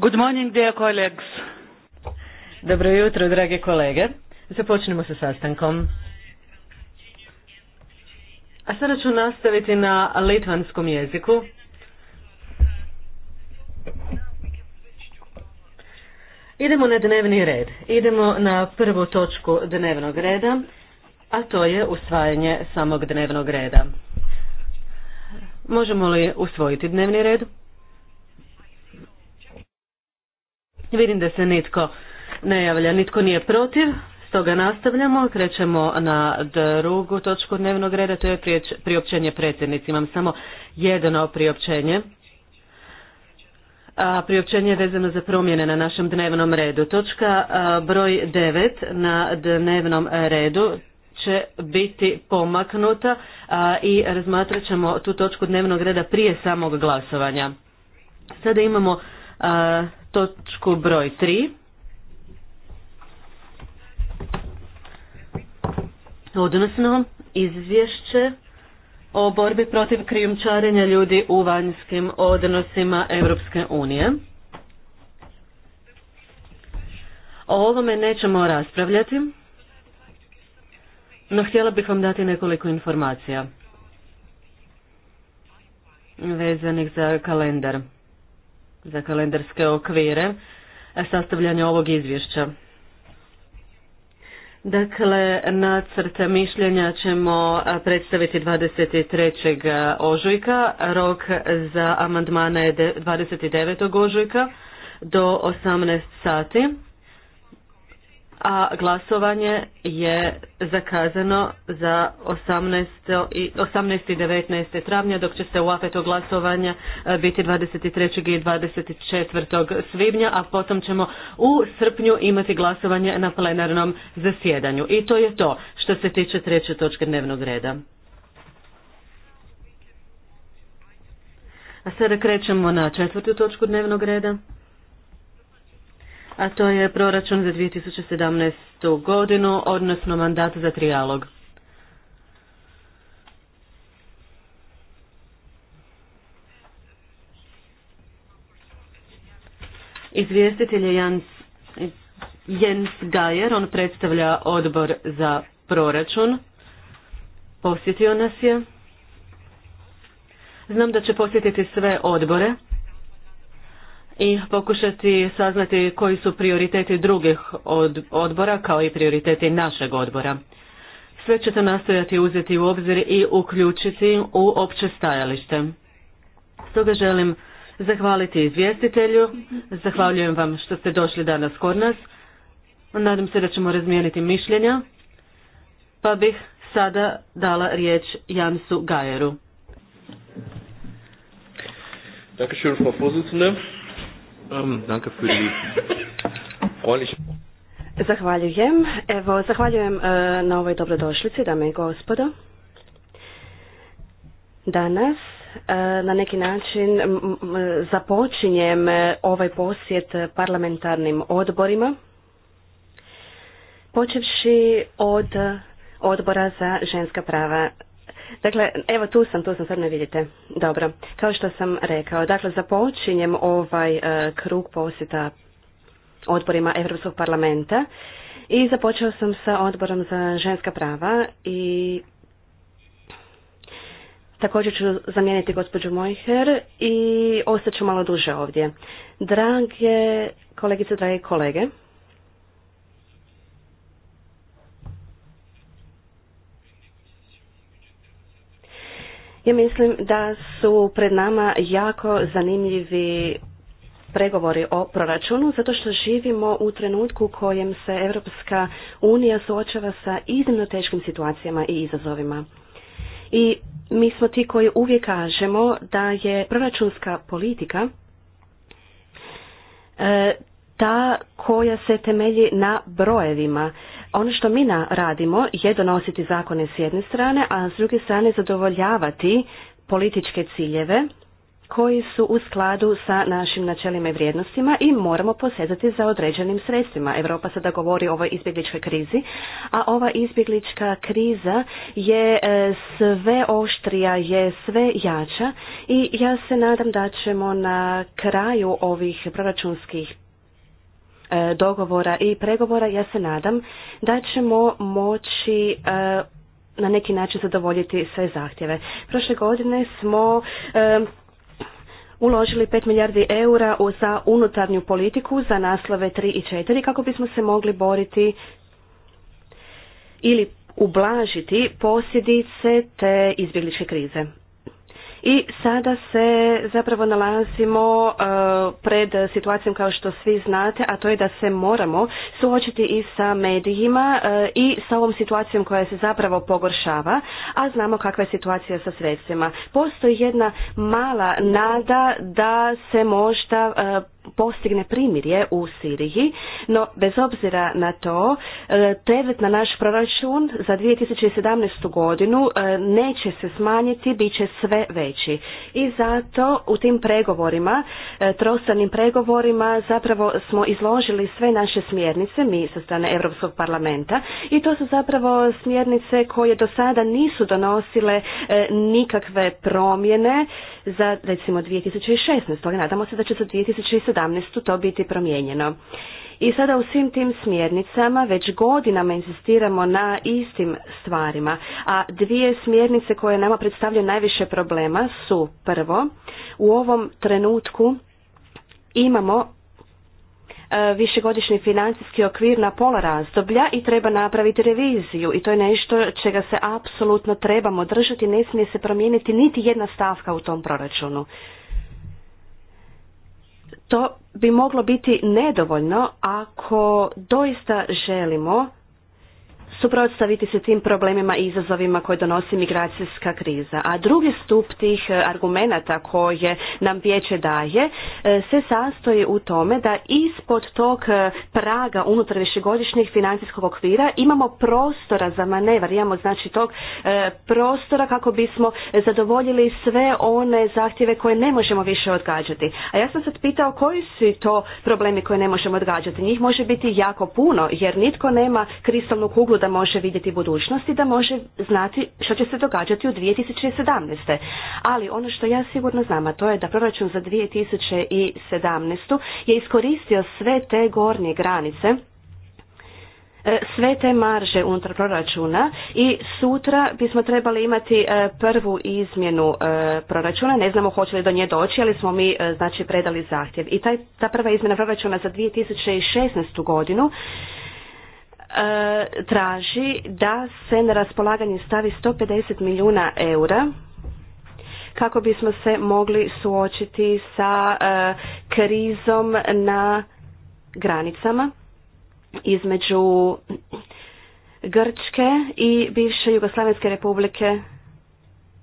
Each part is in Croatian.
Good morning, dear colleagues. Dobro jutro, drage kolege. Započnemo sa sastankom. A sada ću nastaviti na litvanskom jeziku. Idemo na dnevni red. Idemo na prvu točku dnevnog reda, a to je usvajanje samog dnevnog reda. Možemo li usvojiti dnevni red? Vidim da se nitko ne javlja, nitko nije protiv. Stoga nastavljamo, krećemo na drugu točku dnevnog reda, to je priopćenje predsjednici. Imam samo jedno priopćenje. A priopćenje je vezano za promjene na našem dnevnom redu. Točka broj 9 na dnevnom redu će biti pomaknuta i razmatrat ćemo tu točku dnevnog reda prije samog glasovanja. Sada imamo točku broj 3. Odnosno, izvješće o borbi protiv krijumčarenja ljudi u vanjskim odnosima Europske unije. O ovome nećemo raspravljati, no htjela bih vam dati nekoliko informacija vezanih za kalendar za kalendarske okvire sastavljanja ovog izvješća. Dakle, nacrta mišljenja ćemo predstaviti 23. ožujka, rok za amandmane je 29. ožujka do 18 sati a glasovanje je zakazano za 18. i 19. travnja, dok će se u afetu glasovanja e, biti 23. i 24. svibnja, a potom ćemo u srpnju imati glasovanje na plenarnom zasjedanju. I to je to što se tiče treće točke dnevnog reda. A sada krećemo na četvrtu točku dnevnog reda a to je proračun za 2017. godinu, odnosno mandat za trijalog. Izvjestitelj je Jans, Jens Gajer, on predstavlja odbor za proračun. Posjetio nas je. Znam da će posjetiti sve odbore i pokušati saznati koji su prioriteti drugih odbora kao i prioriteti našeg odbora. Sve ćete se nastojati uzeti u obzir i uključiti u opće stajalište. Stoga želim zahvaliti izvjestitelju, zahvaljujem vam što ste došli danas kod nas. Nadam se da ćemo razmijeniti mišljenja, pa bih sada dala riječ Jansu Gajeru. Dankeschön, Frau Ähm, zahvaljujem. Evo, zahvaljujem e, na ovoj dobrodošlici, dame i gospodo. Danas e, na neki način započinjem e, ovaj posjet parlamentarnim odborima, počevši od odbora za ženska prava Dakle, evo tu sam, tu sam, sad ne vidite. Dobro, kao što sam rekao, dakle započinjem ovaj e, krug posjeta odborima Europskog parlamenta i započeo sam sa odborom za ženska prava i također ću zamijeniti gospođu Mojher i ostat ću malo duže ovdje. Drage kolegice, drage kolege, Ja mislim da su pred nama jako zanimljivi pregovori o proračunu zato što živimo u trenutku u kojem se Europska unija suočava sa iznimno teškim situacijama i izazovima. I mi smo ti koji uvijek kažemo da je proračunska politika e, ta koja se temelji na brojevima ono što mi radimo je donositi zakone s jedne strane, a s druge strane zadovoljavati političke ciljeve koji su u skladu sa našim načelima i vrijednostima i moramo posezati za određenim sredstvima. Europa sada govori o ovoj izbjegličkoj krizi, a ova izbjeglička kriza je e, sve oštrija, je sve jača i ja se nadam da ćemo na kraju ovih proračunskih E, dogovora i pregovora, ja se nadam da ćemo moći e, na neki način zadovoljiti sve zahtjeve. Prošle godine smo e, uložili 5 milijardi eura za unutarnju politiku za naslove 3 i 4 kako bismo se mogli boriti ili ublažiti posljedice te izbjegličke krize. I sada se zapravo nalazimo e, pred situacijom kao što svi znate, a to je da se moramo suočiti i sa medijima e, i sa ovom situacijom koja se zapravo pogoršava, a znamo kakva je situacija sa sredstvima. Postoji jedna mala nada da se možda e, postigne primirje u Siriji, no bez obzira na to, e, teret na naš proračun za 2017. godinu e, neće se smanjiti, bit će sve veći. I zato u tim pregovorima, e, trostranim pregovorima, zapravo smo izložili sve naše smjernice, mi sa strane Europskog parlamenta, i to su zapravo smjernice koje do sada nisu donosile nikakve promjene, za recimo 2016. Nadamo se da će za 2017. to biti promijenjeno. I sada u svim tim smjernicama već godinama insistiramo na istim stvarima, a dvije smjernice koje nama predstavljaju najviše problema su prvo, u ovom trenutku imamo E, višegodišnji financijski okvir na pola razdoblja i treba napraviti reviziju i to je nešto čega se apsolutno trebamo držati, ne smije se promijeniti niti jedna stavka u tom proračunu. To bi moglo biti nedovoljno ako doista želimo suprotstaviti se tim problemima i izazovima koje donosi migracijska kriza. A drugi stup tih e, argumenata koje nam vijeće daje e, se sastoji u tome da ispod tog e, praga unutar višegodišnjeg financijskog okvira imamo prostora za manevar, imamo znači tog prostora kako bismo zadovoljili sve one zahtjeve koje ne možemo više odgađati. A ja sam sad pitao koji su to problemi koje ne možemo odgađati. Njih može biti jako puno jer nitko nema kristalnu kuglu da može vidjeti budućnost i da može znati što će se događati u 2017. Ali ono što ja sigurno znam, a to je da proračun za 2017. je iskoristio sve te gornje granice e, sve te marže unutar proračuna i sutra bismo trebali imati e, prvu izmjenu e, proračuna. Ne znamo hoće li do nje doći, ali smo mi znači predali zahtjev. I taj, ta prva izmjena proračuna za 2016. godinu E, traži da se na raspolaganje stavi 150 milijuna eura kako bismo se mogli suočiti sa e, krizom na granicama između Grčke i bivše Jugoslavenske republike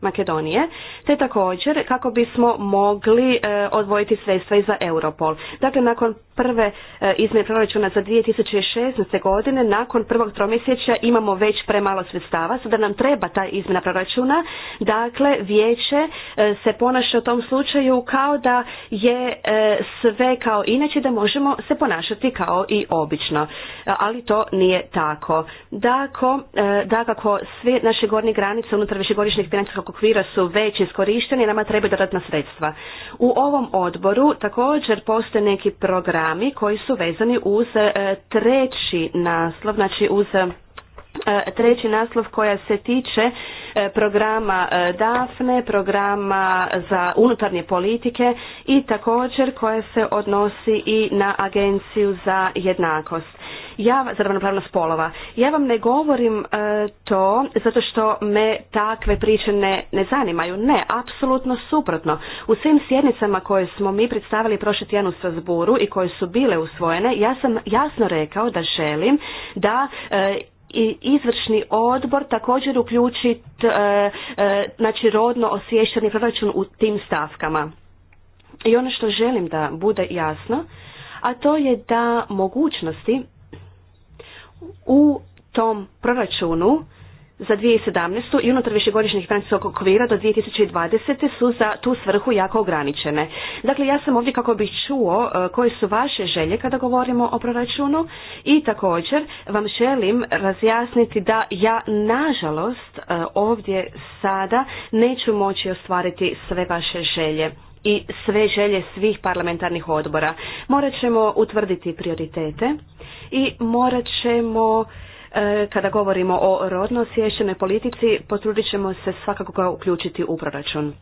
Makedonije, te također kako bismo mogli e, odvojiti sredstva i za Europol. Dakle, nakon prve e, izmjene proračuna za 2016. godine, nakon prvog tromjesečja imamo već premalo sredstava, sada nam treba ta izmjena proračuna. Dakle, vijeće e, se ponaša u tom slučaju kao da je sve kao inače da možemo se ponašati kao i obično. Ali to nije tako. Dakle, dakako, sve naše gornje granice unutar višegodišnjeg financijskog okvira su već iskorišteni, nama treba dodatna sredstva. U ovom odboru također postoje neki programi koji su vezani uz e, treći naslov, znači uz e, treći naslov koja se tiče e, programa DAFNE, programa za unutarnje politike i također koja se odnosi i na agenciju za jednakost. Ja, za ravnopravnost spolova. Ja vam ne govorim e, to zato što me takve priče ne, ne zanimaju. Ne, apsolutno suprotno. U svim sjednicama koje smo mi predstavili prošli tjedan u Strasburu i koje su bile usvojene, ja sam jasno rekao da želim da e, i izvršni odbor također uključi e, znači rodno osviješteni proračun u tim stavkama. I ono što želim da bude jasno, a to je da mogućnosti u tom proračunu za 2017. i unutar višegodišnjeg financijskog okvira do 2020. su za tu svrhu jako ograničene. Dakle, ja sam ovdje kako bih čuo e, koje su vaše želje kada govorimo o proračunu i također vam želim razjasniti da ja nažalost e, ovdje sada neću moći ostvariti sve vaše želje i sve želje svih parlamentarnih odbora. Morat ćemo utvrditi prioritete i morat ćemo e, kada govorimo o rodno osješćenoj politici, potrudit ćemo se svakako ga uključiti u proračun.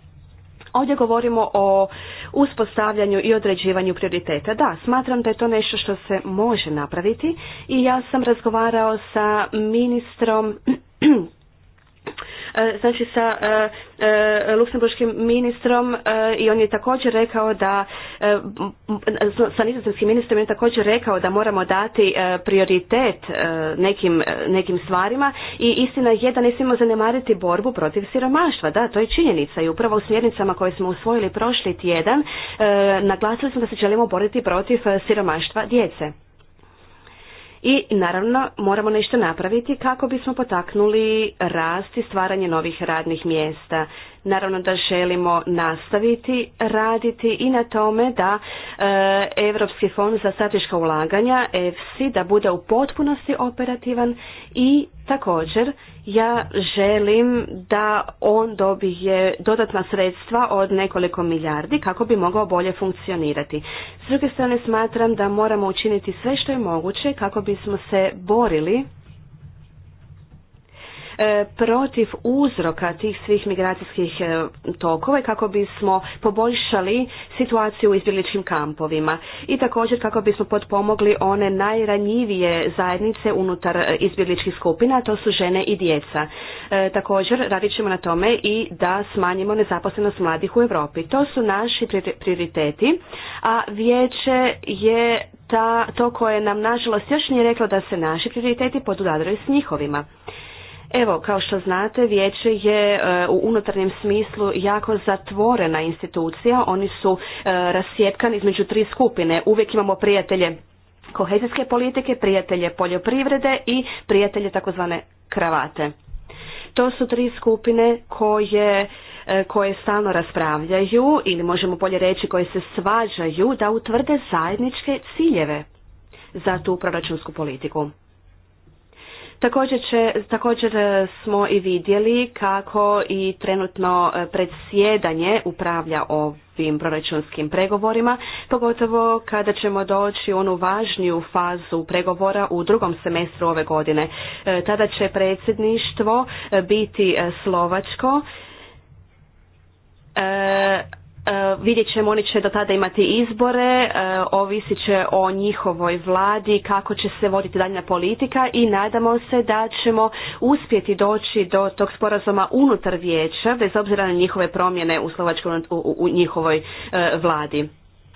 Ovdje govorimo o uspostavljanju i određivanju prioriteta. Da, smatram da je to nešto što se može napraviti i ja sam razgovarao sa ministrom E, znači sa e, e luksemburškim ministrom e, i on je također rekao da sa nizozemskim ministrom je također rekao da moramo dati prioritet nekim, nekim stvarima i istina je da ne smijemo zanemariti borbu protiv siromaštva. Da, to je činjenica i upravo u smjernicama koje smo usvojili prošli tjedan naglasili smo da se želimo boriti protiv siromaštva djece i naravno moramo nešto napraviti kako bismo potaknuli rast i stvaranje novih radnih mjesta. Naravno da želimo nastaviti raditi i na tome da Europski fond za strateška ulaganja EFSI da bude u potpunosti operativan i također ja želim da on dobije dodatna sredstva od nekoliko milijardi kako bi mogao bolje funkcionirati. S druge strane smatram da moramo učiniti sve što je moguće kako bismo se borili E, protiv uzroka tih svih migracijskih e, tokova i kako bismo poboljšali situaciju u izbjegličkim kampovima i također kako bismo potpomogli one najranjivije zajednice unutar e, izbjegličkih skupina, a to su žene i djeca. Također radit ćemo na tome i da smanjimo nezaposlenost mladih u Europi. To su naši prioriteti, a vijeće je ta, to koje nam nažalost još nije reklo da se naši prioriteti podudaraju s njihovima. Evo, kao što znate, vijeće je e, u unutarnjem smislu jako zatvorena institucija. Oni su e, rasjetkani između tri skupine. Uvijek imamo prijatelje kohezijske politike, prijatelje poljoprivrede i prijatelje takozvane kravate. To su tri skupine koje e, koje stalno raspravljaju ili možemo bolje reći koje se svađaju da utvrde zajedničke ciljeve za tu proračunsku politiku. Također, će, e, smo i vidjeli kako i trenutno e, predsjedanje upravlja ovim proračunskim pregovorima, pogotovo kada ćemo doći u onu važniju fazu pregovora u drugom semestru ove godine. E, tada će predsjedništvo biti slovačko, E, vidjet ćemo, oni će do tada imati izbore, e, ovisit će o njihovoj vladi, kako će se voditi daljna politika i nadamo se da ćemo uspjeti doći do tog sporazuma unutar vijeća, bez obzira na njihove promjene u, Slovačkoj, u njihovoj e, vladi.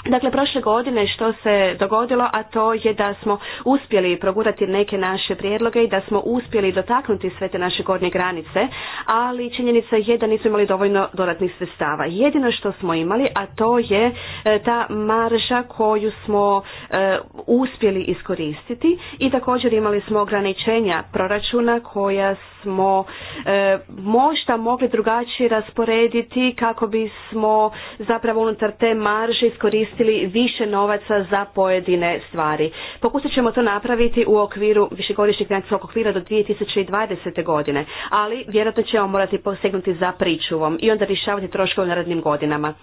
Dakle, prošle godine što se dogodilo, a to je da smo uspjeli progurati neke naše prijedloge i da smo uspjeli dotaknuti sve te naše gornje granice, ali činjenica je da nismo imali dovoljno dodatnih sredstava. Jedino što smo imali, a to je e, ta marža koju smo e, uspjeli iskoristiti i također imali smo ograničenja proračuna koja smo e, možda mogli drugačije rasporediti kako bismo zapravo unutar te marže iskoristili više novaca za pojedine stvari. Pokusit ćemo to napraviti u okviru višegodišnjeg financijskog okvira do 2020. godine, ali vjerojatno ćemo morati posegnuti za pričuvom i onda rješavati troškove u narednim godinama.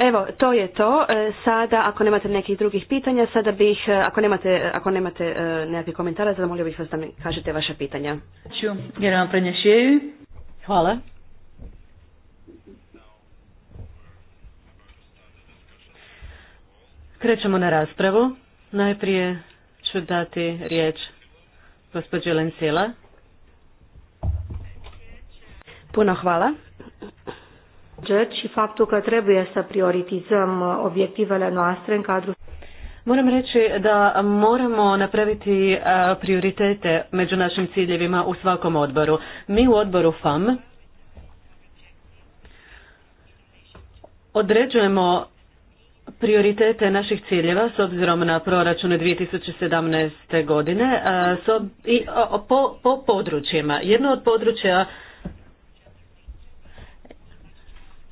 Evo, to je to. E, sada, ako nemate nekih drugih pitanja, sada bih, e, ako nemate, ako nemate e, nekakvih komentara, sada molio bih vas da mi kažete vaša pitanja. Hvala. Krećemo na raspravu. Najprije ću dati riječ gospođi Lencila. Puno hvala și faptul că trebuie să prioritizăm uh, obiectivele noastre în cadrul Moram reći da moramo napraviti uh, prioritete među našim ciljevima u svakom odboru. Mi u odboru FAM određujemo prioritete naših ciljeva s obzirom na proračune 2017. godine uh, i po, po područjima. Jedno od područja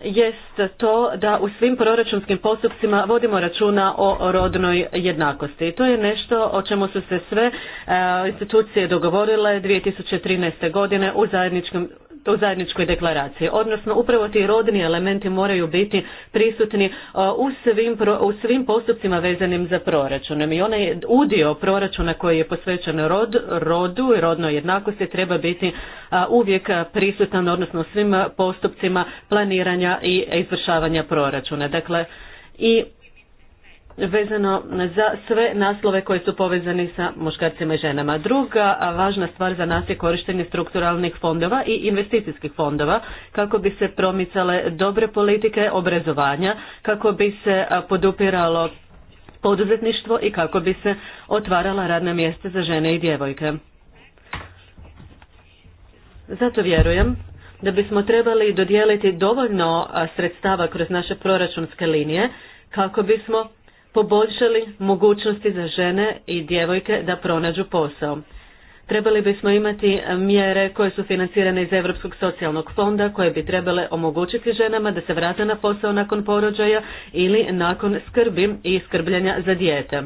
jest to da u svim proračunskim postupcima vodimo računa o rodnoj jednakosti. to je nešto o čemu su se sve e, institucije dogovorile 2013. godine u zajedničkom u zajedničkoj deklaraciji. Odnosno, upravo ti rodni elementi moraju biti prisutni e, u svim, u svim postupcima vezanim za proračunom. I onaj udio proračuna koji je posvećen rod, rodu i rodnoj jednakosti treba biti e, uvijek prisutan, odnosno svim postupcima planiranja i izvršavanja proračuna. Dakle, i vezano za sve naslove koji su povezani sa muškarcima i ženama. Druga važna stvar za nas je korištenje strukturalnih fondova i investicijskih fondova kako bi se promicale dobre politike obrazovanja, kako bi se podupiralo poduzetništvo i kako bi se otvarala radna mjesta za žene i djevojke. Zato vjerujem da bismo trebali dodijeliti dovoljno sredstava kroz naše proračunske linije kako bismo poboljšali mogućnosti za žene i djevojke da pronađu posao. Trebali bismo imati mjere koje su financirane iz Europskog socijalnog fonda koje bi trebale omogućiti ženama da se vrate na posao nakon porođaja ili nakon skrbi i skrbljenja za dijete.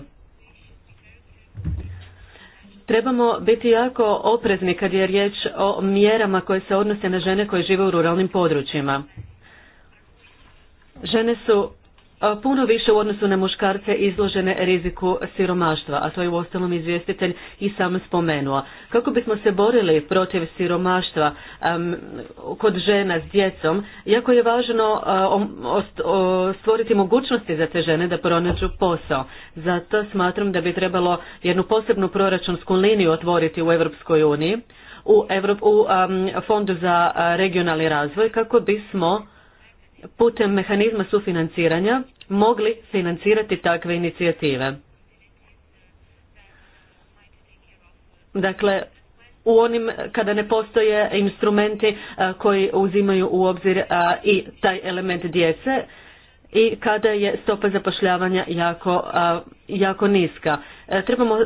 Trebamo biti jako oprezni kad je riječ o mjerama koje se odnose na žene koje žive u ruralnim područjima. Žene su puno više u odnosu na muškarce izložene riziku siromaštva, a to je u izvjestitelj i sam spomenuo. Kako bismo se borili protiv siromaštva kod žena s djecom, jako je važno stvoriti mogućnosti za te žene da pronađu posao. Zato smatram da bi trebalo jednu posebnu proračunsku liniju otvoriti u Europskoj uniji, u, u Fondu za regionalni razvoj, kako bismo putem mehanizma sufinanciranja mogli financirati takve inicijative. Dakle, u onim kada ne postoje instrumenti koji uzimaju u obzir i taj element djece i kada je stopa zapošljavanja jako, jako niska. E, trebamo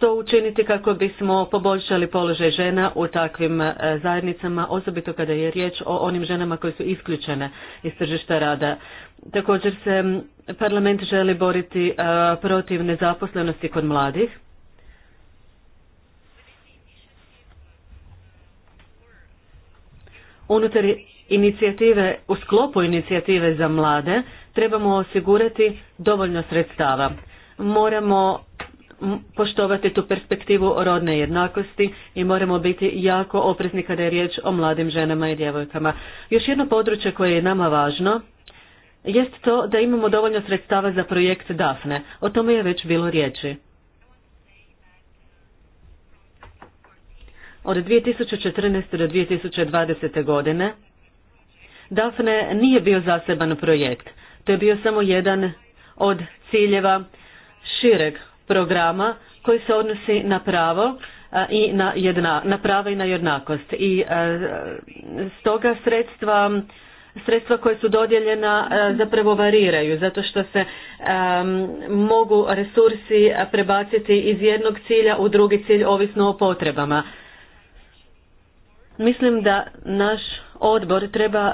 to učiniti kako bismo poboljšali položaj žena u takvim e, zajednicama, osobito kada je riječ o onim ženama koje su isključene iz tržišta rada. Također se parlament želi boriti e, protiv nezaposlenosti kod mladih. Unutar inicijative, u sklopu inicijative za mlade trebamo osigurati dovoljno sredstava. Moramo poštovati tu perspektivu rodne jednakosti i moramo biti jako oprezni kada je riječ o mladim ženama i djevojkama. Još jedno područje koje je nama važno jest to da imamo dovoljno sredstava za projekt DAFNE. O tome je već bilo riječi. Od 2014. do 2020. godine DAFNE nije bio zaseban projekt. To je bio samo jedan od ciljeva šireg programa koji se odnosi na pravo e, i na, jedna, na prava i na jednakost. I e, stoga sredstva sredstva koje su dodijeljena e, zapravo variraju zato što se mogu resursi prebaciti iz jednog cilja u drugi cilj ovisno o potrebama. Mislim da naš odbor treba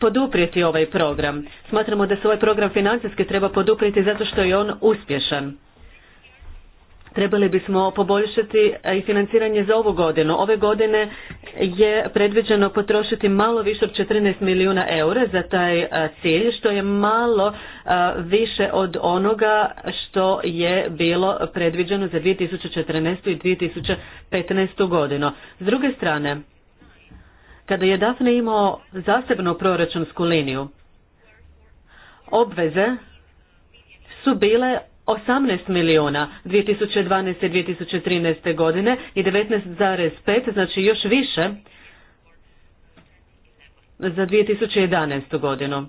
poduprijeti ovaj program. Smatramo da se ovaj program financijski treba poduprijeti zato što je on uspješan. Trebali bismo poboljšati e, i financiranje za ovu godinu. Ove godine je predviđeno potrošiti malo više od 14 milijuna eura za taj e, cilj, što je malo e, više od onoga što je bilo predviđeno za 2014. i 2015. godinu. S druge strane, kada je Dafne imao zasebnu proračunsku liniju, obveze su bile 18 milijuna 2012. i 2013. godine i 19,5, znači još više za 2011. godinu.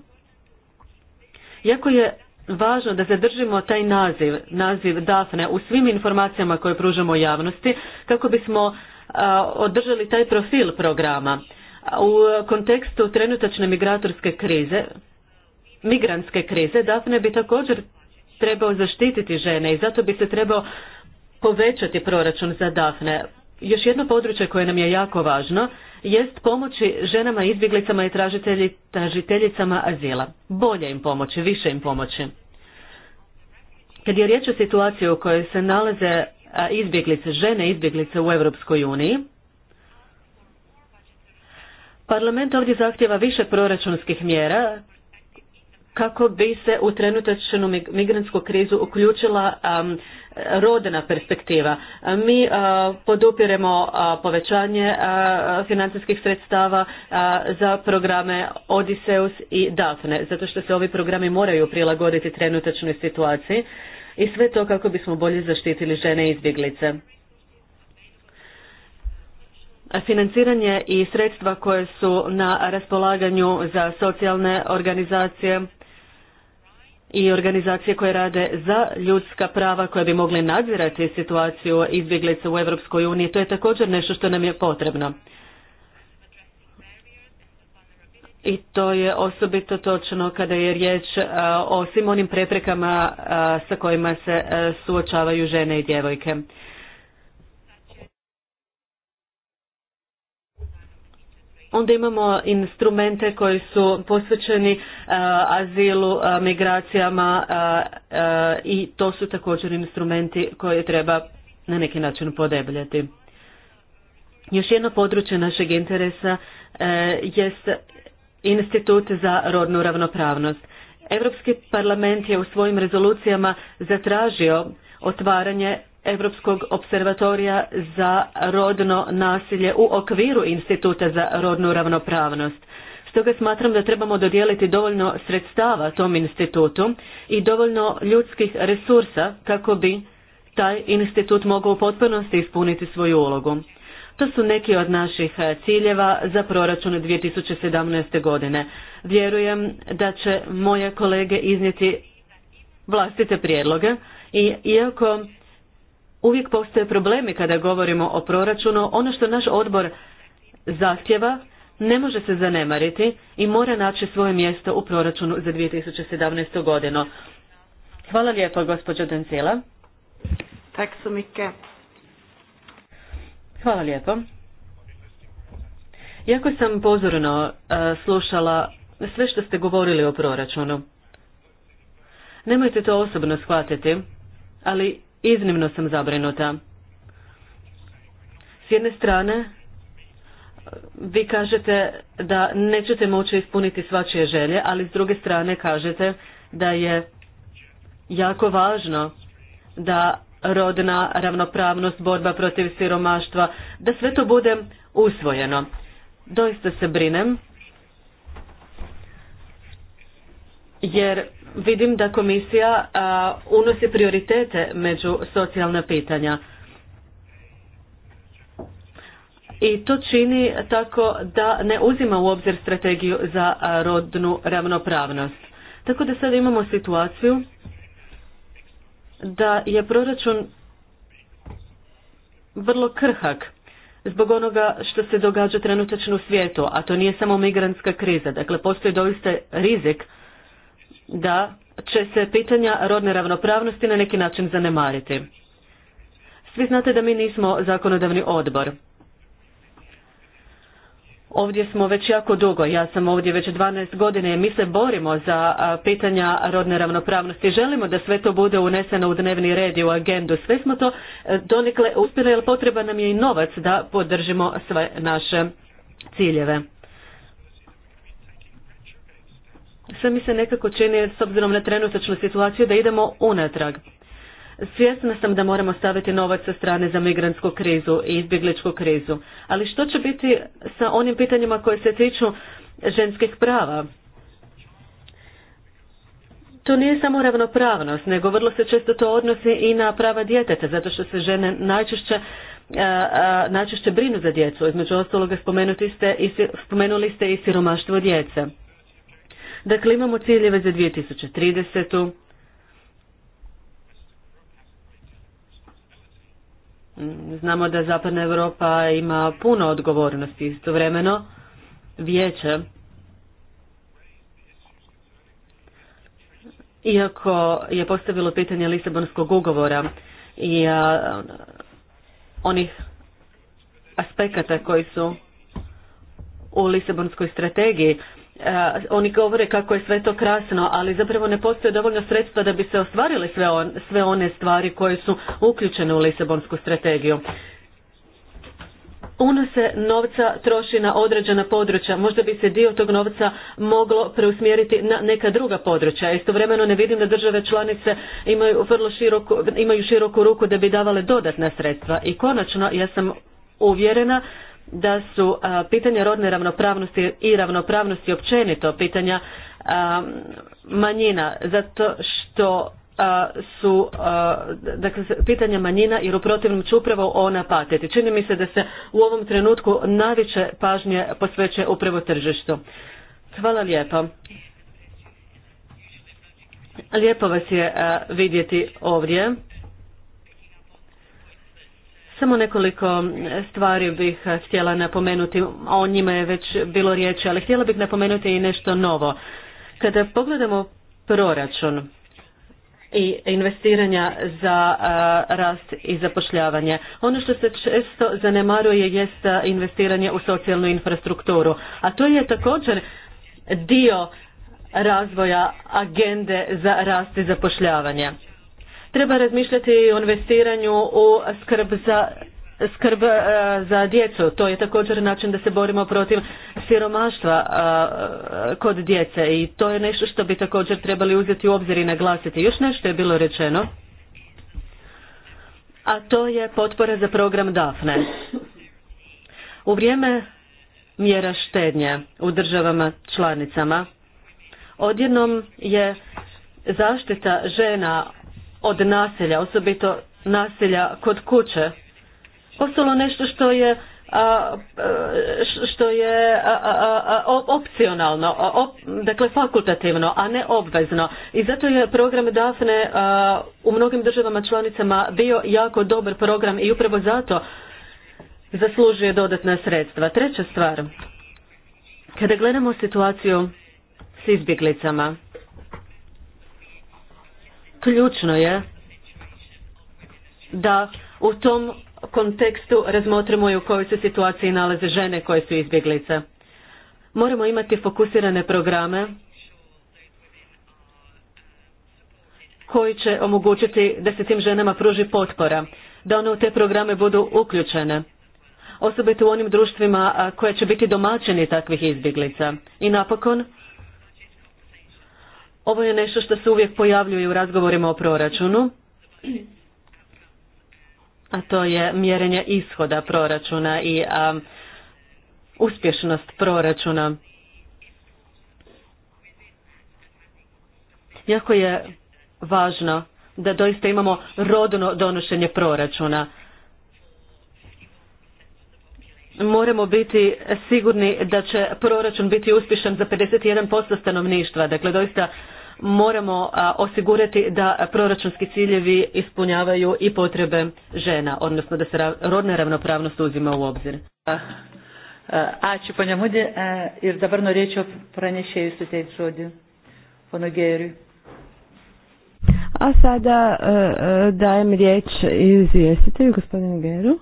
Jako je važno da zadržimo taj naziv, naziv Dafne u svim informacijama koje pružamo javnosti kako bismo održali taj profil programa. U kontekstu trenutačne migratorske krize, migrantske krize, Dafne bi također trebao zaštititi žene i zato bi se trebao povećati proračun za Dafne. Još jedno područje koje nam je jako važno jest pomoći ženama izbjeglicama i tražiteljicama azila. Bolje im pomoći, više im pomoći. Kad je riječ o situaciji u kojoj se nalaze izbjeglice, žene izbjeglice u Europskoj uniji, Parlament ovdje zahtjeva više proračunskih mjera kako bi se u trenutačnu migrantsku krizu uključila rodena perspektiva. Mi podupiremo povećanje financijskih sredstava za programe Odysseus i Daphne, zato što se ovi programi moraju prilagoditi trenutačnoj situaciji i sve to kako bismo bolje zaštitili žene izbjeglice. Financiranje i sredstva koje su na raspolaganju za socijalne organizacije i organizacije koje rade za ljudska prava koje bi mogle nadzirati situaciju izbjeglica u Europskoj uniji. To je također nešto što nam je potrebno. I to je osobito točno kada je riječ o svim onim preprekama sa kojima se suočavaju žene i djevojke. Onda imamo instrumente koji su posvećeni e, azilu, e, migracijama e, i to su također instrumenti koje treba na neki način podebljati. Još jedno područje našeg interesa jest Institut za rodnu ravnopravnost. Europski parlament je u svojim rezolucijama zatražio otvaranje Europskog observatorija za rodno nasilje u okviru Instituta za rodnu ravnopravnost. Stoga smatram da trebamo dodijeliti dovoljno sredstava tom institutu i dovoljno ljudskih resursa kako bi taj institut mogao u potpunosti ispuniti svoju ulogu. To su neki od naših e, ciljeva za proračun 2017. godine. Vjerujem da će moje kolege iznijeti vlastite prijedloge i iako uvijek postoje problemi kada govorimo o proračunu. Ono što naš odbor zahtjeva ne može se zanemariti i mora naći svoje mjesto u proračunu za 2017. godinu. Hvala lijepo, gospođo Dancila. Tak Hvala lijepo. Jako sam pozorno e, slušala sve što ste govorili o proračunu. Nemojte to osobno shvatiti, ali iznimno sam zabrinuta. S jedne strane, vi kažete da nećete moći ispuniti svačije želje, ali s druge strane kažete da je jako važno da rodna ravnopravnost, borba protiv siromaštva, da sve to bude usvojeno. Doista se brinem jer vidim da komisija unosi prioritete među socijalna pitanja. I to čini tako da ne uzima u obzir strategiju za rodnu ravnopravnost. Tako da sad imamo situaciju da je proračun vrlo krhak zbog onoga što se događa trenutačno u svijetu, a to nije samo migrantska kriza. Dakle, postoji doista rizik da će se pitanja rodne ravnopravnosti na neki način zanemariti. Svi znate da mi nismo zakonodavni odbor. Ovdje smo već jako dugo, ja sam ovdje već 12 godine i mi se borimo za pitanja rodne ravnopravnosti. Želimo da sve to bude uneseno u dnevni red i u agendu. Sve smo to e, donekle uspjeli, ali potreba nam je i novac da podržimo sve naše ciljeve. sve mi se nekako čini s obzirom na trenutačnu situaciju da idemo unatrag. Svjesna sam da moramo staviti novac sa strane za migrantsku krizu i izbjegličku krizu, ali što će biti sa onim pitanjima koje se tiču ženskih prava? To nije samo ravnopravnost, nego vrlo se često to odnosi i na prava djeteta, zato što se žene najčešće najčešće brinu za djecu. Između ostaloga spomenuli ste i siromaštvo djece. Dakle, imamo ciljeve za 2030. Mm, znamo da Zapadna Europa ima puno odgovornosti istovremeno. Vijeće, iako je postavilo pitanje Lisabonskog ugovora i onih aspekata koji su u Lisabonskoj strategiji oni govore kako je sve to krasno, ali zapravo ne postoje dovoljno sredstva da bi se ostvarile sve, sve one stvari koje su uključene u Lisabonsku strategiju. Uno se novca troši na određena područja, možda bi se dio tog novca moglo preusmjeriti na neka druga područja. Istovremeno ne vidim da države članice imaju, vrlo široku, imaju široku ruku da bi davale dodatna sredstva. I konačno, ja sam uvjerena da su pitanja rodne ravnopravnosti i ravnopravnosti općenito pitanja manjina zato što su dakle pitanja manjina jer u protivnom će upravo ona patiti. Čini mi se da se u ovom trenutku najveće pažnje posveće upravo tržištu. Hvala lijepo. Lijepo vas je vidjeti ovdje. Samo nekoliko stvari bih eh, htjela napomenuti, o njima je već bilo riječi, ali htjela bih napomenuti i nešto novo. Kada pogledamo proračun i investiranja za eh, rast i zapošljavanje, ono što se često zanemaruje jest eh, investiranje u socijalnu infrastrukturu, a to je također dio razvoja agende za rast i zapošljavanje. Treba razmišljati o investiranju u skrb za skrb e, za djecu. To je također način da se borimo protiv siromaštva e, kod djece i to je nešto što bi također trebali uzeti u obzir i naglasiti. Još nešto je bilo rečeno, a to je potpora za program DAFNE. U vrijeme mjera štednje u državama članicama odjednom je zaštita žena od naselja, osobito naselja kod kuće, postalo nešto što je što je opcionalno, dakle fakultativno, a ne obvezno. I zato je program DAFNE u mnogim državama članicama bio jako dobar program i upravo zato zaslužuje dodatna sredstva. Treća stvar, kada gledamo situaciju s izbjeglicama, Ključno je da u tom kontekstu razmotrimo i u kojoj se situaciji nalaze žene koje su izbjeglice. Moramo imati fokusirane programe koji će omogućiti da se tim ženama pruži potpora, da one u te programe budu uključene, osobito u onim društvima koje će biti domaćeni takvih izbjeglica. I napokon, ovo je nešto što se uvijek pojavljuje u razgovorima o proračunu, a to je mjerenje ishoda proračuna i a, uspješnost proračuna. Jako je važno da doista imamo rodno donošenje proračuna. Moramo biti sigurni da će proračun biti uspješan za 51% stanovništva. Dakle, doista moramo osigurati da proračunski ciljevi ispunjavaju i potrebe žena, odnosno da se rodna ravnopravnost uzima u obzir. Ačiū, ponia Mudė. Ir dabar norėčiau pranešėjus suteikti žodį. Pono A sada e, e, dajem riječ izvjestitelju, gospodinu Geru.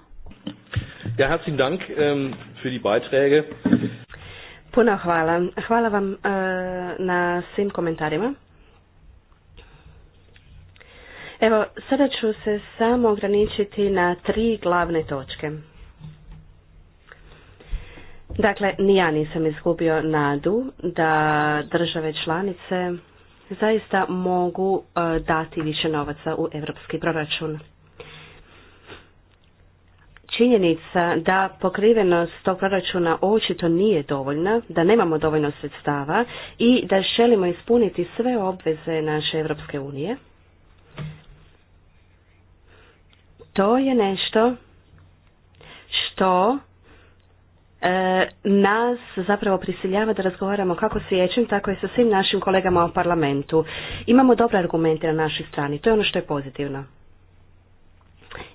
Ja, herzlichen Dank um, für die Beiträge. Puno hvala. Hvala vam e, na svim komentarima. Evo, sada ću se samo ograničiti na tri glavne točke. Dakle, ni ja nisam izgubio nadu da države članice zaista mogu e, dati više novaca u europski proračun. Činjenica da pokrivenost tog proračuna očito nije dovoljna, da nemamo dovoljno sredstava i da želimo ispuniti sve obveze naše Europske unije – to je nešto što e, nas zapravo prisiljava da razgovaramo kako s vijećem, tako i sa svim našim kolegama u parlamentu. Imamo dobre argumente na našoj strani, to je ono što je pozitivno.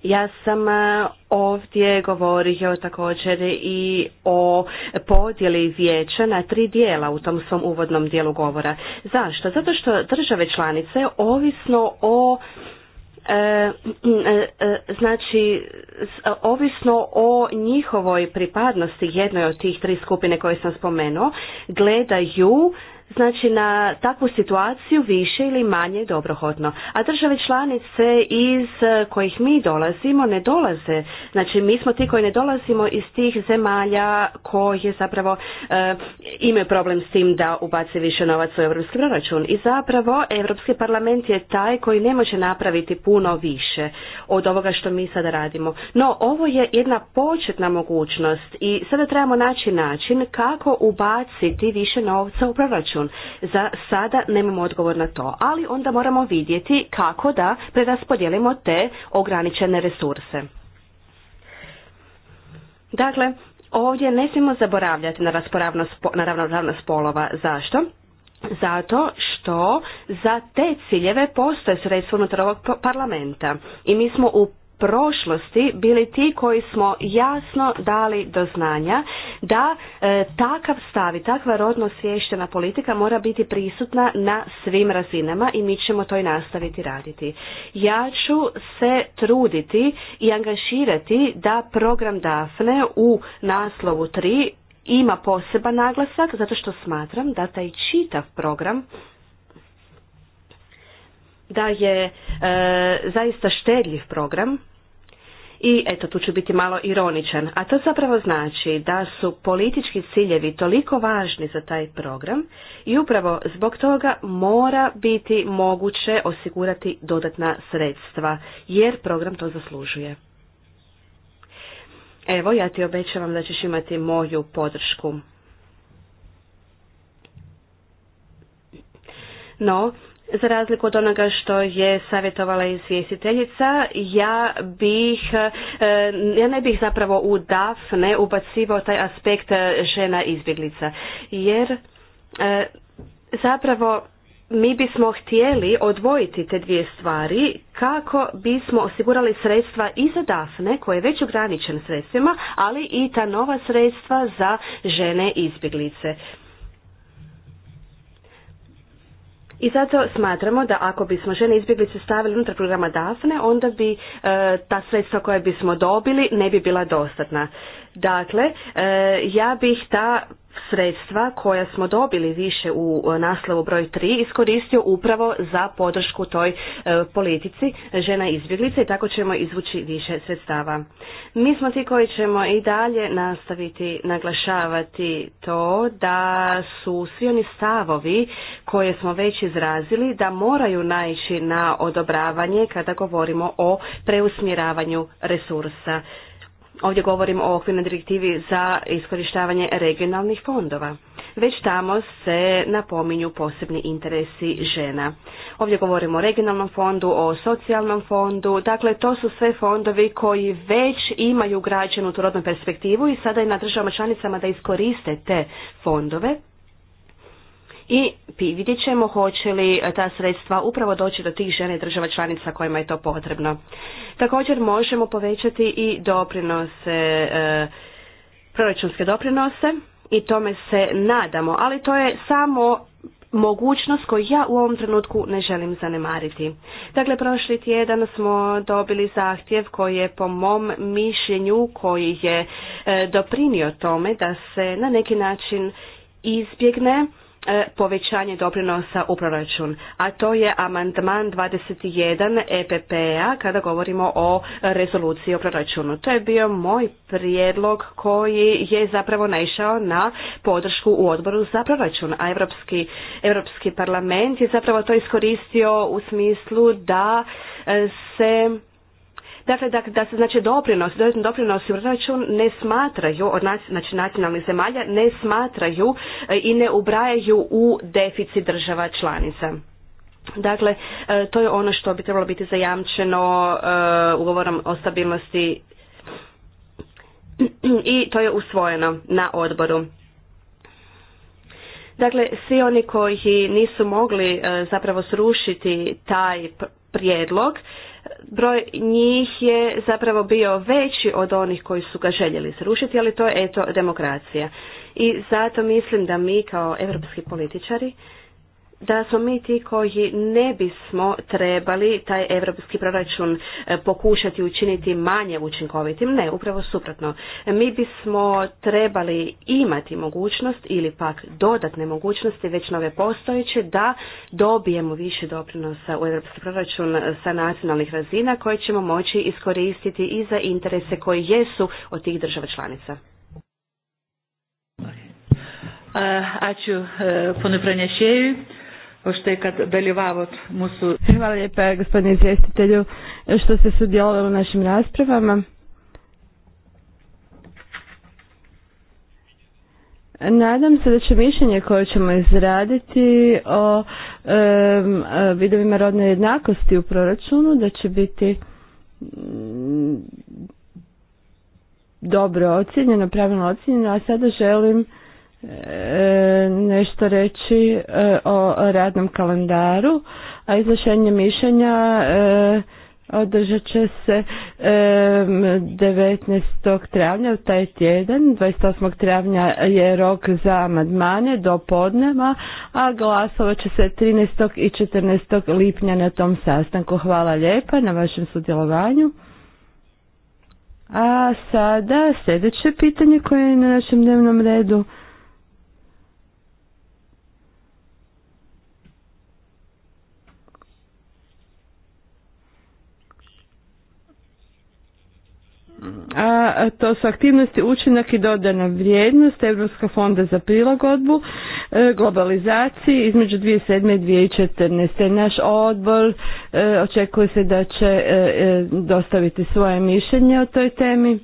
Ja sam e, ovdje govorio također i o podjeli vijeća na tri dijela u tom svom uvodnom dijelu govora. Zašto? Zato što države članice ovisno o E, e, e, znači ovisno o njihovoj pripadnosti jednoj od tih tri skupine koje sam spomenuo gledaju Znači na takvu situaciju više ili manje dobrohodno. A države članice iz e, kojih mi dolazimo ne dolaze. Znači mi smo ti koji ne dolazimo iz tih zemalja koje zapravo e, imaju problem s tim da ubace više novaca u europski proračun. I zapravo Europski parlament je taj koji ne može napraviti puno više od ovoga što mi sada radimo. No ovo je jedna početna mogućnost i sada trebamo naći način kako ubaciti više novca u proračun za sada nemamo odgovor na to, ali onda moramo vidjeti kako da preraspodijelimo te ograničene resurse. Dakle, ovdje ne smijemo zaboravljati na, na ravnopravnost spolova. Zašto? Zato što za te ciljeve postoje sredstvo unutar ovog pa-, parlamenta i mi smo u prošlosti bili ti koji smo jasno dali do znanja da e, takav stav i takva rodno svještena politika mora biti prisutna na svim razinama i mi ćemo to i nastaviti raditi. Ja ću se truditi i angažirati da program DAFNE u naslovu 3 ima poseban naglasak zato što smatram da taj čitav program da je e, zaista štedljiv program i eto tu ću biti malo ironičan, a to zapravo znači da su politički ciljevi toliko važni za taj program i upravo zbog toga mora biti moguće osigurati dodatna sredstva jer program to zaslužuje. Evo, ja ti obećavam da ćeš imati moju podršku. No, za razliku od onoga što je savjetovala izvjestiteljica, ja bih, e, ja ne bih zapravo u DAFNE ubacivao taj aspekt e, žena izbjeglica, jer e, zapravo mi bismo htjeli odvojiti te dvije stvari kako bismo osigurali sredstva i za DAFNE koje je već ograničen sredstvima, ali i ta nova sredstva za žene izbjeglice. I zato smatramo da ako bismo žene izbjeglice stavili unutar programa DAFNE, onda bi e, ta sredstva koja bismo dobili ne bi bila dostatna. Dakle, e, ja bih ta sredstva koja smo dobili više u e, naslovu broj 3 iskoristio upravo za podršku toj e, politici žena izbjeglica i tako ćemo izvući više sredstava. Mi smo ti koji ćemo i dalje nastaviti naglašavati to da su svi oni stavovi koje smo već izrazili da moraju naići na odobravanje kada govorimo o preusmjeravanju resursa. Ovdje govorim o okvirnoj direktivi za iskorištavanje regionalnih fondova. Već tamo se napominju posebni interesi žena. Ovdje govorimo o regionalnom fondu, o socijalnom fondu, dakle to su sve fondovi koji već imaju građenu tu rodnu perspektivu i sada je na državama članicama da iskoriste te fondove i vidjet ćemo hoće li e, ta sredstva upravo doći do tih žene država članica kojima je to potrebno. Također možemo povećati i doprinose, e, proračunske doprinose i tome se nadamo, ali to je samo mogućnost koju ja u ovom trenutku ne želim zanemariti. Dakle, prošli tjedan smo dobili zahtjev koji je po mom mišljenju koji je e, doprinio tome da se na neki način izbjegne E, povećanje doprinosa u proračun, a to je amandman 21 EPP-a kada govorimo o rezoluciji o proračunu. To je bio moj prijedlog koji je zapravo naišao na podršku u odboru za proračun, a Europski, Europski parlament je zapravo to iskoristio u smislu da e, se Dakle, da, da se znači doprinos, doprinosi u račun ne smatraju od nas, znači, nacionalnih zemalja, ne smatraju e, i ne ubrajaju u deficit država članica. Dakle, e, to je ono što bi trebalo biti zajamčeno e, ugovorom o stabilnosti i to je usvojeno na odboru. Dakle, svi oni koji nisu mogli zapravo srušiti taj prijedlog broj njih je zapravo bio veći od onih koji su ga željeli srušiti, ali to je eto demokracija. I zato mislim da mi kao europski političari da smo mi ti koji ne bismo trebali taj europski proračun e, pokušati učiniti manje učinkovitim, ne, upravo suprotno. Mi bismo trebali imati mogućnost ili pak dodatne mogućnosti već nove postojeće da dobijemo više doprinosa u evropski proračun sa nacionalnih razina koje ćemo moći iskoristiti i za interese koji jesu od tih država članica. Uh, ačiū uh, što kad dalivavo musu. Hvala lijepa gospodine izvjestitelju što ste sudjelovali u našim raspravama. Nadam se da će mišljenje koje ćemo izraditi o vidovima rodne jednakosti u proračunu da će biti dobro ocjenjeno, pravilno ocjenjeno, a sada želim E, nešto reći e, o radnom kalendaru, a izvršenje mišljenja e, održat će se 19. travnja, taj tjedan, 28. travnja je rok za Madmane do podneva, a glasovat će se 13. i 14. lipnja na tom sastanku. Hvala lijepa na vašem sudjelovanju. A sada sljedeće pitanje koje je na našem dnevnom redu. a to su aktivnosti učinak i dodana vrijednost Europska fonda za prilagodbu e, globalizaciji između 2007. i 2014. Naš odbor e, očekuje se da će e, dostaviti svoje mišljenje o toj temi.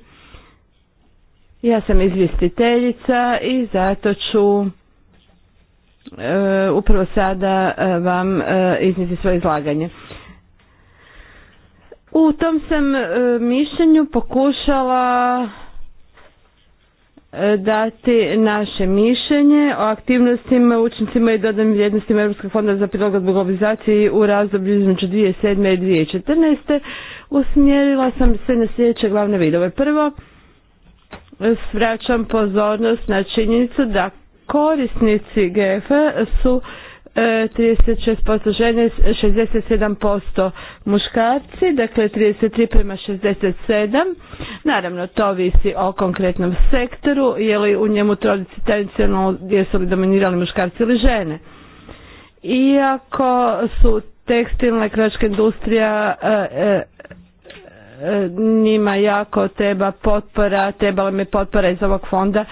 Ja sam izvjestiteljica i zato ću upravo sada vam iznijeti svoje izlaganje. U tom sam e, mišljenju pokušala e, dati naše mišljenje o aktivnostima, učincima i dodanim vrijednostima Europskog fonda za prilagodbu globalizaciji u razdoblju između 2007. i 2014. Usmjerila sam se na sljedeće glavne vidove. Prvo, svraćam pozornost na činjenicu da korisnici GF e su 36% e, žene, 67% muškarci, dakle 33 prema 67. Naravno, to visi o konkretnom sektoru, je li u njemu tradicionalno, jesu li dominirali muškarci ili žene. Iako su tekstilna i kračka industrija e, e, njima jako treba potpora, trebala mi potpora iz ovog fonda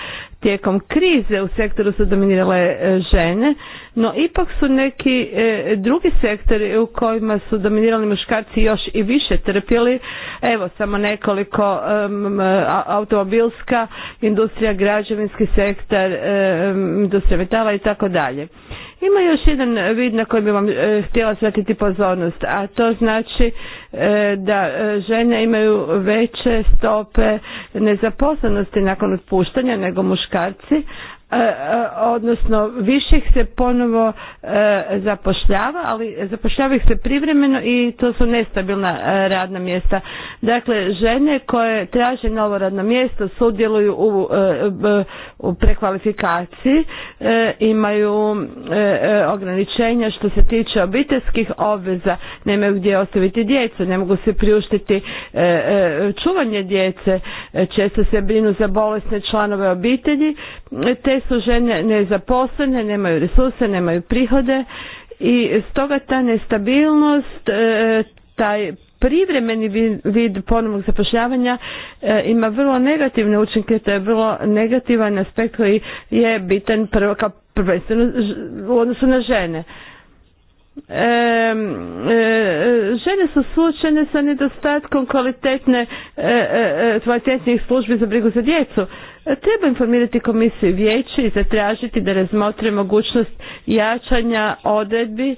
tijekom krize u sektoru su dominirale e, žene, no ipak su neki e, drugi sektori u kojima su dominirali muškarci još i više trpjeli. Evo samo nekoliko automobilska industrija, građevinski sektor, e, industrija metala i tako dalje. Ima još jedan vid na koji bi vam htjela svetiti pozornost, a to znači da žene imaju veće stope nezaposlenosti nakon otpuštanja nego muškarci muškarci E, e, odnosno više ih se ponovo e, zapošljava, ali zapošljava ih se privremeno i to su nestabilna radna mjesta. Dakle, žene koje traže novo radno mjesto sudjeluju u, prekvalifikaciji, imaju ograničenja što se tiče obiteljskih obveza, nemaju gdje ostaviti djecu, ne mogu se priuštiti čuvanje djece, često se brinu za bolesne članove obitelji, te su žene nezaposlene, nemaju resurse, nemaju prihode i stoga ta nestabilnost, e, taj privremeni vid ponovnog zapošljavanja e, ima vrlo negativne učinke, to je vrlo negativan aspekt koji je bitan prvo kao prvenstveno u odnosu na žene. E, žene su suočene sa nedostatkom kvalitetne, e, e, e kvalitetnih službi za brigu za djecu. E, treba informirati komisiju vijeće i zatražiti da razmotre mogućnost jačanja odredbi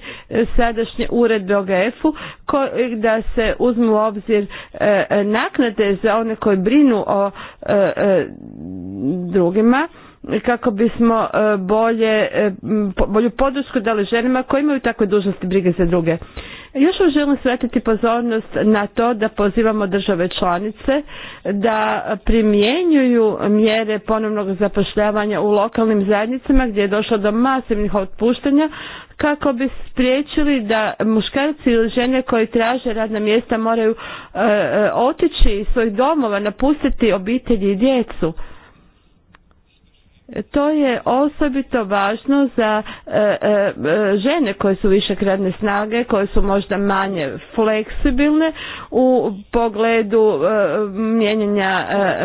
sadašnje uredbe o GF-u da se uzmu u obzir naknade za one koji brinu o drugima kako bismo e, bolje, e, bolju podršku dali ženima koji imaju takve dužnosti brige za druge. Još vam želim svetiti pozornost na to da pozivamo države članice da primjenjuju mjere ponovnog zapošljavanja u lokalnim zajednicama gdje je došlo do masivnih otpuštanja kako bi spriječili da muškarci ili žene koji traže radna mjesta moraju e, otići iz svojih domova, napustiti obitelji i djecu to je osobito važno za e, e, e, žene koje su više radne snage, koje su možda manje fleksibilne u pogledu e, mijenjanja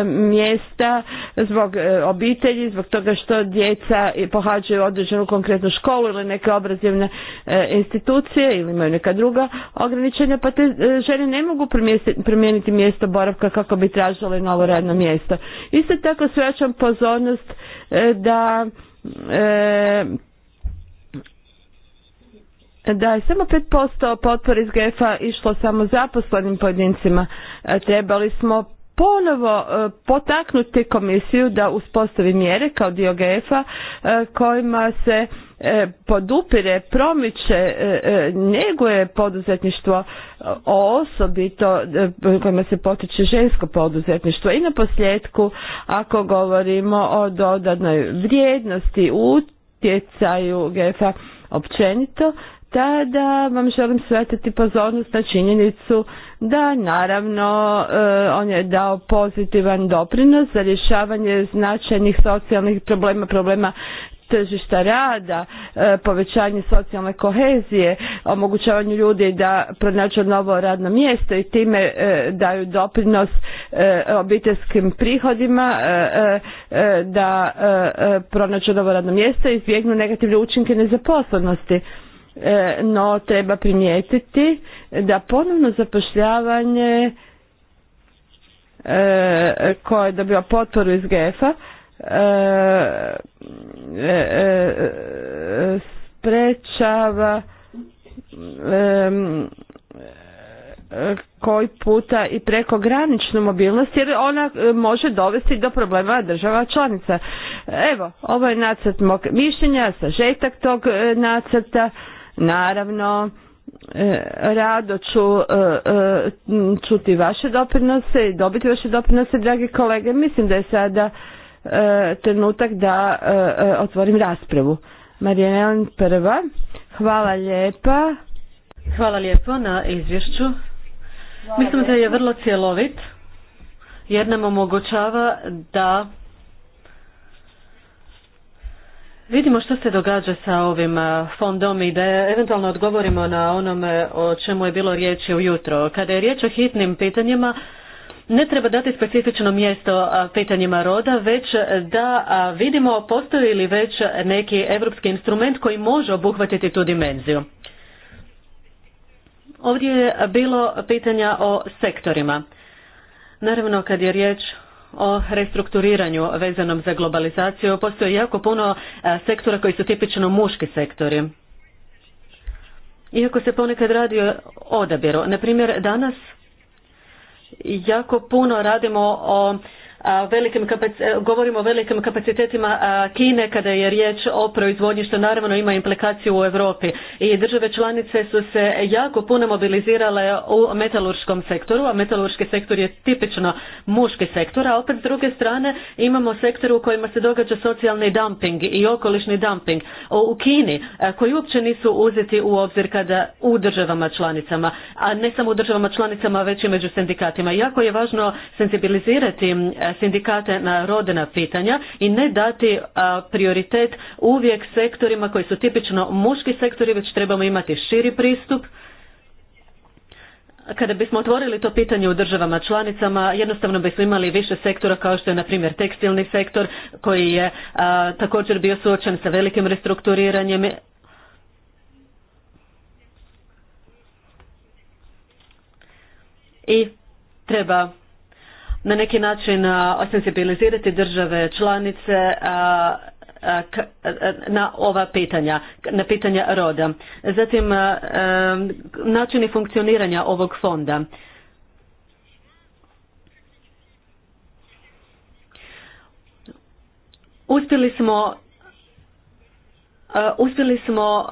mjesta zbog obitelji, zbog toga što djeca pohađaju određenu konkretnu školu ili neke obrazovne institucije ili imaju neka druga ograničenja, pa te žene ne mogu promijeniti mjesto boravka kako bi tražile novo radno mjesto. Isto tako svraćam pozornost E, da e, da je samo 5% potpore iz GF-a išlo samo zaposlenim pojedincima. E, trebali smo ponovo e, potaknuti komisiju da uspostavi mjere kao dio GF-a e, kojima se e, podupire, promiče, njeguje poduzetništvo osobito kojima se potiče žensko poduzetništvo. I na posljedku, ako govorimo o dodanoj vrijednosti, utjecaju GF-a općenito, tada vam želim svetiti pozornost na činjenicu da naravno e, on je dao pozitivan doprinos za rješavanje značajnih socijalnih problema, problema tržišta rada, e, povećanje socijalne kohezije, omogućavanje ljudi da pronađu novo radno mjesto i time e, daju doprinos obiteljskim prihodima da pronađu novo radno mjesto i izbjegnu negativne učinke nezaposlenosti. E, no treba primijetiti da ponovno zapošljavanje e, koje je dobio potporu iz gef a e, sprečava koji puta i graničnu mobilnost jer ona može dovesti do problema država članica. Evo, ovo je nacrt mog mišljenja, sažetak tog nacrta. Naravno, e, rado ću e, e, čuti vaše doprinose i dobiti vaše doprinose, dragi kolege. Mislim da je sada trenutak da otvorim raspravu. Marijana prva. Hvala lijepa. Hvala lijepo na izvješću. Mislim da je vrlo cjelovit jer nam omogućava da vidimo što se događa sa ovim e, fondom i da eventualno odgovorimo na onome o čemu je bilo riječi ujutro. Kada je riječ o hitnim pitanjima, ne treba dati specifično mjesto pitanjima roda, već e, da vidimo postoji li već neki europski instrument koji može obuhvatiti tu dimenziju. Ovdje je bilo pitanja o sektorima. Naravno, kad je riječ o restrukturiranju vezanom za globalizaciju. Postoje jako puno e, sektora koji su tipično muški sektori. Iako se ponekad radi o odabiru. Naprimjer, danas jako puno radimo o velikim e, govorimo o velikim kapacitetima Kine kada je riječ o proizvodnji što naravno ima implikaciju u Europi i države članice su se jako puno mobilizirale u metalurškom sektoru, a metalurški sektor je tipično muški sektor, a opet s druge strane imamo sektor u kojima se događa socijalni dumping i okolišni dumping u Kini koji uopće nisu uzeti u obzir kada u državama članicama, a ne samo u državama članicama već i među sindikatima. Jako je važno senzibilizirati sindikate na rodena pitanja i ne dati prioritet uvijek sektorima koji su tipično muški sektori, već trebamo imati širi pristup. Kada bismo otvorili to pitanje u državama članicama, jednostavno bismo imali više sektora kao što je na primjer tekstilni sektor koji je također bio suočen sa velikim restrukturiranjem. I treba na neki način osensibilizirati države članice na ova pitanja, na pitanja roda. Zatim, načini funkcioniranja ovog fonda. Uspjeli smo uspjeli smo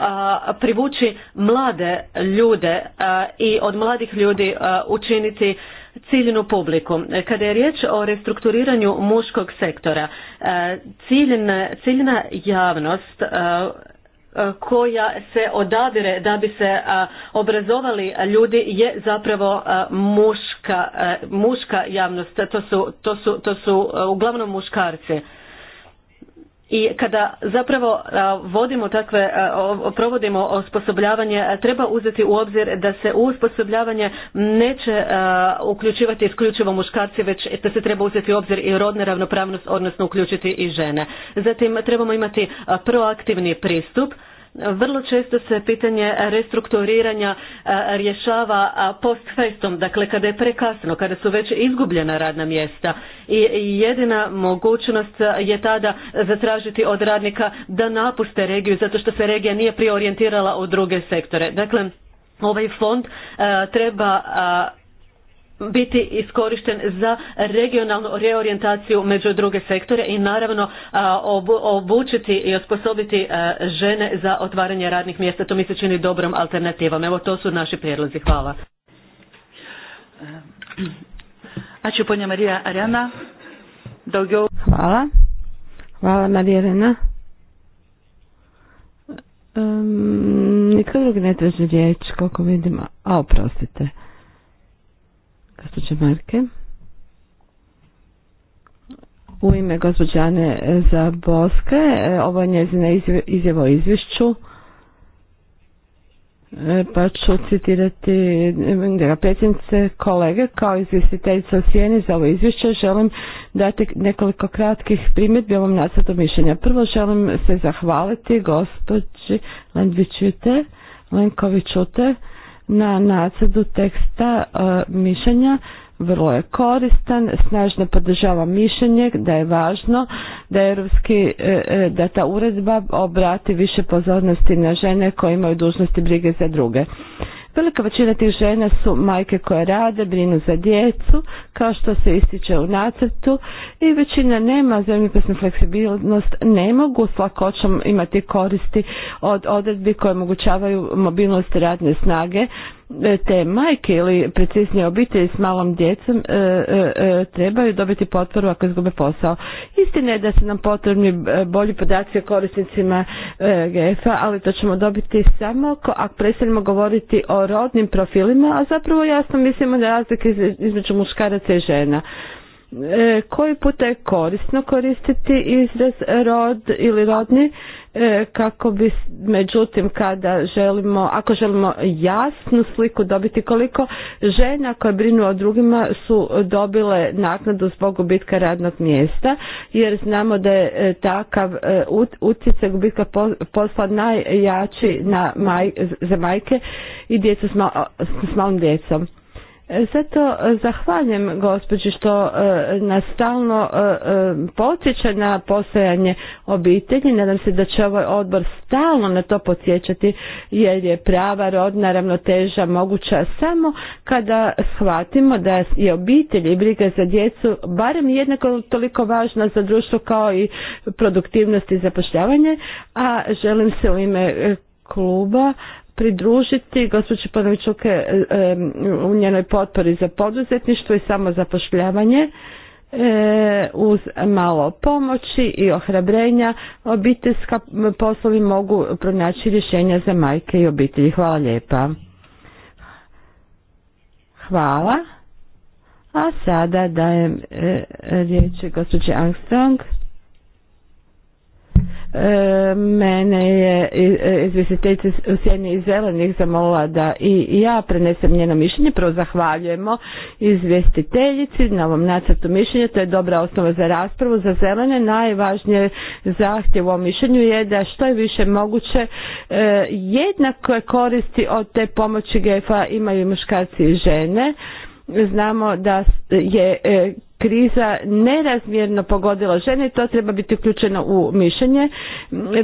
privući mlade ljude i od mladih ljudi učiniti ciljnu publiku. Kada je riječ o restrukturiranju muškog sektora, e, ciljna, ciljna javnost e, e, koja se odabire da bi se obrazovali ljudi je zapravo muška, muška javnost, to su, to su, to su uglavnom muškarci i kada zapravo vodimo takve, provodimo osposobljavanje, treba uzeti u obzir da se u osposobljavanje neće uključivati isključivo muškarci, već da se treba uzeti u obzir i rodna ravnopravnost, odnosno uključiti i žene. Zatim trebamo imati proaktivni pristup, vrlo često se pitanje restrukturiranja e, rješava post festom, dakle kada je prekasno, kada su već izgubljena radna mjesta i jedina mogućnost je tada zatražiti od radnika da napuste regiju zato što se regija nije priorijentirala u druge sektore. Dakle, ovaj fond e, treba biti iskorišten za regionalnu reorientaciju među druge sektore i naravno obučiti i osposobiti žene za otvaranje radnih mjesta. To mi se čini dobrom alternativom. Evo to su naši prijedlozi. Hvala. Marija Arena. Daugiau. Hvala. Hvala Marija Arena. Um, nitko drugi ne traži riječ koliko vidimo. A, oprostite gospođe Marke. U ime gospođane za Boske, e, ovo je njezina izjava o izvješću, e, pa ću citirati e, predsjednice kolege kao izvjestiteljica o za ovo izvješće. Želim dati nekoliko kratkih primjedbi ovom nacrtu mišljenja. Prvo želim se zahvaliti gospođi Lenkovićute Lenkovićute, na nacrdu teksta e, mišljenja vrlo je koristan, snažno podržava mišljenje da je važno da, europski, e, e, da ta uredba obrati više pozornosti na žene koje imaju dužnosti brige za druge. Velika većina tih žena su majke koje rade, brinu za djecu, kao što se ističe u nacrtu i većina nema zemljopisnu fleksibilnost, ne mogu s lakoćom imati koristi od odredbi koje omogućavaju mobilnost radne snage, E, te majke ili preciznije obitelji s malom djecom e, e, trebaju dobiti potporu ako izgube posao. Istina je da su nam potrebni bolji podaci o korisnicima GF-a, ali to ćemo dobiti samo ako prestanemo govoriti o rodnim profilima, a zapravo jasno mislimo da razlike između muškaraca i žena. E, koji puta je korisno koristiti izraz rod ili rodni e, kako bi međutim kada želimo ako želimo jasnu sliku dobiti koliko žena koje brinu o drugima su dobile naknadu zbog gubitka radnog mjesta jer znamo da je e, takav utjecaj gubitka posla najjači na maj, za majke i djecu s, s malom djecom zato e, zahvaljujem gospođi što e, nas stalno e, podsjeća na postojanje obitelji. Nadam se da će ovaj odbor stalno na to podsjećati jer je prava rodna ravnoteža moguća samo kada shvatimo da je obitelj i briga za djecu barem jednako toliko važna za društvo kao i produktivnost i zapošljavanje. A želim se u ime kluba pridružiti gospođi Panovićuke e, u njenoj potpori za poduzetništvo i samo zapošljavanje e, uz malo pomoći i ohrabrenja obiteljska poslovi mogu pronaći rješenja za majke i obitelji. Hvala lijepa. Hvala. A sada dajem e, riječ gospođi Armstrong. E, mene je e, izvjestiteljica u sjeni iz zelenih zamolila da i ja prenesem njeno mišljenje. Prvo zahvaljujemo izvjestiteljici na ovom nacrtu mišljenja. To je dobra osnova za raspravu. Za zelene najvažnije zahtjev u mišljenju je da što je više moguće e, jednako koristi od te pomoći GFA imaju muškarci i žene. Znamo da je kriza nerazmjerno pogodila žene i to treba biti uključeno u mišljenje.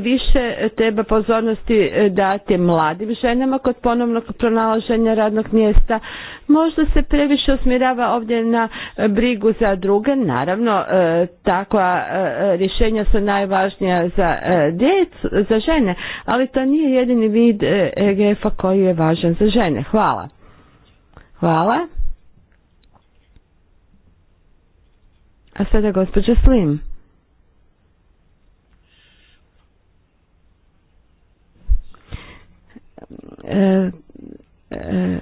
Više treba pozornosti dati mladim ženama kod ponovnog pronalaženja radnog mjesta. Možda se previše usmjerava ovdje na brigu za druge. Naravno, e, takva e, rješenja su najvažnija za e, djecu, za žene, ali to nije jedini vid EGF-a koji je važan za žene. Hvala. Hvala. A sada gospođa Slim. E, e,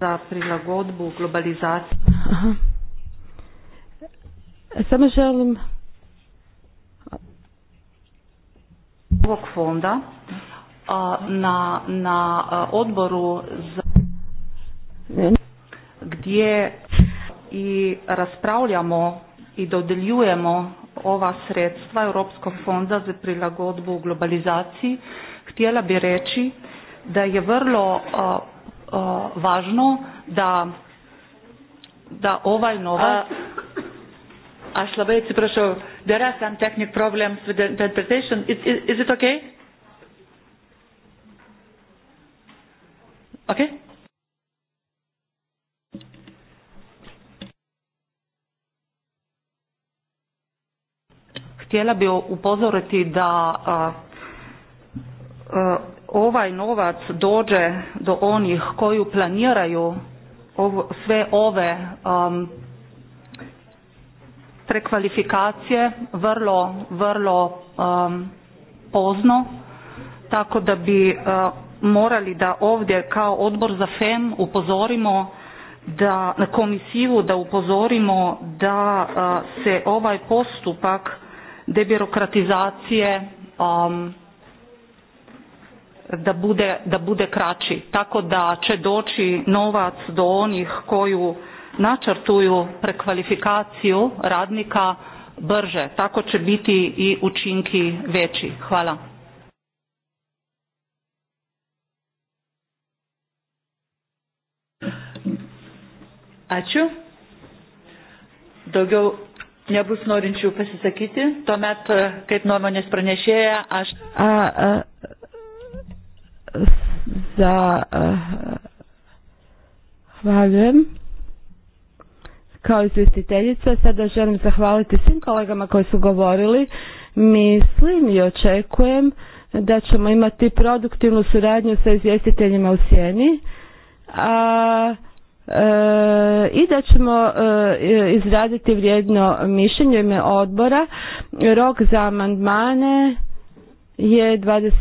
za prilagodbu globalizaciju Samo želim ovog fonda na, na odboru za gdje i raspravljamo i dodeljujemo ova sredstva Europskog fonda za prilagodbu globalizaciji, htjela bi reći da je vrlo uh, uh, važno da, da ovaj novac... A, Šlabejci, prošao, there are some technical problems with the interpretation. Is, is it okay? Okay? Htjela bi upozoriti da ovaj novac dođe do onih koji planiraju sve ove prekvalifikacije vrlo, vrlo pozno, tako da bi morali da ovdje kao odbor za FEM upozorimo da na komisiju da upozorimo da se ovaj postupak debirokratizacije um, da bude, da bude kraći, tako da će doći novac do onih koju načrtuju prekvalifikaciju radnika brže, tako će biti i učinki veći. Hvala. Ačiū. Daugiau nebus norinčių pasisakyti, tuomet e, kaip nuomonės pranešėja aš. A, a, za, hvaljujem. Kao izvjestiteljica sada želim zahvaliti svim kolegama koji su govorili. Mislim i očekujem da ćemo imati produktivnu suradnju sa izvjestiteljima u sjeni. A, E, i da ćemo e, izraditi vrijedno mišljenje u ime odbora. Rok za amandmane je 23.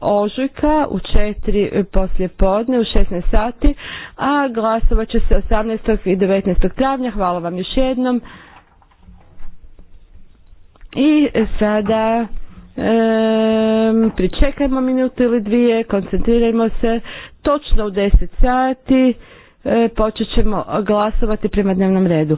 ožujka u 4 poslje podne u 16 sati, a glasovat će se 18. i 19. travnja. Hvala vam još jednom. I sada pričekajmo minutu ili dvije, koncentrirajmo se točno u 10 sati. E, počet ćemo glasovati prema dnevnom redu.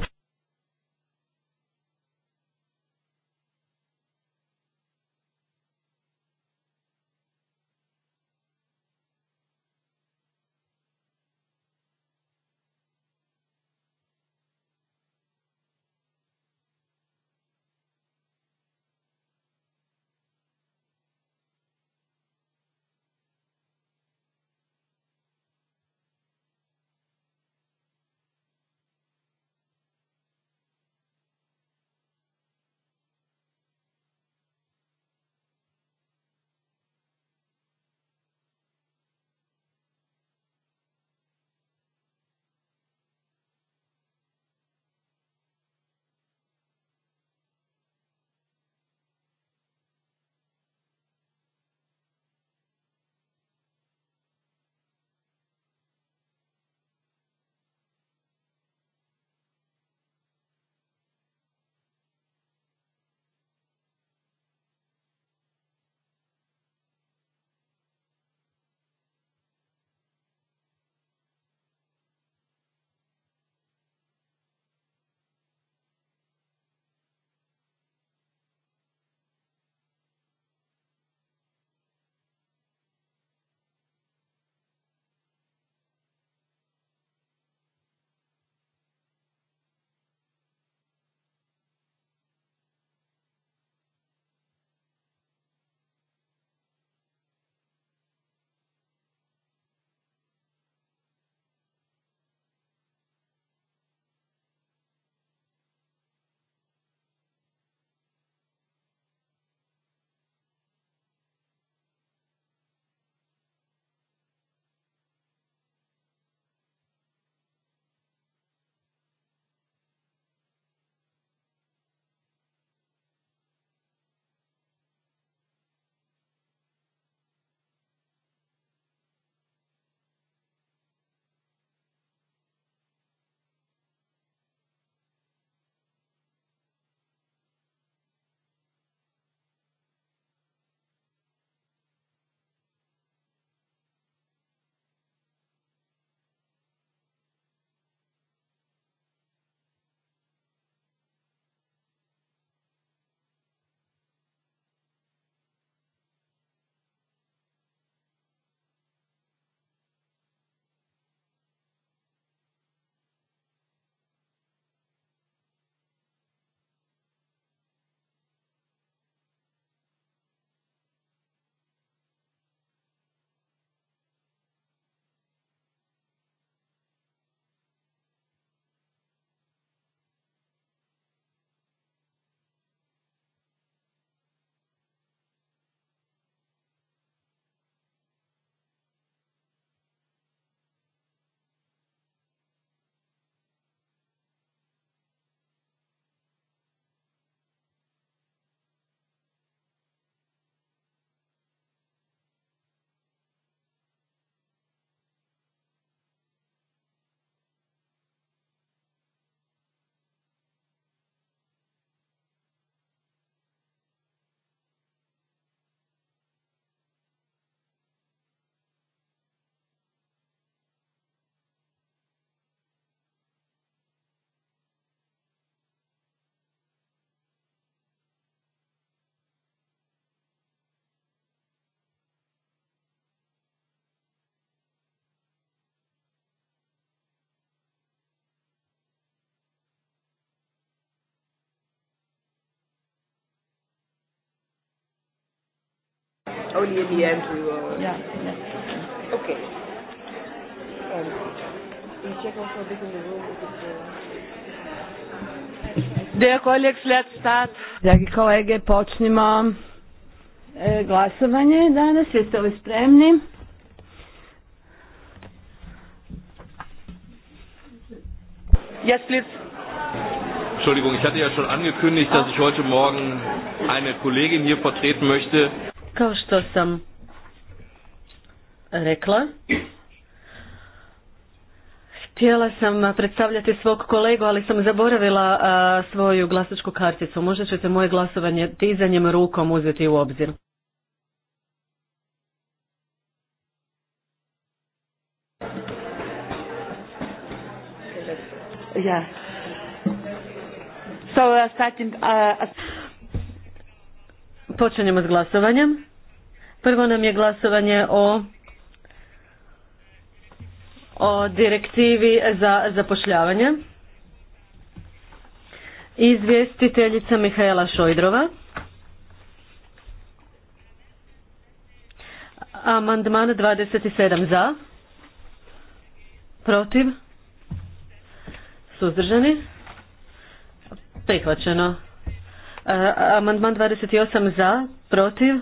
Only in the end we will. Yeah. yeah. Okay. Um, you check also a bit in the room if it's. Uh... Dear colleagues, let's start. Dragi kolege, počnimo e, glasovanje danas. Jeste li spremni? Yes, please. Entschuldigung, ich hatte ja schon angekündigt, dass ah. ich heute Morgen eine Kollegin hier vertreten möchte. Kao što sam rekla, htjela sam predstavljati svog kolegu, ali sam zaboravila svoju glasačku karticu. Možda ćete moje glasovanje tizanjem rukom uzeti u obzir. Ja. So, uh, uh Počinjemo s glasovanjem. Prvo nam je glasovanje o o direktivi za zapošljavanje. Izvjestiteljica Mihajla Šojdrova. Amandman 27 za. Protiv. Suzdržani. Prihvaćeno. Amandman 28 za, protiv,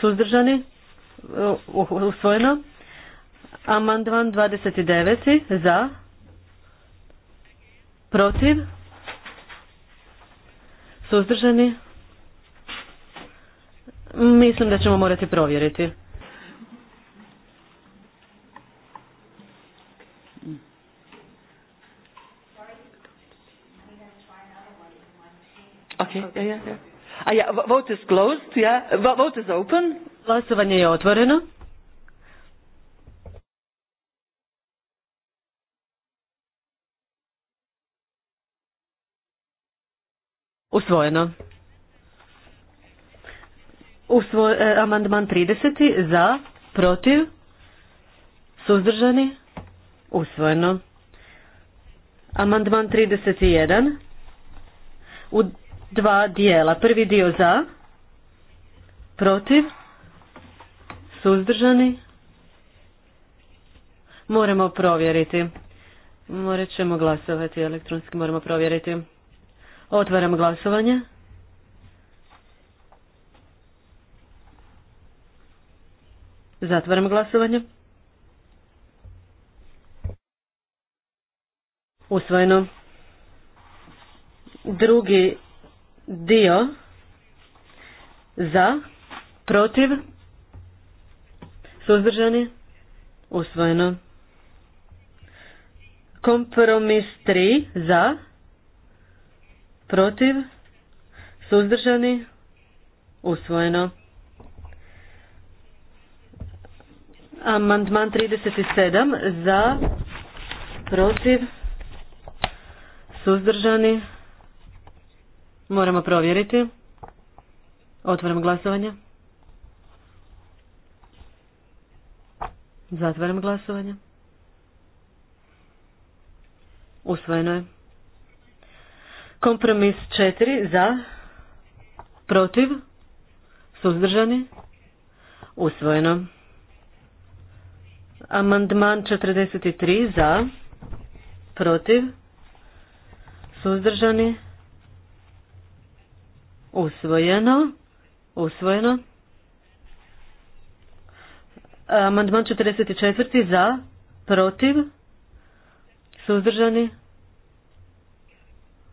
suzdržani, usvojeno. Amandman 29 za, protiv, suzdržani. Mislim da ćemo morati provjeriti. Okay, ja, Yeah, yeah, yeah. A ah, ja, vote is closed, yeah. Vote is open. Glasovanje je otvoreno. Usvojeno. eh, amandman 30. Za, protiv, suzdržani, usvojeno. Amandman 31. U dva dijela. Prvi dio za, protiv, suzdržani. Moramo provjeriti. Morat ćemo glasovati elektronski, moramo provjeriti. Otvaram glasovanje. Zatvaram glasovanje. Usvojeno. Drugi dio za, protiv, suzdržani, usvojeno. Kompromis 3 za, protiv, suzdržani, usvojeno. Amandman 37 za, protiv, suzdržani, usvojeno Moramo provjeriti. Otvaram glasovanje. Zatvaram glasovanje. Usvojeno je. Kompromis četiri za, protiv, suzdržani, usvojeno. Amandman 43 za, protiv, suzdržani, Usvojeno. Usvojeno. Amandman 44. za, protiv, suzdržani,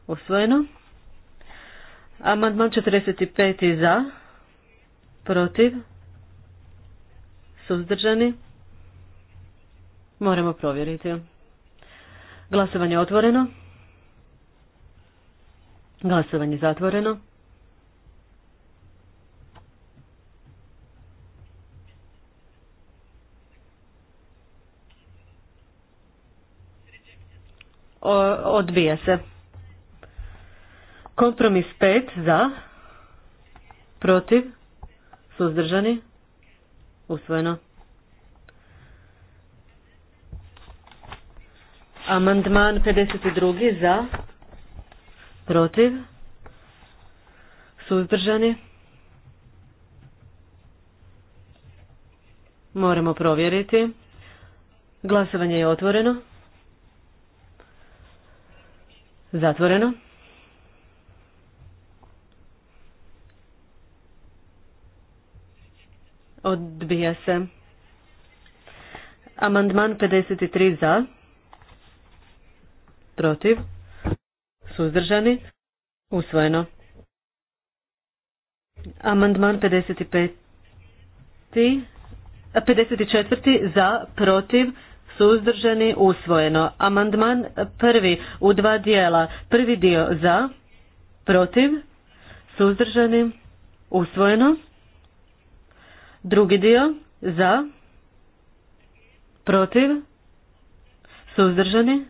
usvojeno. Amandman 45. za, protiv, suzdržani, moramo provjeriti. Glasovanje otvoreno. Glasovanje zatvoreno. odbija se. Kompromis pet za, protiv, suzdržani, usvojeno. Amandman 52 za, protiv, suzdržani. Moramo provjeriti. Glasovanje je otvoreno. Zatvoreno. Odbija se. Amandman 53 za. Protiv. Suzdržani. Usvojeno. Amandman 55. 54. za. Protiv suzdržani, usvojeno. Amandman prvi u dva dijela. Prvi dio za, protiv, suzdržani, usvojeno. Drugi dio za, protiv, suzdržani.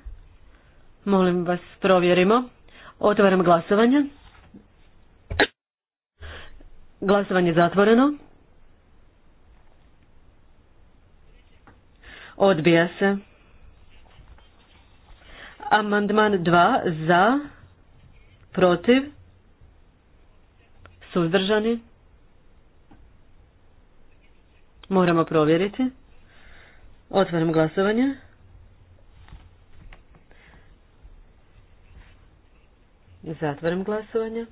Molim vas, provjerimo. Otvaram glasovanje. Glasovanje zatvoreno. Odbija se. Amandman 2 za, protiv, suzdržani. Moramo provjeriti. Otvaram glasovanje. Zatvaram glasovanje.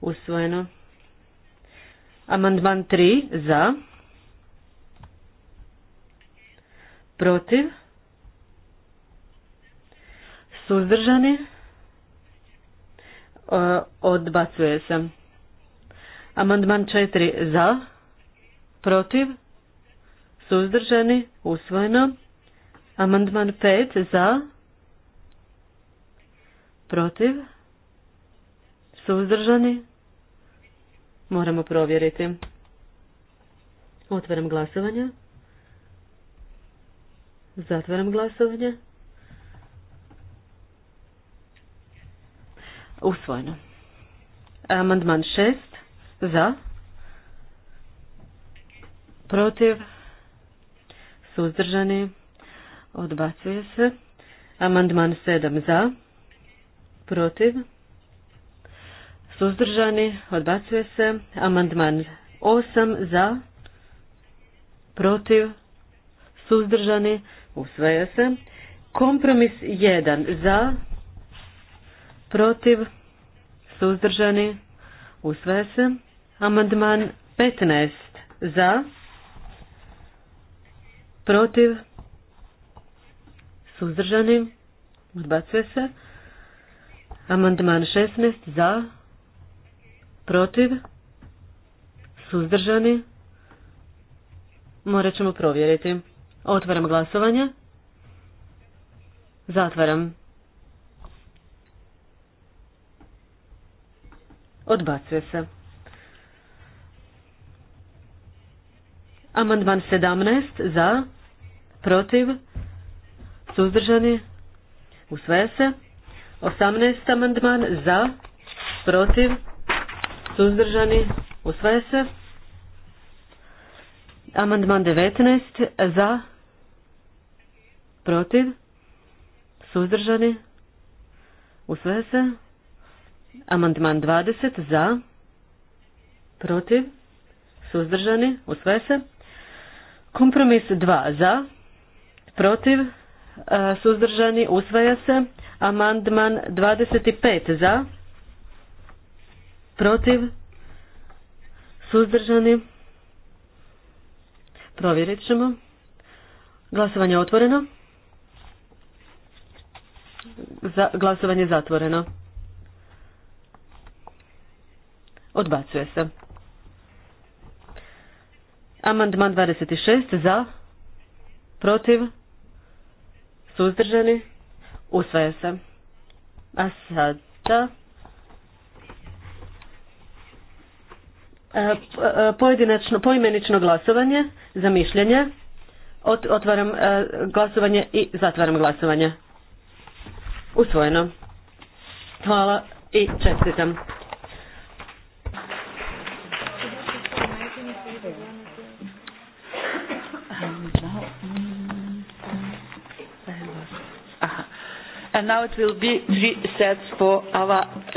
Usvojeno. Amandman 3 za. Protiv. Suzdržani. Odbacuje se. Amandman 4 za. Protiv. Suzdržani. Usvojeno. Amandman 5 za. Protiv. Suzdržani. Moramo provjeriti. Otvaram glasovanje. Zatvaram glasovanje. Usvojeno. Amandman šest Za. Protiv. Suzdržani. Odbacuje se. Amandman sedam Za. Protiv. Suzdržani? Odbacuje se. Amandman 8 za. Protiv? Suzdržani? Usvaja se. Kompromis 1 za. Protiv? Suzdržani? Usvaja se. Amandman 15 za. Protiv? Suzdržani? Odbacuje se. Amandman 16 za protiv, suzdržani, morat ćemo provjeriti. Otvaram glasovanje, zatvaram. Odbacuje se. Amandman 17 za, protiv, suzdržani, usvaja se. 18 amandman za, protiv, suzdržani, usvaja se. Amandman 19 za, protiv, suzdržani, usvaja se. Amandman 20 za, protiv, suzdržani, usvaja se. Kompromis 2 za, protiv, e, suzdržani, usvaja se. Amandman 25 za, protiv, suzdržani, provjerit ćemo. Glasovanje otvoreno. Za, glasovanje zatvoreno. Odbacuje se. Amandman 26 za, protiv, suzdržani, usvaja se. A sada E, e, pojedinačno, poimenično glasovanje za mišljenje. Otvaram e, glasovanje i zatvaram glasovanje. Usvojeno. Hvala i čestitam. And now it will be three sets for our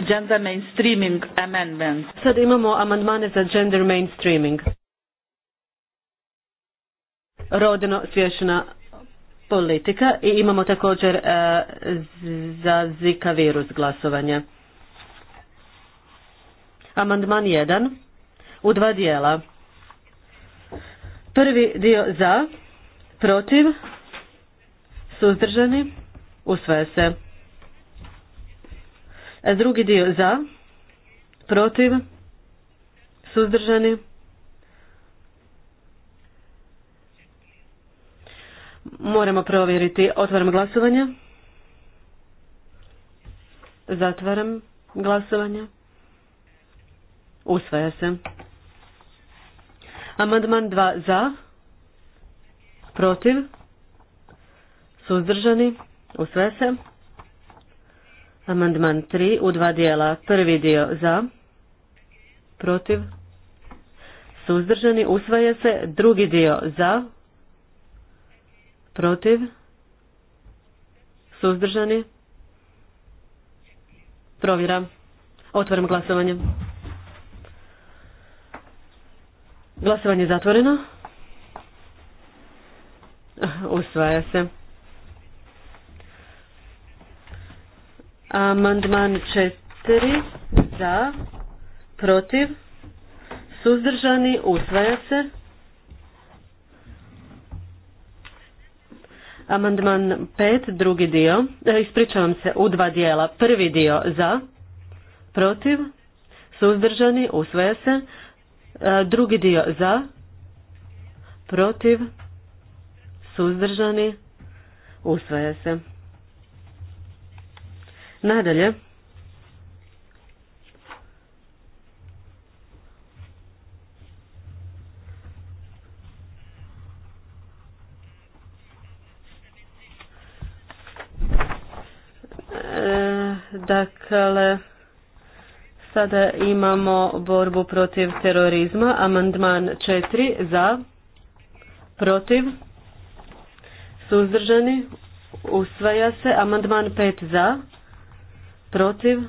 gender mainstreaming amendments. Sad imamo amandmane za gender mainstreaming. Rodno svješna politika i imamo također e, za zika virus glasovanje. Amandman 1 u dva dijela. Prvi dio za, protiv, suzdržani, Usvaja se. E, drugi dio za, protiv, suzdržani. Moramo provjeriti. Otvaram glasovanje. Zatvaram glasovanje. Usvaja se. Amandman 2 za, protiv, suzdržani. Usvaja se. Amandman 3 u dva dijela. Prvi dio za, protiv, suzdržani. Usvaja se drugi dio za, protiv, suzdržani. Provjeram. Otvorim glasovanje. Glasovanje je zatvoreno. Usvaja se. Amandman 4 za, protiv, suzdržani, usvaja se. Amandman 5, drugi dio, e, ispričavam se, u dva dijela. Prvi dio za, protiv, suzdržani, usvaja se. E, drugi dio za, protiv, suzdržani, usvaja se. Nadalje, e, Dakle, sada imamo borbu protiv terorizma, amandman 4 za, protiv, suzdržani, usvaja se, amandman 5 za, protiv,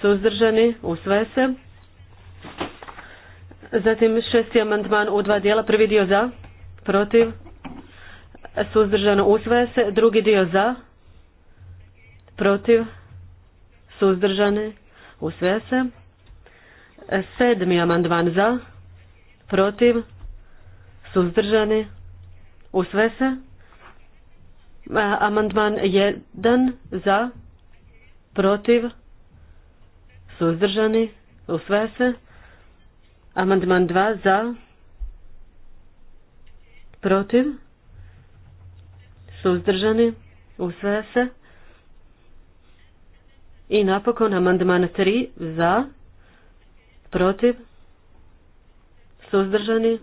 suzdržani, usve se. Zatim šesti amandman u dva dijela, prvi dio za, protiv, suzdržano, usvaja se, drugi dio za, protiv, suzdržani, usve se. Sedmi amandman za, protiv, suzdržani, usve se. Amandman jedan za, protiv, suzdržani, usvaja se. Amandman 2 za, protiv, suzdržani, usvaja se. I napokon amandman 3 za, protiv, suzdržani,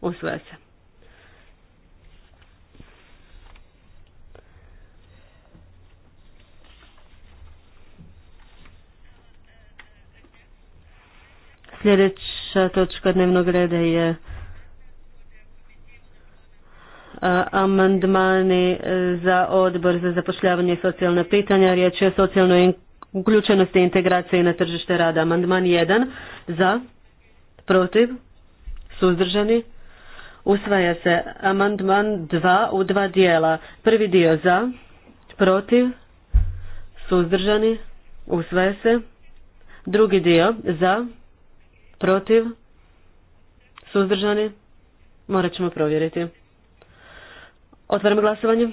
usvaja se. Sljedeća točka dnevnog reda je e, amandmani e, za odbor za zapošljavanje i socijalna pitanja. Riječ je o socijalnoj uključenosti i integraciji na tržište rada. Amandman 1 za, protiv, suzdržani. Usvaja se amandman 2 u dva dijela. Prvi dio za, protiv, suzdržani. Usvaja se. Drugi dio za, protiv, suzdržani, morat ćemo provjeriti. Otvaram glasovanje.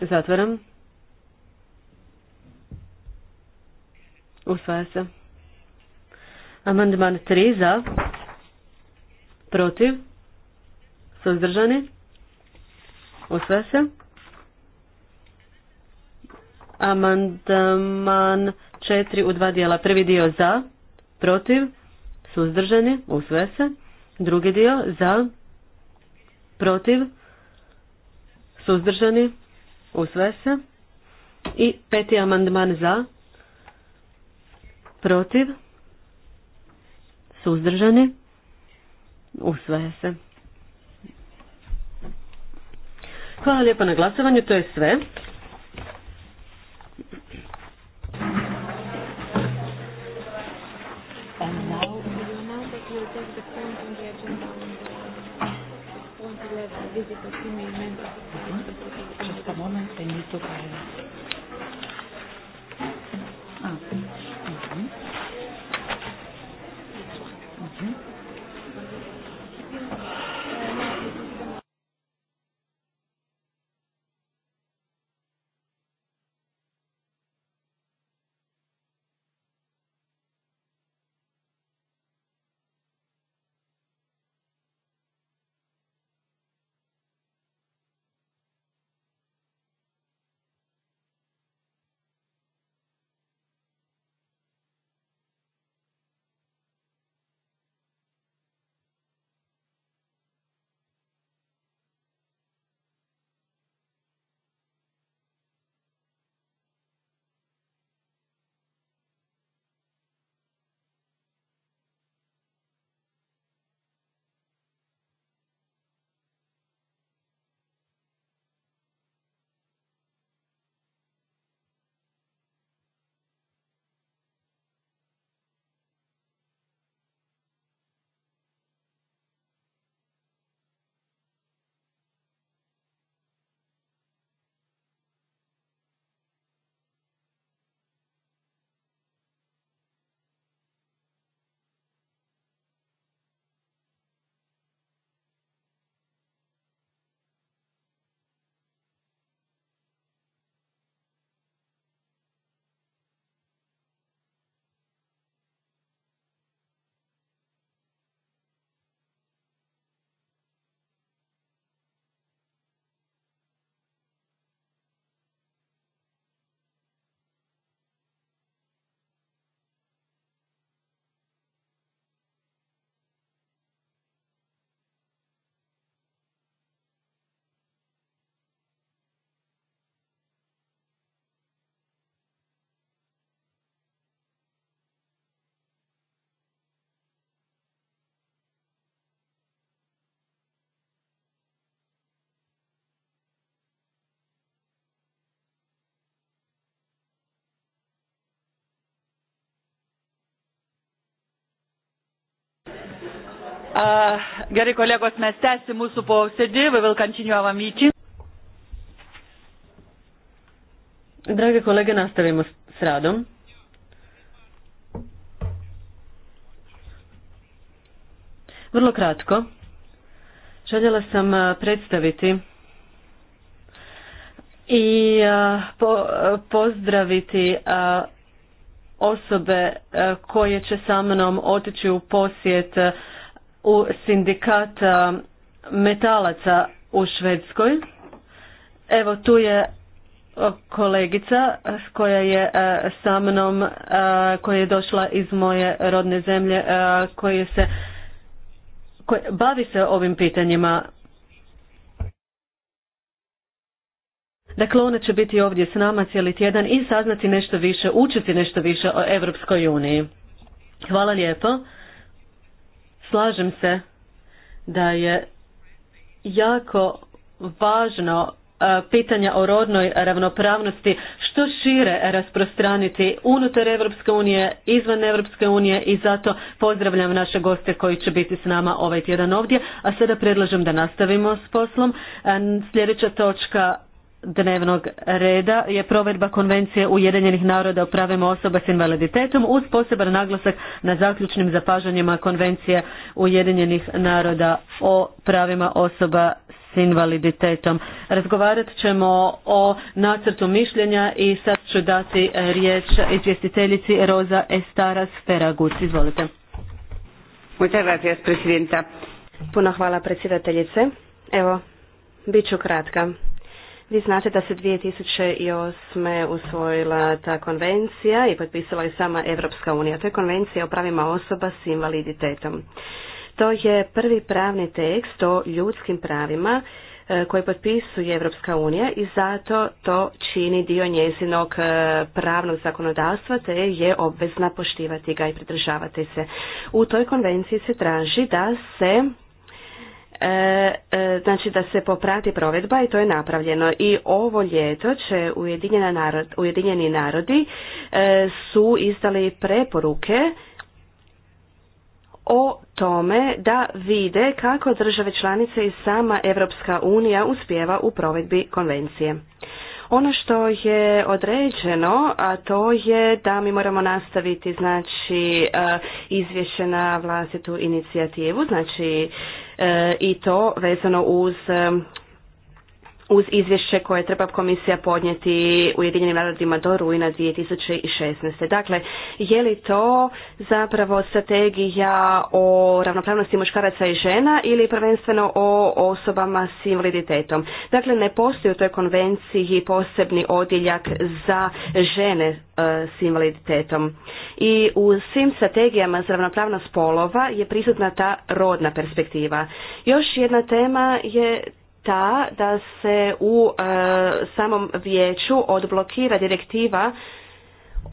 Zatvaram. Usvaja se. Amandman 3 za, protiv, suzdržani, usvaja se. Amandman 4 u dva dijela. Prvi dio za, protiv, suzdržani, usvaja se. Drugi dio za, protiv, suzdržani, usvaja se. I peti amandman za, protiv, suzdržani, usvaja se. Hvala lijepo na glasovanju, to je sve. visit hm? a female member. Just a moment, I need to find. Ah. Gerai, kolegos, mes tęsim mūsų posėdį, we will continue our meeting. Drage kolege, nastavimo s radom. Vrlo kratko. Željela sam predstaviti i pozdraviti osobe koje će sa mnom otići u posjet u sindikata metalaca u Švedskoj. Evo tu je kolegica koja je sa mnom, koja je došla iz moje rodne zemlje, koja se bavi se ovim pitanjima. Dakle, ona će biti ovdje s nama cijeli tjedan i saznati nešto više, učiti nešto više o Europskoj uniji. Hvala lijepo. Slažem se da je jako važno e, pitanja o rodnoj ravnopravnosti što šire rasprostraniti unutar Europske unije, izvan Europske unije i zato pozdravljam naše goste koji će biti s nama ovaj tjedan ovdje, a sada predlažem da nastavimo s poslom. E, sljedeća točka dnevnog reda je provedba konvencije Ujedinjenih naroda o pravima osoba s invaliditetom uz poseban naglasak na zaključnim zapažanjima konvencije Ujedinjenih naroda o pravima osoba s invaliditetom. Razgovarat ćemo o nacrtu mišljenja i sad ću dati riječ izvjestiteljici Roza Estaras Feragut. Izvolite. Muchas gracias, presidenta. Puno hvala predsjedateljice. Evo, bit ću kratka. Vi znate da se 2008. usvojila ta konvencija i potpisala je sama Evropska unija. To je konvencija o pravima osoba s invaliditetom. To je prvi pravni tekst o ljudskim pravima e, koje potpisuje Evropska unija i zato to čini dio njezinog e, pravnog zakonodavstva te je obvezna poštivati ga i pridržavati se. U toj konvenciji se traži da se E, e, znači da se poprati provedba i to je napravljeno. I ovo ljeto će narod, Ujedinjeni narodi e, su izdali preporuke o tome da vide kako države članice i sama Europska unija uspjeva u provedbi konvencije. Ono što je određeno, a to je da mi moramo nastaviti znači izvješće na vlastitu inicijativu, znači E, i to vezano uz uz izvješće koje treba komisija podnijeti Ujedinjenim narodima do rujna 2016. Dakle, je li to zapravo strategija o ravnopravnosti muškaraca i žena ili prvenstveno o osobama s invaliditetom? Dakle, ne postoji u toj konvenciji posebni odjeljak za žene e, s invaliditetom. I u svim strategijama za ravnopravnost spolova je prisutna ta rodna perspektiva. Još jedna tema je ta da se u e, samom vijeću odblokira direktiva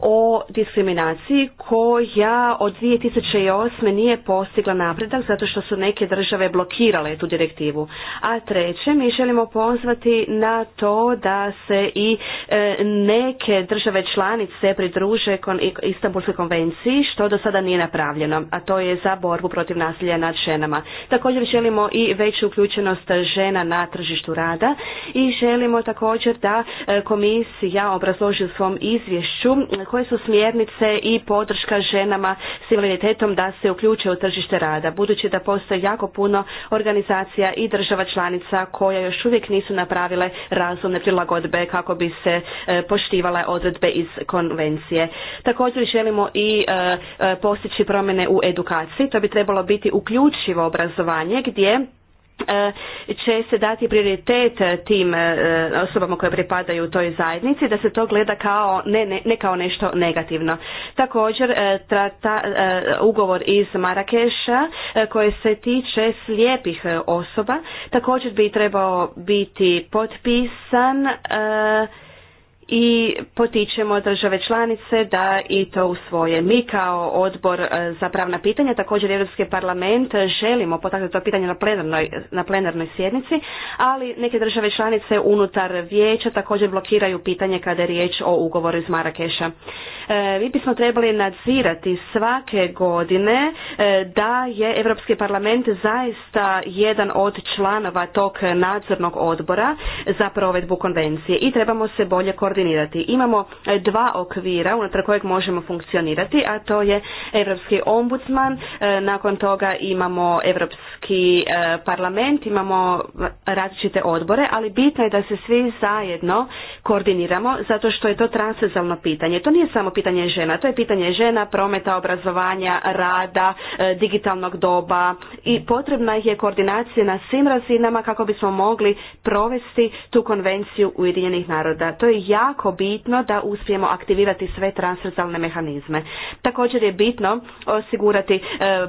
o diskriminaciji koja od 2008. nije postigla napredak zato što su neke države blokirale tu direktivu. A treće, mi želimo pozvati na to da se i e, neke države članice pridruže Istanbulskoj konvenciji što do sada nije napravljeno, a to je za borbu protiv nasilja nad ženama. Također želimo i veću uključenost žena na tržištu rada i želimo također da e, komisija obrazloži u svom izvješću koje su smjernice i podrška ženama s invaliditetom da se uključe u tržište rada, budući da postoji jako puno organizacija i država članica koja još uvijek nisu napravile razumne prilagodbe kako bi se e, poštivale odredbe iz konvencije. Također želimo i e, e, postići promjene u edukaciji, to bi trebalo biti uključivo obrazovanje gdje E, će se dati prioritet e, tim e, osobama koje pripadaju toj zajednici, da se to gleda kao ne, ne, ne kao nešto negativno. Također ugovor iz Marakeša koji se tiče slijepih osoba također bi trebao biti potpisan i potičemo države članice da i to usvoje. Mi kao odbor e, za pravna pitanja, također Europski parlament, želimo potaknuti to pitanje na plenarnoj, na plenarnoj sjednici, ali neke države članice unutar vijeća također blokiraju pitanje kada je riječ o ugovoru iz Marakeša. E, mi bismo trebali nadzirati svake godine e, da je Europski parlament zaista jedan od članova tog nadzornog odbora za provedbu konvencije i trebamo se bolje koordinirati koordinirati. Imamo e, dva okvira unutar kojeg možemo funkcionirati, a to je Europski ombudsman, e, nakon toga imamo Europski e, parlament, imamo različite odbore, ali bitno je da se svi zajedno koordiniramo zato što je to transezalno pitanje. To nije samo pitanje žena, to je pitanje žena, prometa, obrazovanja, rada, digitalnog doba i potrebna je koordinacija na svim razinama kako bismo mogli provesti tu konvenciju Ujedinjenih naroda. To je jako jako bitno da uspijemo aktivirati sve transverzalne mehanizme. Također je bitno osigurati e,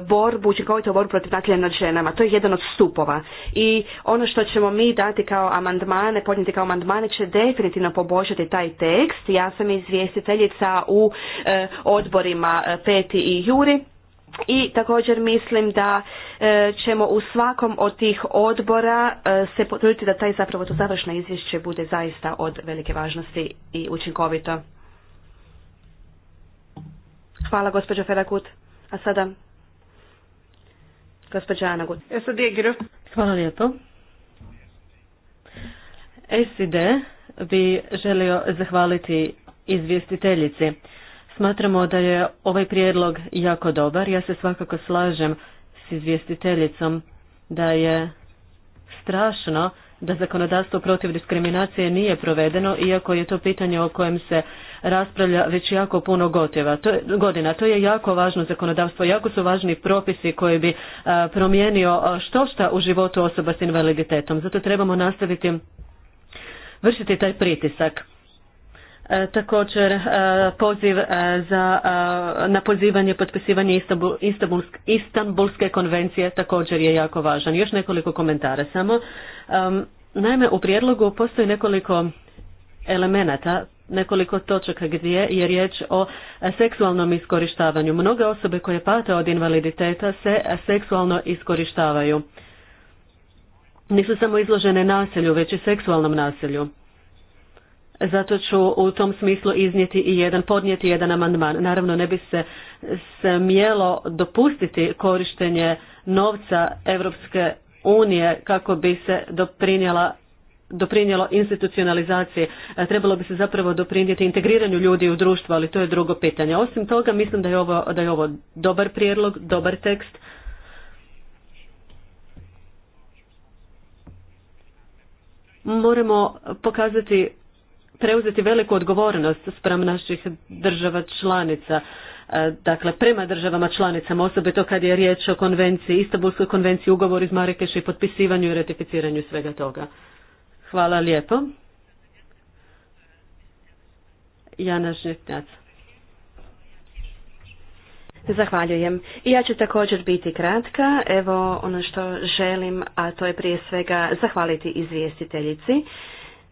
borbu, učinkovitu borbu protiv nasilja nad ženama. To je jedan od stupova. I ono što ćemo mi dati kao amandmane, podnijeti kao amandmane će definitivno poboljšati taj tekst. Ja sam izvjestiteljica u e, odborima e, Peti i Juri i također mislim da e, ćemo u svakom od tih odbora e, se potruditi da taj zapravo to završno izvješće bude zaista od velike važnosti i učinkovito. Hvala gospođo Ferakut. A sada gospođa Ana Gut. Hvala lijepo. SID bi želio zahvaliti izvjestiteljici. Smatramo da je ovaj prijedlog jako dobar. Ja se svakako slažem s izvjestiteljicom da je strašno da zakonodavstvo protiv diskriminacije nije provedeno, iako je to pitanje o kojem se raspravlja već jako puno to je, godina. To je jako važno zakonodavstvo, jako su važni propisi koji bi promijenio što šta u životu osoba s invaliditetom. Zato trebamo nastaviti vršiti taj pritisak. E, također e, poziv e, za, na pozivanje potpisivanje Istanbulske konvencije također je jako važan. Još nekoliko komentara samo. Naime, u prijedlogu postoji nekoliko elemenata nekoliko točaka gdje je riječ o seksualnom iskorištavanju. Mnoge osobe koje pate od invaliditeta se seksualno iskorištavaju. Nisu samo izložene nasilju, već i seksualnom nasilju zato ću u tom smislu iznijeti i jedan, podnijeti jedan amandman. Naravno ne bi se smjelo dopustiti korištenje novca Europske unije kako bi se doprinjela doprinjelo institucionalizaciji, e, trebalo bi se zapravo doprinijeti integriranju ljudi u društvo, ali to je drugo pitanje. Osim toga, mislim da je ovo, da je ovo dobar prijedlog, dobar tekst. Moramo pokazati preuzeti veliku odgovornost spram naših država članica e, dakle prema državama članicama, osobito kad je riječ o konvenciji, Istanbulskoj konvenciji, ugovor iz Marikeša i potpisivanju i ratificiranju svega toga. Hvala lijepo. Jana Žnjetnjac. Zahvaljujem. I ja ću također biti kratka. Evo ono što želim, a to je prije svega zahvaliti izvjestiteljici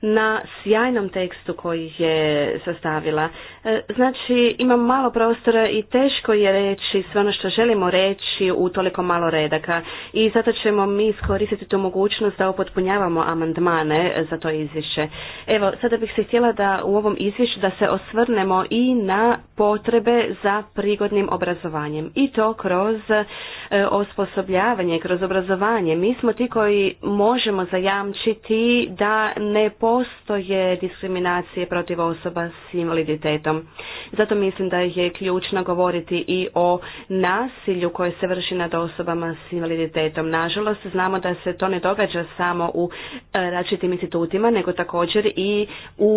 na sjajnom tekstu koji je sastavila. E, znači, imam malo prostora i teško je reći sve ono što želimo reći u toliko malo redaka i zato ćemo mi iskoristiti tu mogućnost da upotpunjavamo amandmane za to izvješće. Evo, sada bih se htjela da u ovom izvješću da se osvrnemo i na potrebe za prigodnim obrazovanjem i to kroz e, osposobljavanje, kroz obrazovanje. Mi smo ti koji možemo zajamčiti da ne po postoje diskriminacije protiv osoba s invaliditetom. Zato mislim da je ključno govoriti i o nasilju koje se vrši nad osobama s invaliditetom. Nažalost, znamo da se to ne događa samo u e, različitim institutima, nego također i u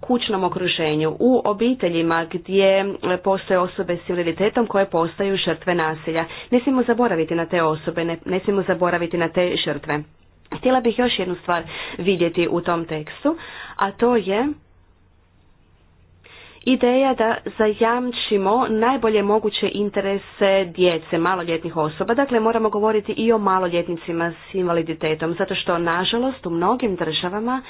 kućnom okruženju, u obiteljima gdje postoje osobe s invaliditetom koje postaju žrtve nasilja. Ne smijemo zaboraviti na te osobe, ne, ne smijemo zaboraviti na te žrtve. Htjela bih još jednu stvar vidjeti u tom tekstu, a to je ideja da zajamčimo najbolje moguće interese djece, maloljetnih osoba. Dakle, moramo govoriti i o maloljetnicima s invaliditetom, zato što, nažalost, u mnogim državama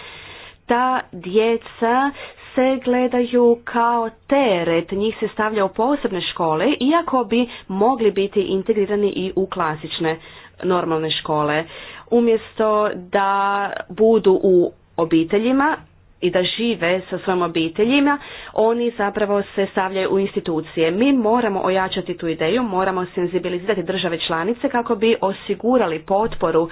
ta djeca se gledaju kao teret, njih se stavlja u posebne škole, iako bi mogli biti integrirani i u klasične normalne škole umjesto da budu u obiteljima i da žive sa svojim obiteljima, oni zapravo se stavljaju u institucije. Mi moramo ojačati tu ideju, moramo senzibilizirati države članice kako bi osigurali potporu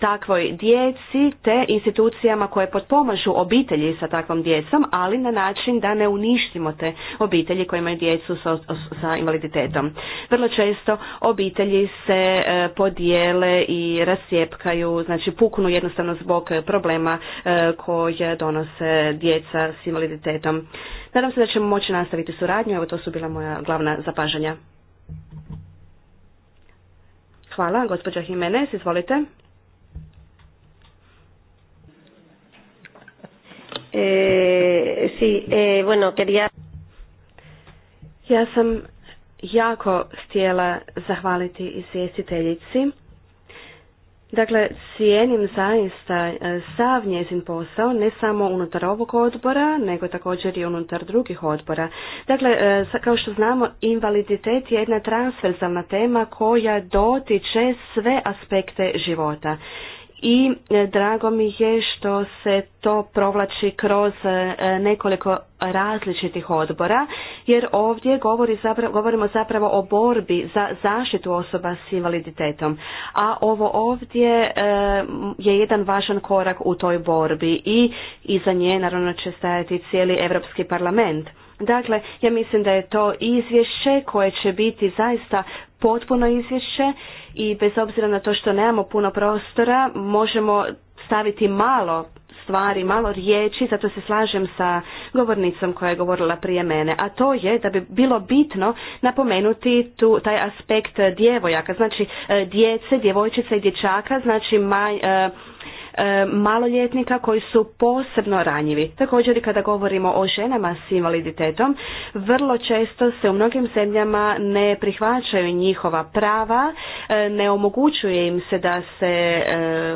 takvoj djeci te institucijama koje potpomažu obitelji sa takvom djecom, ali na način da ne uništimo te obitelji koje imaju djecu sa, sa invaliditetom. Vrlo često obitelji se e, podijele i rasjepkaju, znači puknu jednostavno zbog problema e, koje donose se djeca s invaliditetom. Nadam se da ćemo moći nastaviti suradnju, evo to su bila moja glavna zapažanja. Hvala, gospođa Jimenez, izvolite. Eh, si, eh, Ja sam jako htjela zahvaliti izvjestiteljici Dakle, cijenim zaista e, sav njezin posao, ne samo unutar ovog odbora, nego također i unutar drugih odbora. Dakle, e, kao što znamo, invaliditet je jedna transverzalna tema koja dotiče sve aspekte života i e, drago mi je što se to provlači kroz e, nekoliko različitih odbora, jer ovdje govori govorimo zapravo o borbi za zaštitu osoba s invaliditetom. A ovo ovdje e, je jedan važan korak u toj borbi i iza nje naravno će stajati cijeli Europski parlament. Dakle, ja mislim da je to izvješće koje će biti zaista potpuno izvješće i bez obzira na to što nemamo puno prostora možemo staviti malo stvari, malo riječi, zato se slažem sa govornicom koja je govorila prije mene, a to je da bi bilo bitno napomenuti tu taj aspekt djevojaka, znači e, djece, djevojčica i dječaka, znači maj, e, E, maloljetnika koji su posebno ranjivi. Također i kada govorimo o ženama s invaliditetom, vrlo često se u mnogim zemljama ne prihvaćaju njihova prava, e, ne omogućuje im se da se e,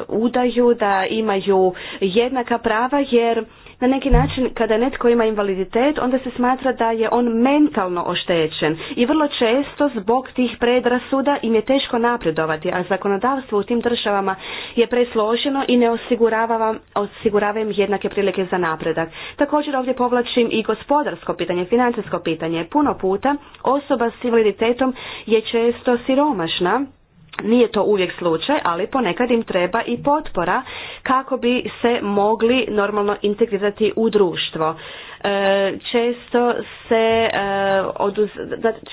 udaju, da imaju jednaka prava jer na neki način kada netko ima invaliditet onda se smatra da je on mentalno oštećen i vrlo često zbog tih predrasuda im je teško napredovati, a zakonodavstvo u tim državama je presloženo i ne osigurava, im jednake prilike za napredak. Također ovdje povlačim i gospodarsko pitanje, financijsko pitanje. Puno puta osoba s invaliditetom je često siromašna nije to uvijek slučaj, ali ponekad im treba i potpora kako bi se mogli normalno integrirati u društvo. E, često se, e,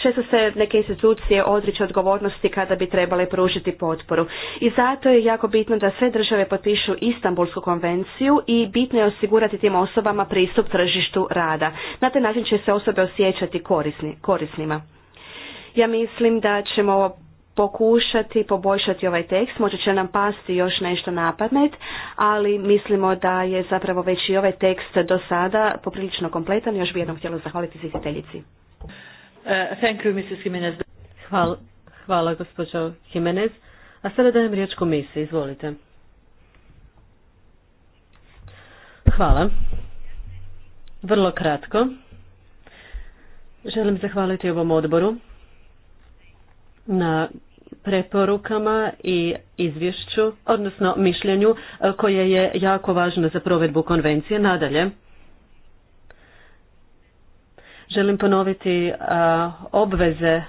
često se neke institucije odriču odgovornosti kada bi trebale pružiti potporu. I zato je jako bitno da sve države potpišu Istanbulsku konvenciju i bitno je osigurati tim osobama pristup tržištu rada. Na taj način će se osobe osjećati korisni, korisnima. Ja mislim da ćemo pokušati poboljšati ovaj tekst, možda će nam pasti još nešto na ali mislimo da je zapravo već i ovaj tekst do sada poprilično kompletan. Još bi jednom htjela zahvaliti izvjestiteljici. Uh, hvala, hvala gospođo Jimenez. A sada dajem riječ komisiji, izvolite. Hvala. Vrlo kratko. Želim zahvaliti ovom odboru na preporukama i izvješću, odnosno mišljenju e, koje je jako važno za provedbu konvencije. Nadalje, želim ponoviti e, obveze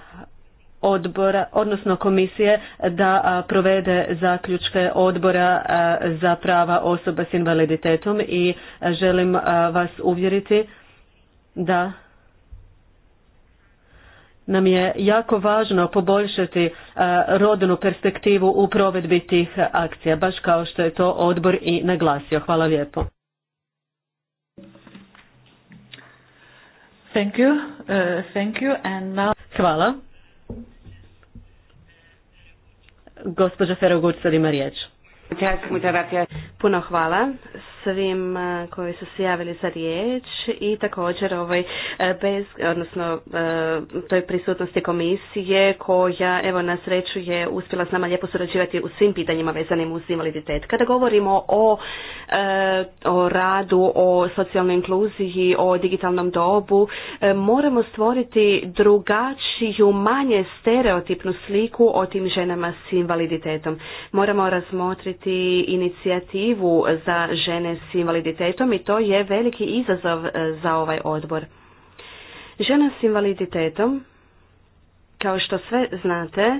odbora, odnosno komisije da e, provede zaključke odbora za prava osoba s invaliditetom i želim vas uvjeriti da nam je jako važno poboljšati e, rodnu perspektivu u provedbi tih akcija, baš kao što je to odbor i naglasio. Hvala lijepo. Thank you. Uh, thank you. And now... Hvala. Gospođa sad ima riječ. Puno hvala svim e, koji su se javili za riječ i također ovoj e, bez, odnosno e, toj prisutnosti komisije koja evo na sreću je uspjela s nama lijepo surađivati u svim pitanjima vezanim uz invaliditet. Kada govorimo o, o radu, o socijalnoj inkluziji, o digitalnom dobu, moramo stvoriti drugačiju, manje stereotipnu sliku o tim ženama s invaliditetom. Moramo razmotriti inicijativu za žene s invaliditetom i to je veliki izazov e, za ovaj odbor. Žena s invaliditetom, kao što sve znate,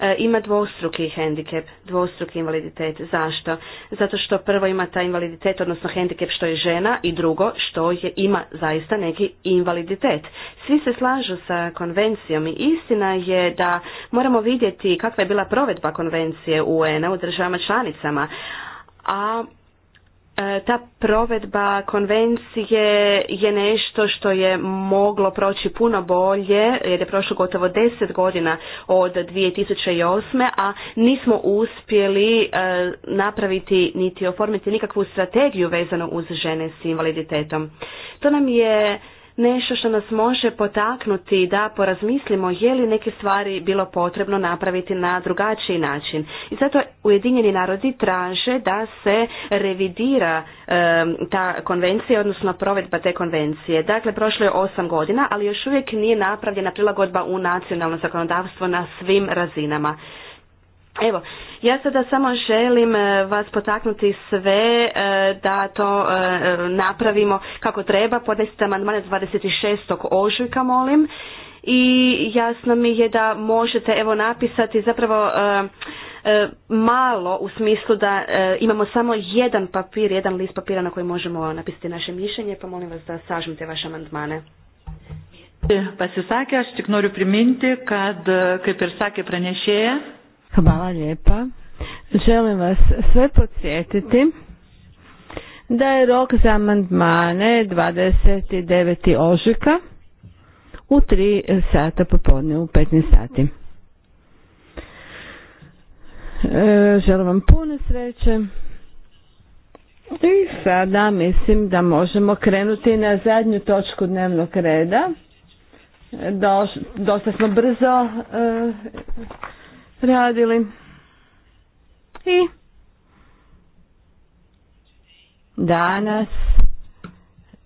e, ima dvostruki hendikep, dvostruki invaliditet. Zašto? Zato što prvo ima taj invaliditet, odnosno hendikep što je žena i drugo što je, ima zaista neki invaliditet. Svi se slažu sa konvencijom i istina je da moramo vidjeti kakva je bila provedba konvencije UN-a u državama članicama. A E, ta provedba konvencije je nešto što je moglo proći puno bolje, jer je prošlo gotovo deset godina od 2008. a nismo uspjeli e, napraviti niti oformiti nikakvu strategiju vezanu uz žene s invaliditetom. To nam je nešto što nas može potaknuti da porazmislimo je li neke stvari bilo potrebno napraviti na drugačiji način. I zato Ujedinjeni narodi traže da se revidira ta konvencija, odnosno provedba te konvencije. Dakle, prošlo je osam godina, ali još uvijek nije napravljena prilagodba u nacionalno zakonodavstvo na svim razinama. Evo, ja sada samo želim e, vas potaknuti sve e, da to e, napravimo kako treba. Podnesite amandmane 26. ožujka, molim. I jasno mi je da možete evo napisati zapravo malo u smislu da imamo samo jedan papir, jedan list papira na koji možemo napisati naše mišljenje, pa molim vas da sažmite vaše amandmane. Pasisakė, aš tik noriu priminti, kad, kaip ir sakė pranešėja, Hvala lijepa. Želim vas sve podsjetiti da je rok za amandmane 29. ožujka u 3 sata popodne u 15 sati. E, želim vam puno sreće. I sada mislim da možemo krenuti na zadnju točku dnevnog reda. dosta smo brzo e, radili. I danas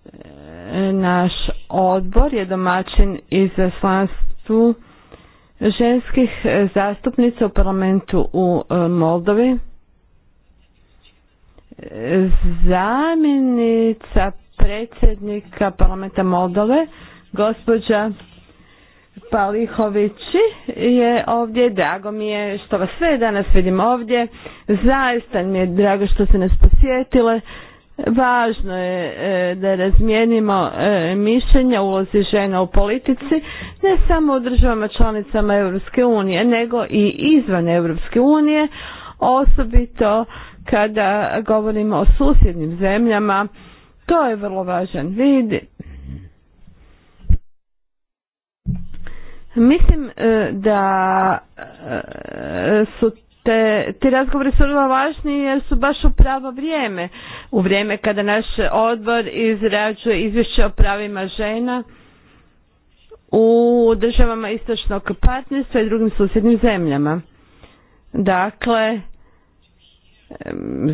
e, naš odbor je domaćin izaslanstvu ženskih zastupnica u parlamentu u e, Moldovi. E, zamjenica predsjednika parlamenta Moldove, gospođa Palihovići je ovdje, drago mi je što vas sve danas vidim ovdje, zaista mi je drago što ste nas posjetile, važno je e, da razmijenimo e, mišljenja ulozi žena u politici, ne samo u državama članicama Europske unije, nego i izvan Europske unije, osobito kada govorimo o susjednim zemljama, to je vrlo važan vid, Mislim e, da e, su te, ti razgovori su vrlo važni jer su baš u pravo vrijeme, u vrijeme kada naš odbor izrađuje izvješće o pravima žena u državama istočnog partnerstva i drugim susjednim zemljama. Dakle,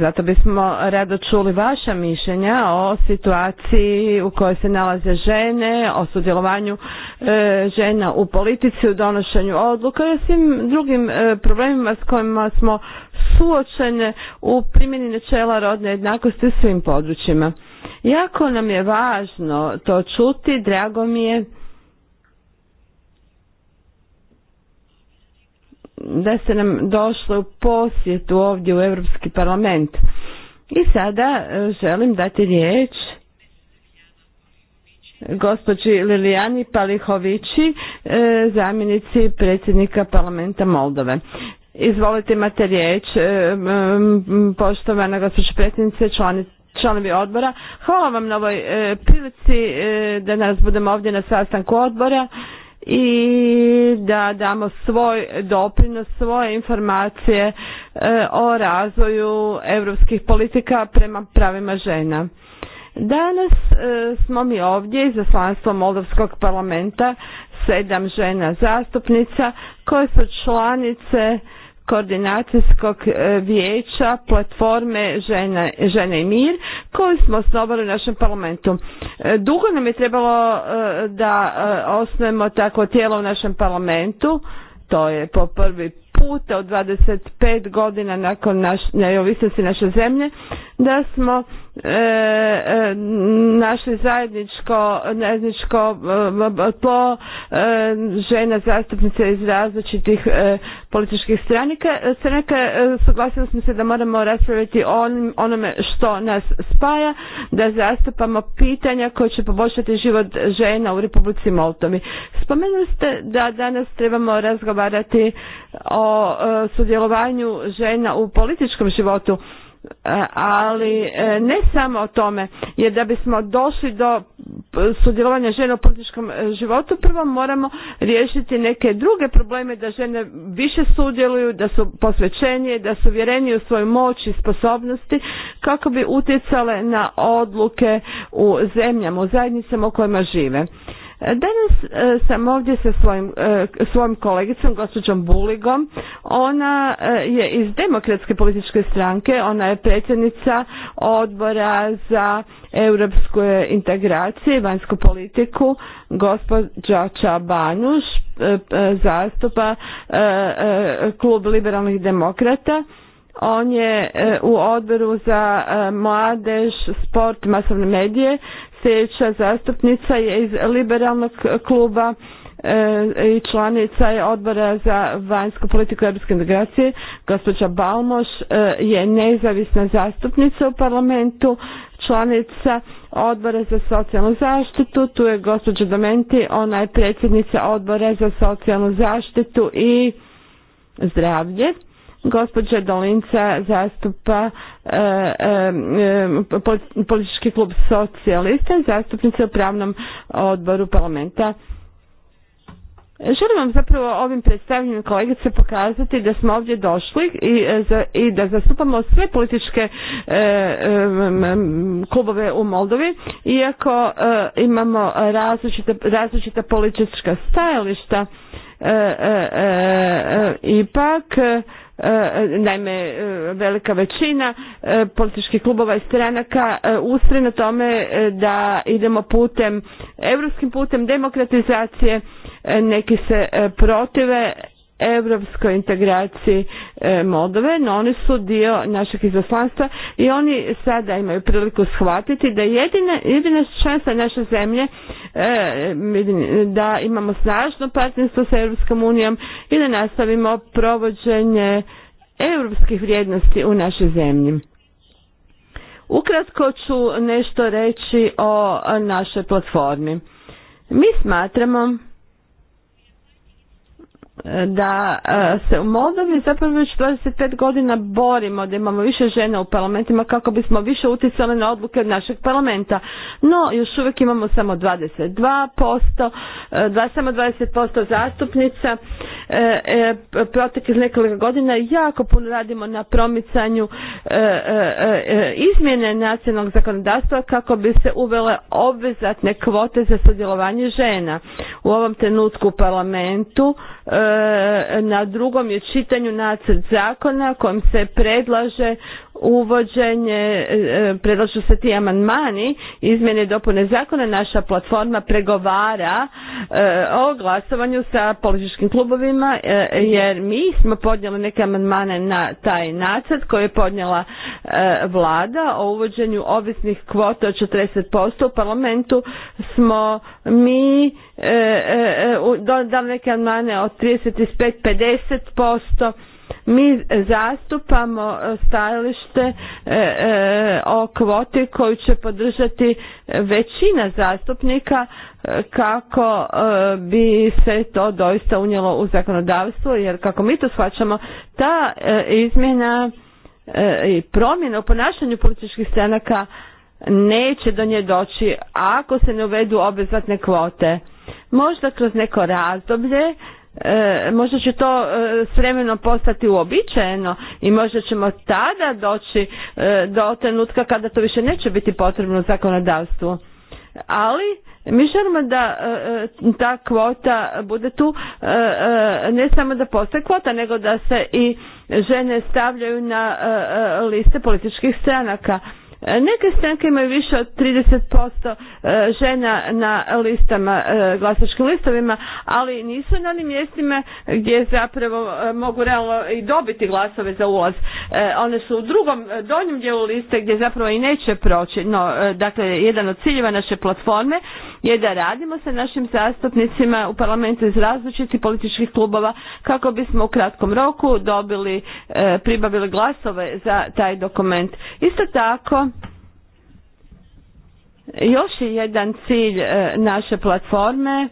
zato bismo rado čuli vaša mišljenja o situaciji u kojoj se nalaze žene, o sudjelovanju e, žena u politici, u donošenju odluka i o svim drugim e, problemima s kojima smo suočene u primjeni načela rodne jednakosti u svim područjima. Jako nam je važno to čuti, drago mi je da ste nam došli u posjetu ovdje u Europski parlament. I sada e, želim dati riječ gospođi Lilijani Palihovići, e, zamjenici predsjednika parlamenta Moldove. Izvolite, imate riječ, e, poštovana gospođa predsjednice, članovi odbora. Hvala vam na ovoj prilici da nas budemo ovdje na sastanku odbora i da damo svoj doprinos, svoje informacije e, o razvoju europskih politika prema pravima žena. Danas e, smo mi ovdje iz zaslanstva Moldovskog parlamenta, sedam žena zastupnica koje su članice koordinacijskog e, vijeća platforme Žena i mir koju smo osnovali u našem parlamentu. E, dugo nam je trebalo e, da osnovimo takvo tijelo u našem parlamentu, to je po prvi puta od 25 godina nakon naš, neovisnosti naše zemlje, da smo E, e, naše zajedničko nezničko po e, žena zastupnica iz različitih političkih stranika stranaka suglasili smo se da moramo raspraviti o onome što nas spaja da zastupamo pitanja koje će poboljšati život žena u Republici Moltovi. Spomenuli ste da danas trebamo razgovarati o sudjelovanju žena u političkom životu E, ali e, ne samo o tome, jer da bismo došli do sudjelovanja žena u političkom e, životu, prvo moramo riješiti neke druge probleme da žene više sudjeluju, da su posvećenije, da su vjerenije u svoju moć i sposobnosti kako bi utjecale na odluke u zemljama, u zajednicama u kojima žive. Danas e, sam ovdje sa svojim, e, svojom kolegicom, gospođom Buligom. Ona e, je iz demokratske političke stranke, ona je predsjednica odbora za europsku integraciju i vanjsku politiku, gospođa Čabanuš, zastupa klub liberalnih demokrata. On je u odboru za mladež, sport, masovne medije Sljedeća zastupnica je iz liberalnog kluba e, i članica je odbora za vanjsku politiku i europske integracije. Gospođa Balmoš e, je nezavisna zastupnica u parlamentu, članica odbora za socijalnu zaštitu. Tu je gospođa Domenti, ona je predsjednica odbora za socijalnu zaštitu i zdravlje. Gospođa Dolinca zastupa e, e, e, politički klub socijalista zastupnica u pravnom odboru parlamenta. Želim vam zapravo ovim predstavljanjem kolegice pokazati da smo ovdje došli i, da zastupamo sve političke klubove u Moldovi, iako imamo različita, politička stajališta, ipak E, naime e, velika većina e, političkih klubova i stranaka ustre na tome da idemo putem, europskim putem demokratizacije, neki se protive europskoj integraciji e, modove, no oni su dio našeg izaslanstva i oni sada imaju priliku shvatiti da jedina, jedina šansa naše zemlje e, da imamo snažno partnerstvo sa Europskom unijom i da nastavimo provođenje europskih vrijednosti u našoj zemlji. Ukratko ću nešto reći o našoj platformi. Mi smatramo da e, se u Moldovi zapravo već 25 godina borimo da imamo više žena u parlamentima kako bismo više utjecali na odluke našeg parlamenta. No, još uvijek imamo samo 22%, e, samo 20% zastupnica. E, protek iz nekoliko godina jako puno radimo na promicanju izmjene nacionalnog zakonodavstva kako bi se uvele obvezatne kvote za sudjelovanje žena. U ovom trenutku u parlamentu E, na drugom je čitanju nacrt zakona kojim se predlaže uvođenje, e, e, predlažu se ti amandmani, izmjene i dopune zakona, naša platforma pregovara e, o glasovanju sa političkim klubovima jer mi smo podnijeli neke amandmane na taj nacrt koji je podnijela vlada o uvođenju ovisnih kvota od 40%. U parlamentu smo mi dali neke amandmane od 35-50% mi zastupamo e, stajalište e, e, o kvoti koju će podržati većina zastupnika kako bi se to doista unijelo u zakonodavstvo jer kako mi to shvaćamo ta izmjena i promjena u ponašanju političkih stranaka neće do nje doći ako se ne uvedu obvezatne kvote. Možda kroz neko razdoblje E, možda će to e, s vremenom postati uobičajeno i možda ćemo tada doći e, do trenutka kada to više neće biti potrebno zakonodavstvu. Ali mi želimo da ta kvota bude tu ne samo da postoje kvota nego da se i žene stavljaju na liste političkih stranaka. E, neke stranke imaju više od 30% e, žena na listama, e, glasačkim listovima, ali nisu na onim mjestima gdje zapravo mogu realno i dobiti glasove za ulaz. One su u drugom donjem dijelu liste gdje zapravo i neće proći. No, dakle, jedan od ciljeva naše platforme je da radimo sa našim zastupnicima u parlamentu iz različitih političkih klubova kako bismo u kratkom roku dobili, e, pribavili glasove za taj dokument. Isto tako, još je jedan cilj e, naše platforme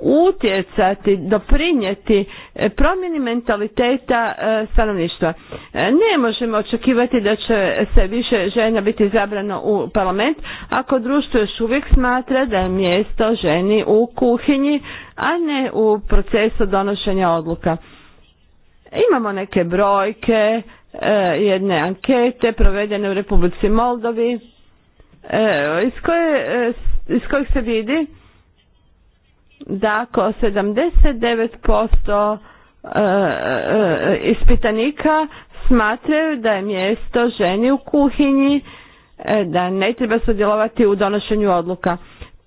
utjecati, doprinijeti e, promjeni mentaliteta e, stanovništva. E, ne možemo očekivati da će se više žena biti zabrano u parlament ako društvo još uvijek smatra da je mjesto ženi u kuhinji, a ne u procesu donošenja odluka. Imamo neke brojke, jedne ankete provedene u Republici Moldovi, iz, koje, iz kojih se vidi da ako 79% e, e, e, ispitanika smatraju da je mjesto ženi u kuhinji, da ne treba sudjelovati u donošenju odluka.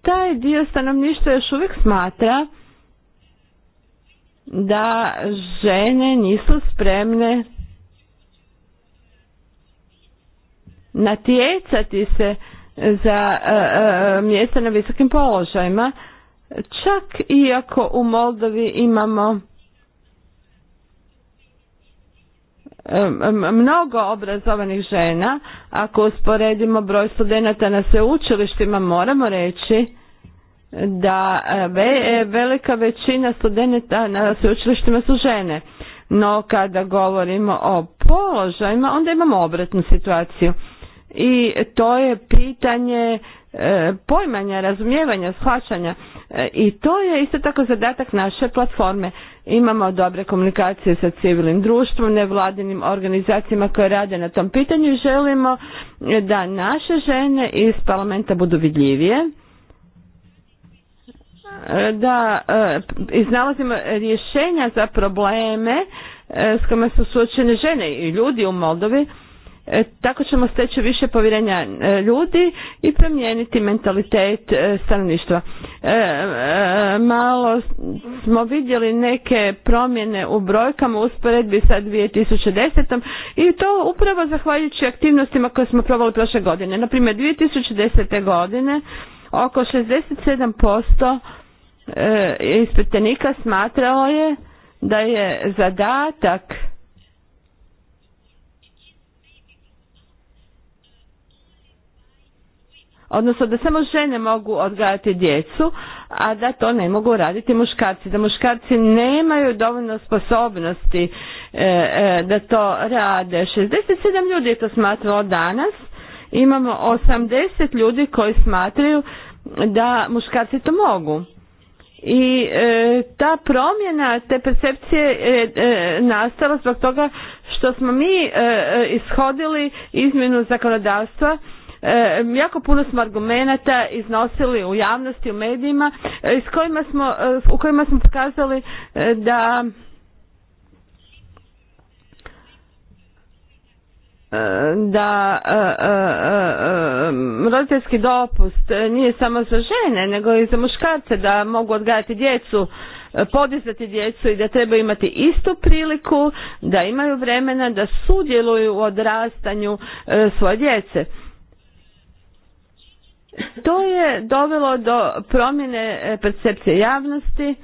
Taj dio stanovništva još uvijek smatra da žene nisu spremne natjecati se za mjesta na visokim položajima Čak iako u Moldovi imamo mnogo obrazovanih žena, ako usporedimo broj studenata na sveučilištima, moramo reći da eh, eh, velika većina studenata na sveučilištima su žene. No kada govorimo o položajima, onda imamo obratnu situaciju i to je pitanje e, pojmanja, razumijevanja, shvaćanja e, i to je isto tako zadatak naše platforme. Imamo dobre komunikacije sa civilnim društvom, nevladinim organizacijama koje rade na tom pitanju i želimo da naše žene iz parlamenta budu vidljivije da e, iznalazimo rješenja za probleme s kojima su suočene žene i ljudi u Moldovi E, tako ćemo steći više povjerenja e, ljudi i promijeniti mentalitet e, stanovništva. Malo smo vidjeli neke promjene u brojkama u usporedbi sa 2010. i to upravo zahvaljujući aktivnostima koje smo provali prošle godine. Naprimjer, 2010. godine oko 67% ispitanika smatralo je da je zadatak odnosno da samo žene mogu odgajati djecu, a da to ne mogu raditi muškarci, da muškarci nemaju dovoljno sposobnosti e, e, da to rade. 67 ljudi je to smatrao danas, imamo 80 ljudi koji smatraju da muškarci to mogu. I e, ta promjena te percepcije nastala zbog toga što smo mi ishodili izmjenu zakonodavstva E, jako puno smo argumenata iznosili u javnosti, u medijima s e, kojima smo, e, u kojima smo pokazali da da roditeljski dopust nije samo za žene nego i za muškarce da mogu odgajati djecu podizati djecu i da treba imati istu priliku da imaju vremena da sudjeluju u odrastanju svoje djece to je dovelo do promjene e, percepcije javnosti,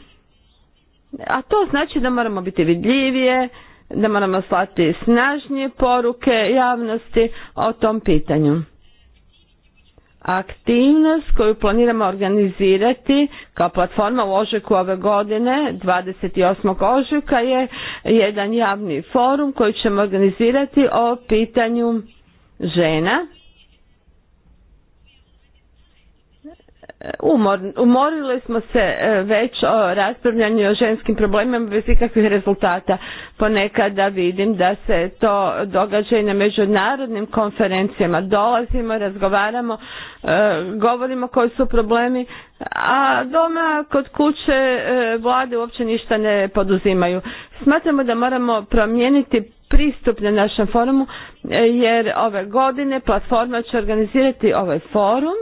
a to znači da moramo biti vidljivije, da moramo slati snažnije poruke javnosti o tom pitanju. Aktivnost koju planiramo organizirati kao platforma u ožujku ove godine, 28. ožujka je jedan javni forum koji ćemo organizirati o pitanju žena Umor, umorili smo se e, već o raspravljanju o ženskim problemima bez ikakvih rezultata. Ponekada vidim da se to događa i na međunarodnim konferencijama. Dolazimo, razgovaramo, e, govorimo koji su problemi, a doma kod kuće e, vlade uopće ništa ne poduzimaju. Smatramo da moramo promijeniti pristup na našem forumu jer ove godine platforma će organizirati ovaj forum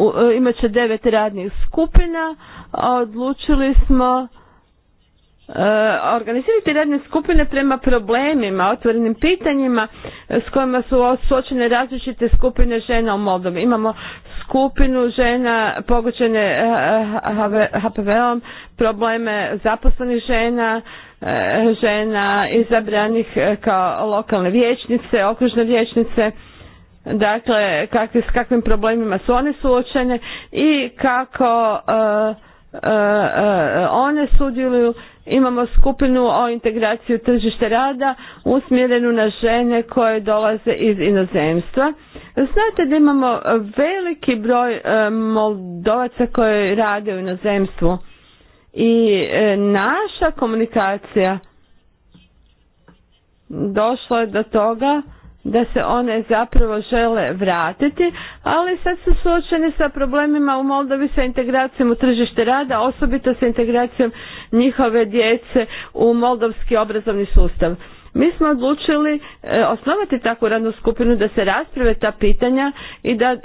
E, imat će devet radnih skupina, odlučili smo e, organizirati radne skupine prema problemima, otvorenim pitanjima e, s kojima su suočene različite skupine žena u Moldovi. Imamo skupinu žena pogođene HPV-om, probleme zaposlenih žena, žena izabranih kao lokalne vijećnice, okružne vijećnice, dakle kakvi, s kakvim problemima su one suočene i kako e, e, e, one sudjeluju imamo skupinu o integraciju tržišta rada usmjerenu na žene koje dolaze iz inozemstva. Znate da imamo veliki broj moldovaca koje rade u inozemstvu i naša komunikacija došla je do toga da se one zapravo žele vratiti, ali sad su suočene sa problemima u Moldovi sa integracijom u tržište rada, osobito sa integracijom njihove djece u moldovski obrazovni sustav. Mi smo odlučili e, osnovati takvu radnu skupinu da se rasprave ta pitanja i da e,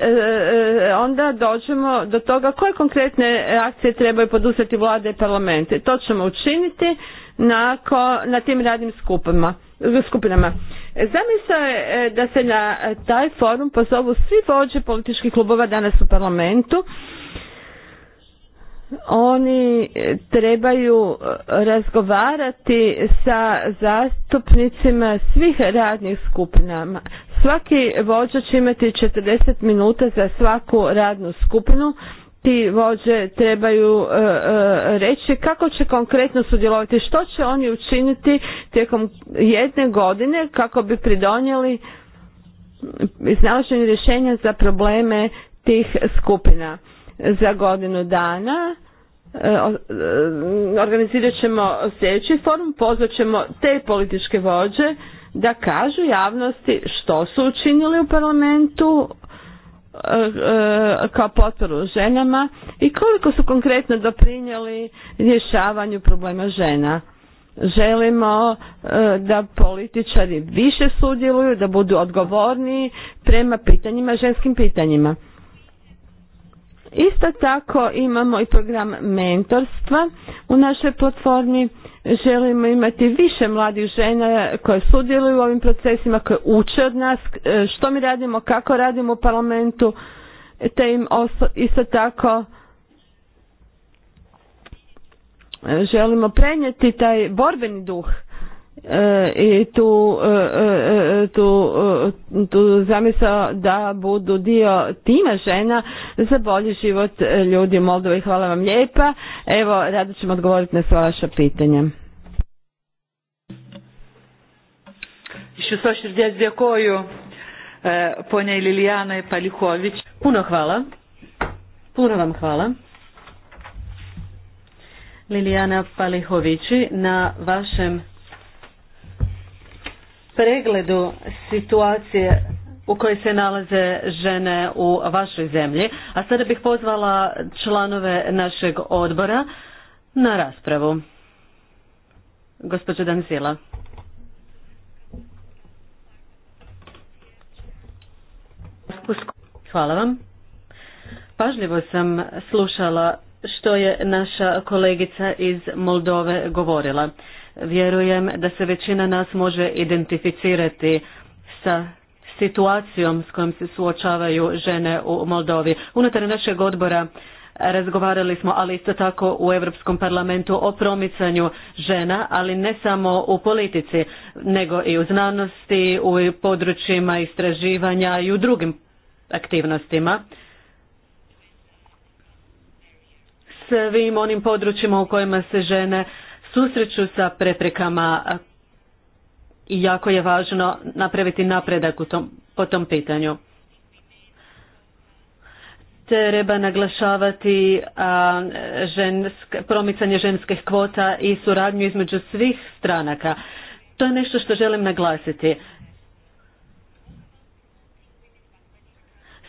e, onda dođemo do toga koje konkretne akcije trebaju poduzeti vlade i parlamente. To ćemo učiniti na tim radnim skupama skupinama. Zamisao je e, da se na e, taj forum pozovu svi vođe političkih klubova danas u parlamentu. Oni e, trebaju razgovarati sa zastupnicima svih radnih skupinama. Svaki vođa će imati 40 minuta za svaku radnu skupinu ti vođe trebaju e, e, reći kako će konkretno sudjelovati, što će oni učiniti tijekom jedne godine kako bi pridonijeli iznalaženje rješenja za probleme tih skupina. Za godinu dana e, organizirat ćemo sljedeći forum, pozvat ćemo te političke vođe da kažu javnosti što su učinili u parlamentu E, e, kao potporu ženama i koliko su konkretno doprinijeli rješavanju problema žena. Želimo e, da političari više sudjeluju, da budu odgovorni prema pitanjima, ženskim pitanjima. Isto tako imamo i program mentorstva. U našoj platformi želimo imati više mladih žena koje sudjeluju u ovim procesima, koje uče od nas e, što mi radimo, kako radimo u parlamentu, te im isto tako e, želimo prenijeti taj borbeni duh E, i tu, e, e, tu, tu zamisao da budu dio tima žena za bolji život ljudi u Moldovi. Hvala vam lijepa. Evo, rado ćemo odgovoriti na sva vaša pitanja. Iš viso širdies i Lilijana i Paliković. Puno hvala. Puno vam hvala. Lilijana Palihovići na vašem pregledu situacije u kojoj se nalaze žene u vašoj zemlji. A sada bih pozvala članove našeg odbora na raspravu. Gospođa Danzila. Hvala vam. Pažljivo sam slušala što je naša kolegica iz Moldove govorila. Vjerujem da se većina nas može identificirati sa situacijom s kojom se suočavaju žene u Moldovi. Unutar našeg odbora razgovarali smo, ali isto tako u Europskom parlamentu o promicanju žena, ali ne samo u politici, nego i u znanosti, u područjima istraživanja i u drugim aktivnostima. Svim onim područjima u kojima se žene susreću sa preprekama i jako je važno napraviti napredak po tom pitanju. Treba naglašavati promicanje ženskih kvota i suradnju između svih stranaka. To je nešto što želim naglasiti.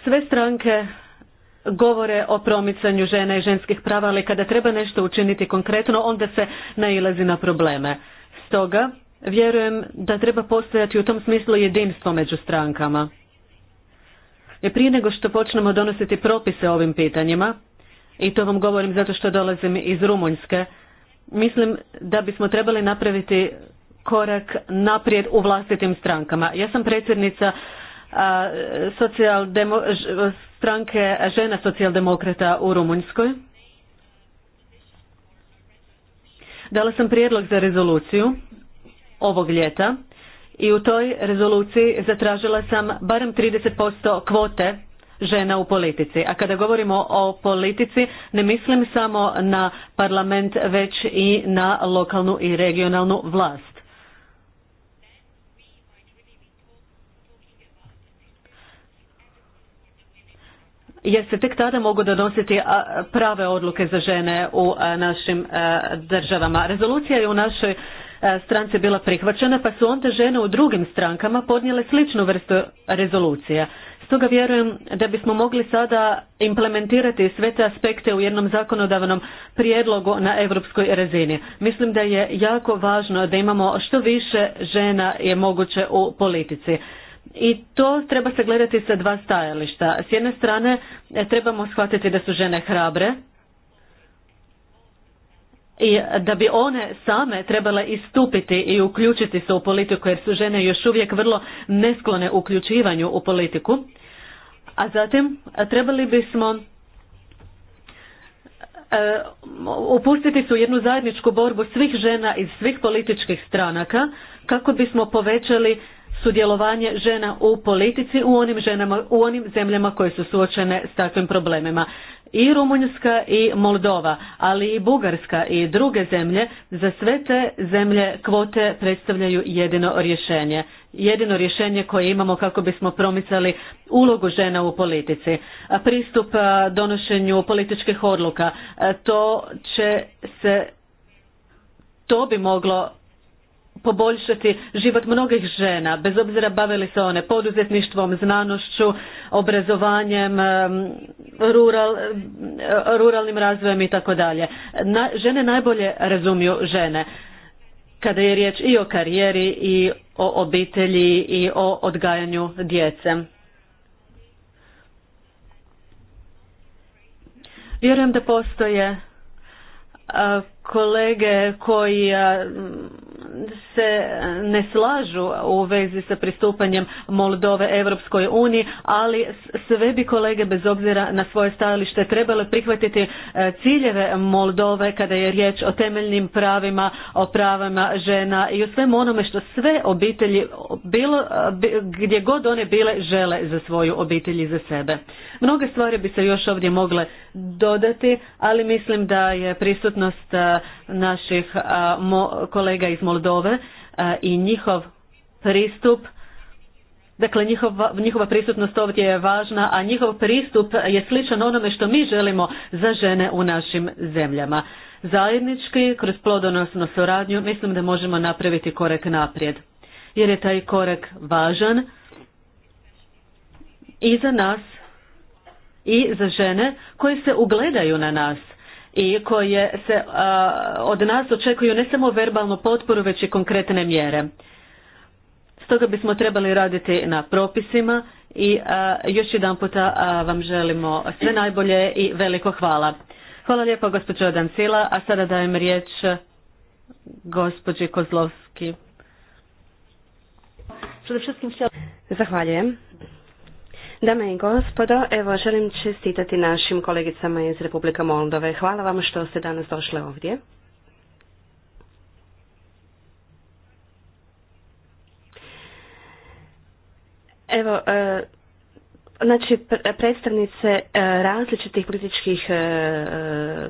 Sve stranke govore o promicanju žena i ženskih prava, ali kada treba nešto učiniti konkretno, onda se nailazi na probleme. Stoga, vjerujem da treba postojati u tom smislu jedinstvo među strankama. I e, prije nego što počnemo donositi propise o ovim pitanjima, i to vam govorim zato što dolazim iz Rumunjske, mislim da bismo trebali napraviti korak naprijed u vlastitim strankama. Ja sam predsjednica socijaldemo, stranke žena socijaldemokrata u Rumunjskoj. Dala sam prijedlog za rezoluciju ovog ljeta i u toj rezoluciji zatražila sam barem 30% kvote žena u politici. A kada govorimo o politici, ne mislim samo na parlament, već i na lokalnu i regionalnu vlast. jer se tek tada mogu donositi prave odluke za žene u našim državama. Rezolucija je u našoj stranci bila prihvaćena pa su onda žene u drugim strankama podnijele sličnu vrstu rezolucija. Stoga vjerujem da bismo mogli sada implementirati sve te aspekte u jednom zakonodavnom prijedlogu na europskoj razini. Mislim da je jako važno da imamo što više žena je moguće u politici i to treba se gledati sa dva stajališta. S jedne strane e, trebamo shvatiti da su žene hrabre i da bi one same trebale istupiti i uključiti se u politiku jer su žene još uvijek vrlo nesklone uključivanju u politiku. A zatim e, trebali bismo e, upustiti su u jednu zajedničku borbu svih žena iz svih političkih stranaka kako bismo povećali sudjelovanje žena u politici u onim, ženama, u onim zemljama koje su suočene s takvim problemima. I Rumunjska i Moldova, ali i Bugarska i druge zemlje, za sve te zemlje kvote predstavljaju jedino rješenje. Jedino rješenje koje imamo kako bismo promicali ulogu žena u politici. Pristup donošenju političkih odluka, to će se to bi moglo poboljšati život mnogih žena, bez obzira bavili se one poduzetništvom, znanošću, obrazovanjem, rural, ruralnim razvojem i tako dalje. Žene najbolje razumiju žene kada je riječ i o karijeri i o obitelji i o odgajanju djece. Vjerujem da postoje kolege koji se ne slažu u vezi sa pristupanjem Moldove Europskoj uniji, ali sve bi kolege bez obzira na svoje stajalište trebale prihvatiti e, ciljeve Moldove kada je riječ o temeljnim pravima, o pravima žena i o svemu onome što sve obitelji bilo, e, gdje god one bile žele za svoju obitelj i za sebe. Mnoge stvari bi se još ovdje mogle dodati, ali mislim da je prisutnost e, naših kolega iz Moldove i njihov pristup Dakle, njihova, njihova prisutnost ovdje je važna, a njihov pristup je sličan onome što mi želimo za žene u našim zemljama. Zajednički, kroz plodonosnu suradnju, mislim da možemo napraviti korek naprijed. Jer je taj korek važan i za nas i za žene koje se ugledaju na nas i koje se od nas očekuju ne samo verbalnu potporu već i konkretne mjere. Stoga bismo trebali raditi na propisima i još jedan puta vam želimo sve najbolje i veliko hvala. Hvala lijepo gospođo Dancila, a sada dajem riječ gospođi Kozlovski. Zahvaljujem. Dame i gospodo, evo želim čestitati našim kolegicama iz Republika Moldove. Hvala vam što ste danas došle ovdje. Evo, e, Znači, predstavnice e, različitih političkih e, e,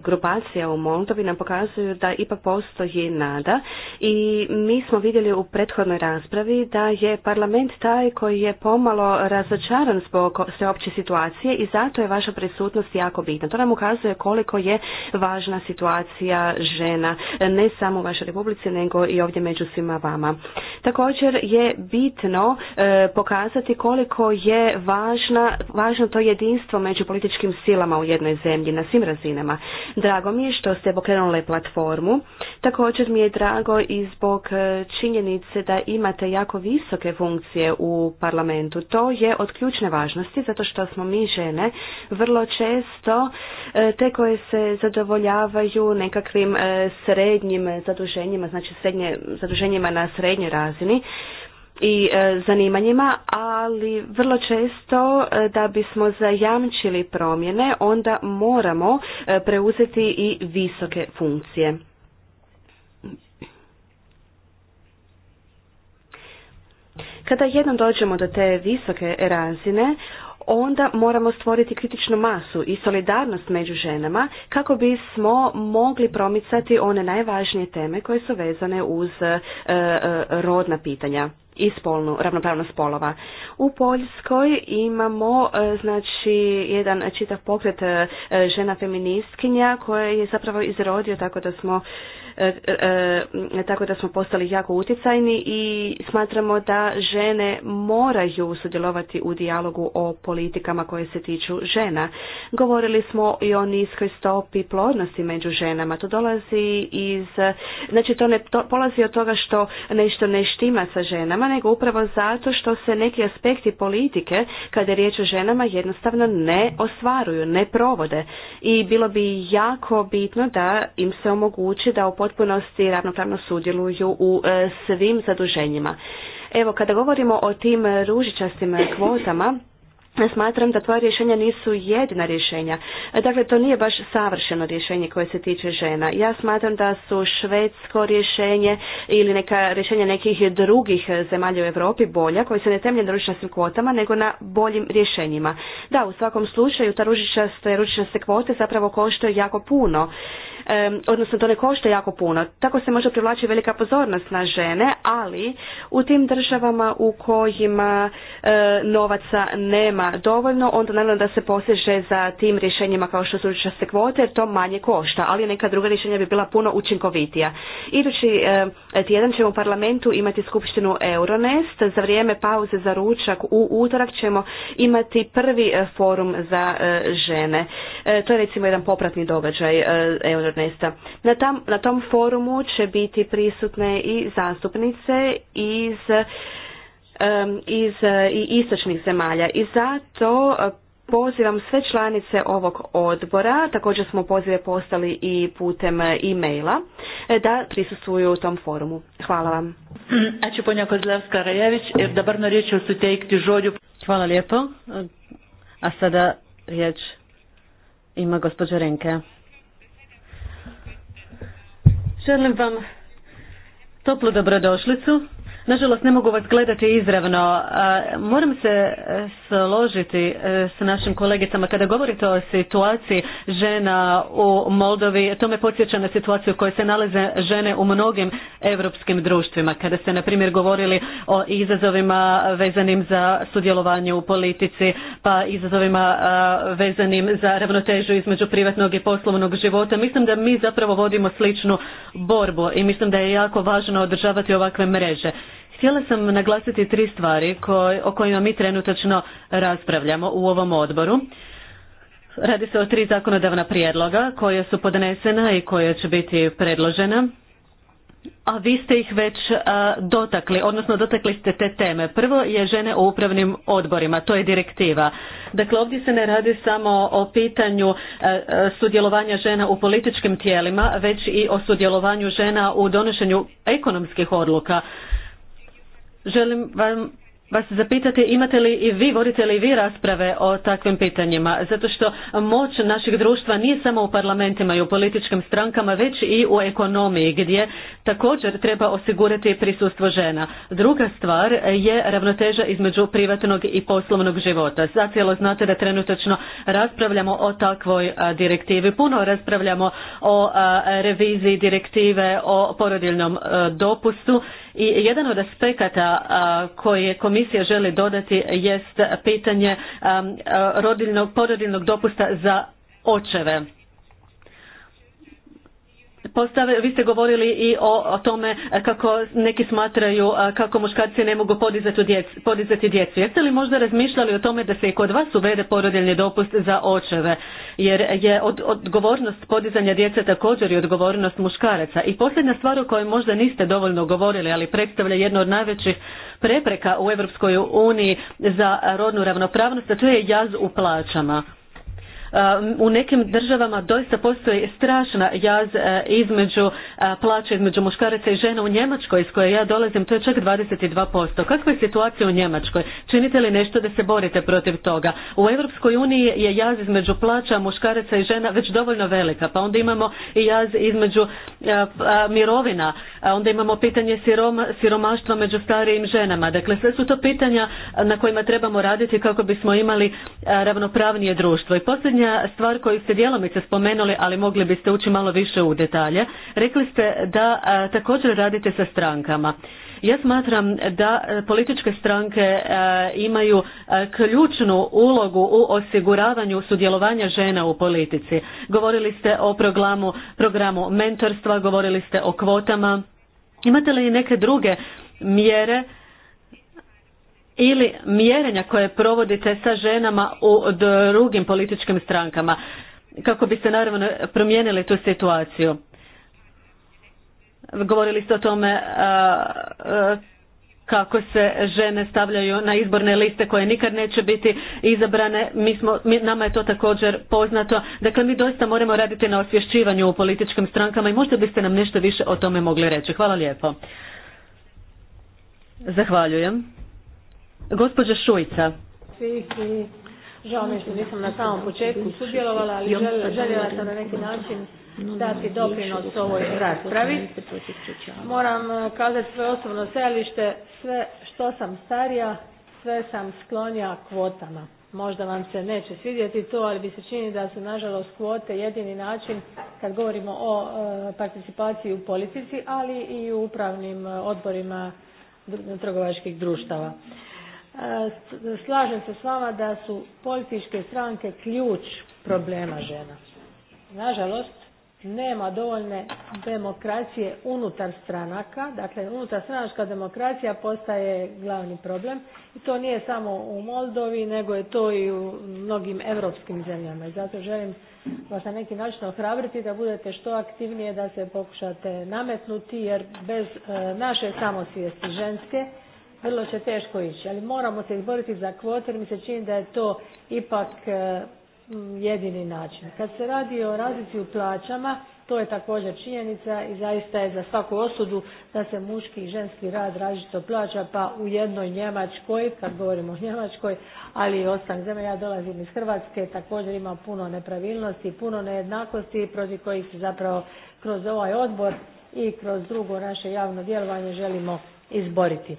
grupacija u Moldovi nam pokazuju da ipak postoji nada i mi smo vidjeli u prethodnoj raspravi da je parlament taj koji je pomalo razočaran zbog sveopće situacije i zato je vaša prisutnost jako bitna. To nam ukazuje koliko je važna situacija žena, ne samo u vašoj republici, nego i ovdje među svima vama. Također je bitno pokazati koliko je važna važna, važno to jedinstvo među političkim silama u jednoj zemlji na svim razinama. Drago mi je što ste pokrenuli platformu. Također mi je drago i zbog e, činjenice da imate jako visoke funkcije u parlamentu. To je od ključne važnosti zato što smo mi žene vrlo često e, te koje se zadovoljavaju nekakvim e, srednjim zaduženjima, znači srednje, zaduženjima na srednjoj razini i e, zanimanjima, ali vrlo često e, da bismo zajamčili promjene, onda moramo e, preuzeti i visoke funkcije. Kada jednom dođemo do te visoke razine, onda moramo stvoriti kritičnu masu i solidarnost među ženama kako bismo mogli promicati one najvažnije teme koje su vezane uz rodna pitanja i spolnu ravnopravnost spolova. U Poljskoj imamo e, znači jedan čitav pokret e, žena feministkinja koje je zapravo izrodio tako da smo E, e, e, tako da smo postali jako utjecajni i smatramo da žene moraju sudjelovati u dijalogu o politikama koje se tiču žena. Govorili smo i o niskoj stopi plodnosti među ženama. To dolazi iz, znači to ne to, polazi od toga što nešto ne štima sa ženama, nego upravo zato što se neki aspekti politike kada je riječ o ženama jednostavno ne ostvaruju, ne provode. I bilo bi jako bitno da im se omogući da u potpunosti ravnopravno sudjeluju u e, svim zaduženjima. Evo, kada govorimo o tim ružičastim kvotama, Smatram da tvoje rješenja nisu jedina rješenja. Dakle, to nije baš savršeno rješenje koje se tiče žena. Ja smatram da su švedsko rješenje ili neka rješenja nekih drugih zemalja u Europi bolja, koji se ne temelje na ružičastim kvotama, nego na boljim rješenjima. Da, u svakom slučaju ta ružičaste, ružičaste kvote zapravo koštaju jako puno odnosno to ne košta jako puno. Tako se može privlači velika pozornost na žene, ali u tim državama u kojima e, novaca nema dovoljno, onda naravno da se poseže za tim rješenjima kao što su učaste kvote, jer to manje košta, ali neka druga rješenja bi bila puno učinkovitija. Idući e, tjedan ćemo u parlamentu imati skupštinu Euronest, za vrijeme pauze za ručak u utorak ćemo imati prvi e, forum za žene. To je recimo jedan popratni događaj na, tom forumu će biti prisutne i zastupnice iz iz eh, istočnih zemalja i zato eh, pozivam sve članice ovog odbora, također smo pozive postali i putem eh, e-maila, da prisustvuju u tom forumu. Hvala vam. rajević Hvala lijepo. A sada riječ ima gospođa Renke. Želim vam toplu dobrodošlicu. Nažalost, ne mogu vas gledati izravno. E, moram se e, složiti e, sa našim kolegicama. Kada govorite o situaciji žena u Moldovi, to me podsjeća na situaciju u kojoj se nalaze žene u mnogim europskim društvima. Kada ste, na primjer, govorili o izazovima vezanim za sudjelovanje u politici, pa izazovima vezanim za ravnotežu između privatnog i poslovnog života, mislim da mi zapravo vodimo sličnu borbu i mislim da je jako važno održavati ovakve mreže Htjela sam naglasiti tri stvari koj, o kojima mi trenutačno raspravljamo u ovom odboru. Radi se o tri zakonodavna prijedloga koje su podnesena i koje će biti predložena. A vi ste ih već dotakli, odnosno dotakli ste te teme. Prvo je žene u upravnim odborima, to je direktiva. Dakle, ovdje se ne radi samo o pitanju sudjelovanja žena u političkim tijelima, već i o sudjelovanju žena u donošenju ekonomskih odluka Želim vam vas zapitati imate li i vi, vodite li vi rasprave o takvim pitanjima, zato što moć našeg društva nije samo u parlamentima i u političkim strankama, već i u ekonomiji gdje također treba osigurati prisustvo žena. Druga stvar je ravnoteža između privatnog i poslovnog života. Zacijelo znate da trenutačno raspravljamo o takvoj direktivi, puno raspravljamo o reviziji direktive o porodiljnom dopustu i jedan od aspekata koje komisija želi dodati jest pitanje porodiljnog dopusta za očeve postave, vi ste govorili i o, o tome kako neki smatraju kako muškarci ne mogu podizati djecu. Podizati djecu. Jeste li možda razmišljali o tome da se i kod vas uvede porodiljni dopust za očeve? Jer je od, odgovornost podizanja djece također i odgovornost muškaraca. I posljednja stvar o kojoj možda niste dovoljno govorili, ali predstavlja jednu od najvećih prepreka u Europskoj uniji za rodnu ravnopravnost, a to je jaz u plaćama u nekim državama doista postoji strašna jaz e, između e, plaća između muškaraca i žena u Njemačkoj iz koje ja dolazim to je čak 22%. Kakva je situacija u Njemačkoj? Činite li nešto da se borite protiv toga? U Europskoj uniji je jaz između plaća muškaraca i žena već dovoljno velika, pa onda imamo i jaz između e, mirovina, onda imamo pitanje siromaštva među starijim ženama. Dakle, sve su to pitanja na kojima trebamo raditi kako bismo imali ravnopravnije društvo. I posljednje zadnja stvar koju ste djelomice spomenuli, ali mogli biste ući malo više u detalje. Rekli ste da također radite sa strankama. Ja smatram da e, političke stranke e, imaju e, ključnu ulogu u osiguravanju sudjelovanja žena u politici. Govorili ste o programu, programu mentorstva, govorili ste o kvotama. Imate li neke druge mjere ili mjerenja koje provodite sa ženama u drugim političkim strankama kako biste naravno promijenili tu situaciju. Govorili ste o tome kako se žene stavljaju na izborne liste koje nikad neće biti izabrane. Mi smo, mi, nama je to također poznato. Dakle, mi doista moramo raditi na osvješćivanju u političkim strankama i možda biste nam nešto više o tome mogli reći. Hvala lijepo. Zahvaljujem. Gospođa Šujca. Žao mi što nisam na samom početku sudjelovala, ali željela sam na neki način dati doprinos ovoj raspravi. Moram e, kazati svoje osobno stajalište, sve što sam starija, sve sam sklonja kvotama. Možda vam se neće svidjeti to, ali bi se čini da su nažalost kvote jedini način kad govorimo o e, participaciji u politici, ali i u upravnim e, odborima trgovačkih društava slažem se s vama da su političke stranke ključ problema žena. Nažalost, nema dovoljne demokracije unutar stranaka, dakle unutar stranačka demokracija postaje glavni problem i to nije samo u Moldovi nego je to i u mnogim europskim zemljama i zato želim vas na neki način ohrabriti da budete što aktivnije da se pokušate nametnuti jer bez e, naše samosvijesti ženske vrlo će teško ići, ali moramo se izboriti za kvote jer mi se čini da je to ipak e, jedini način. Kad se radi o razlici u plaćama, to je također činjenica i zaista je za svaku osudu da se muški i ženski rad različito plaća, pa u jednoj Njemačkoj, kad govorimo o Njemačkoj, ali i ostalim zemlja, ja dolazim iz Hrvatske, također ima puno nepravilnosti, puno nejednakosti protiv kojih se zapravo kroz ovaj odbor i kroz drugo naše javno djelovanje želimo izboriti.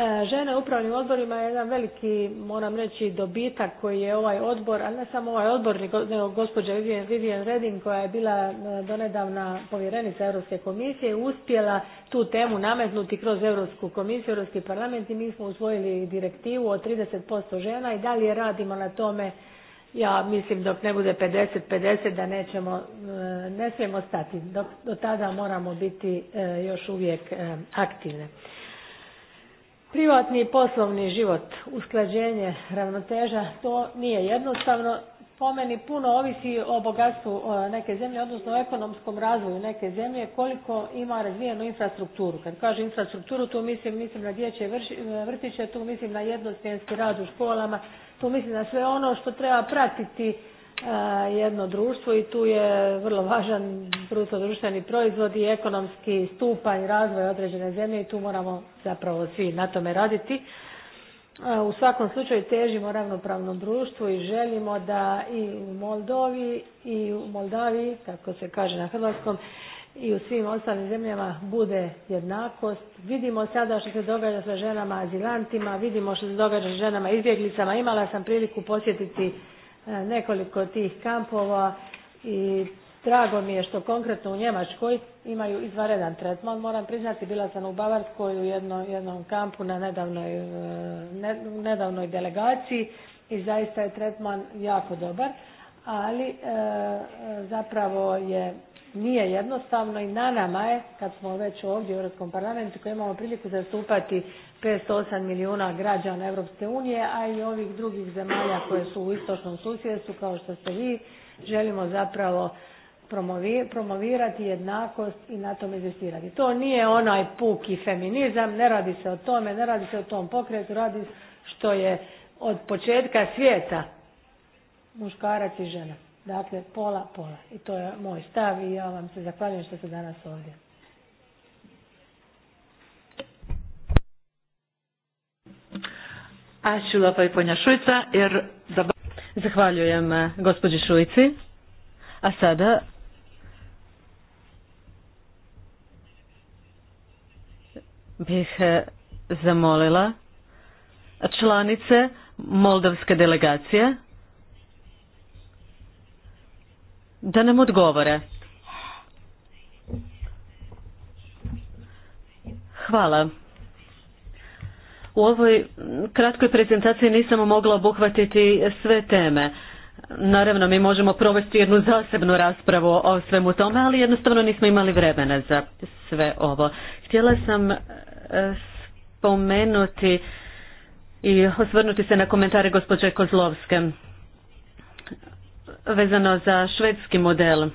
E, žene u upravnim odborima je jedan veliki moram reći dobitak koji je ovaj odbor ali ne samo ovaj odbor nego gospođa Vivian reding koja je bila e, donedavna povjerenica europske komisije uspjela tu temu nametnuti kroz europsku komisiju europski parlament i mi smo usvojili direktivu o 30% žena i dalje radimo na tome ja mislim dok ne bude 50 50 da nećemo e, ne smijemo stati dok do tada moramo biti još uvijek aktivne Privatni i poslovni život, usklađenje, ravnoteža, to nije jednostavno. Po meni puno ovisi o bogatstvu neke zemlje, odnosno o ekonomskom razvoju neke zemlje, koliko ima razvijenu infrastrukturu. Kad kažem infrastrukturu, tu mislim, mislim na dječje vrtiće, tu mislim na jednostavnski rad u školama, tu mislim na sve ono što treba pratiti jedno društvo i tu je vrlo važan bruto društveni proizvod i ekonomski stupanj razvoja određene zemlje i tu moramo zapravo svi na tome raditi. U svakom slučaju težimo ravnopravnom društvu i želimo da i u Moldovi i u Moldaviji, kako se kaže na hrvatskom, i u svim ostalim zemljama bude jednakost. Vidimo sada što se događa sa ženama azilantima, vidimo što se događa sa ženama izbjeglicama. Imala sam priliku posjetiti E, nekoliko tih kampova i drago mi je što konkretno u Njemačkoj imaju izvanredan tretman. Moram priznati, bila sam u Bavarskoj u jednom kampu na nedavnoj, e, nedavnoj delegaciji i zaista je tretman jako dobar, ali e, zapravo je nije jednostavno i na nama je, kad smo već ovdje u Europskom parlamentu koji imamo priliku zastupati 508 milijuna građana Europske unije, a i ovih drugih zemalja koje su u istočnom susjedstvu kao što ste vi, želimo zapravo promovirati jednakost i na tom investirati. To nije onaj puki feminizam, ne radi se o tome, ne radi se o tom pokretu, radi što je od početka svijeta muškarac i žena. Dakle, pola, pola. I to je moj stav i ja vam se zahvaljujem što ste danas ovdje. Ačiū labai, ponia Šuica. Ir dabar... Zahvaljujem eh, gospođi Šuici. A sada bih eh, zamolila članice Moldavske delegacije da nam odgovore. Hvala. U ovoj kratkoj prezentaciji nisam mogla obuhvatiti sve teme. Naravno, mi možemo provesti jednu zasebnu raspravu o svemu tome, ali jednostavno nismo imali vremena za sve ovo. Htjela sam e, spomenuti i osvrnuti se na komentare gospođe Kozlovske vezano za švedski model.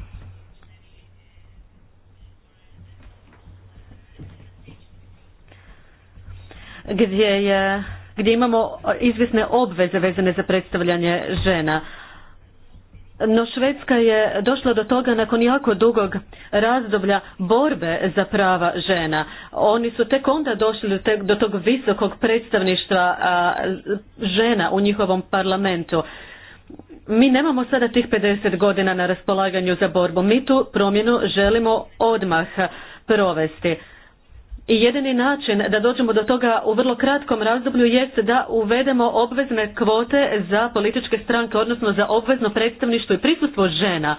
gdje, je, gdje imamo izvisne obveze vezane za predstavljanje žena. No Švedska je došla do toga nakon jako dugog razdoblja borbe za prava žena. Oni su tek onda došli do, tog visokog predstavništva žena u njihovom parlamentu. Mi nemamo sada tih 50 godina na raspolaganju za borbu. Mi tu promjenu želimo odmah provesti. I jedini način da dođemo do toga u vrlo kratkom razdoblju jest da uvedemo obvezne kvote za političke stranke, odnosno za obvezno predstavništvo i prisustvo žena.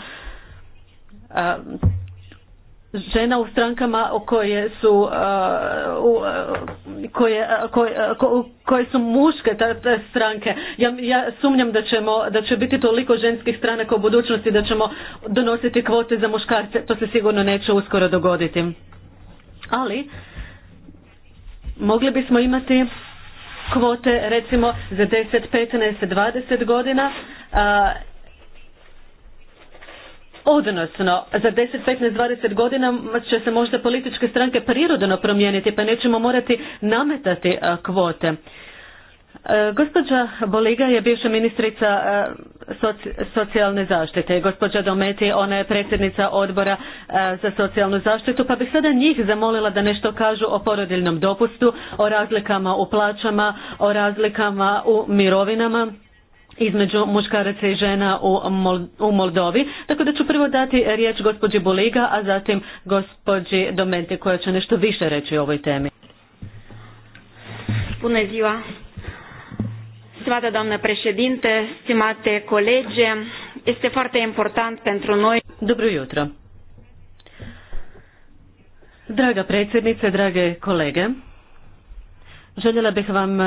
Žena u strankama koje su, koje, koje, koje su muške te stranke. Ja, ja sumnjam da, ćemo, da će biti toliko ženskih stranaka u budućnosti da ćemo donositi kvote za muškarce. To se sigurno neće uskoro dogoditi. Ali, mogli bismo imati kvote recimo za 10, 15, 20 godina a, Odnosno, za 10, 15, 20 godina će se možda političke stranke prirodno promijeniti pa nećemo morati nametati kvote. E, gospođa Boliga je bivša ministrica e, socijalne zaštite. Gospođa Dometi, ona je predsjednica odbora e, za socijalnu zaštitu, pa bih sada njih zamolila da nešto kažu o porodiljnom dopustu, o razlikama u plaćama, o razlikama u mirovinama između muškaraca i žena u Moldovi. Tako da ću prvo dati riječ gospođi Boliga, a zatim gospođi Dometi koja će nešto više reći o ovoj temi. Pune Stimată doamnă președinte, stimate colege, este foarte important pentru noi. Dobro jutro. Draga predsjednice, drage kolege, Željela bih vam eh,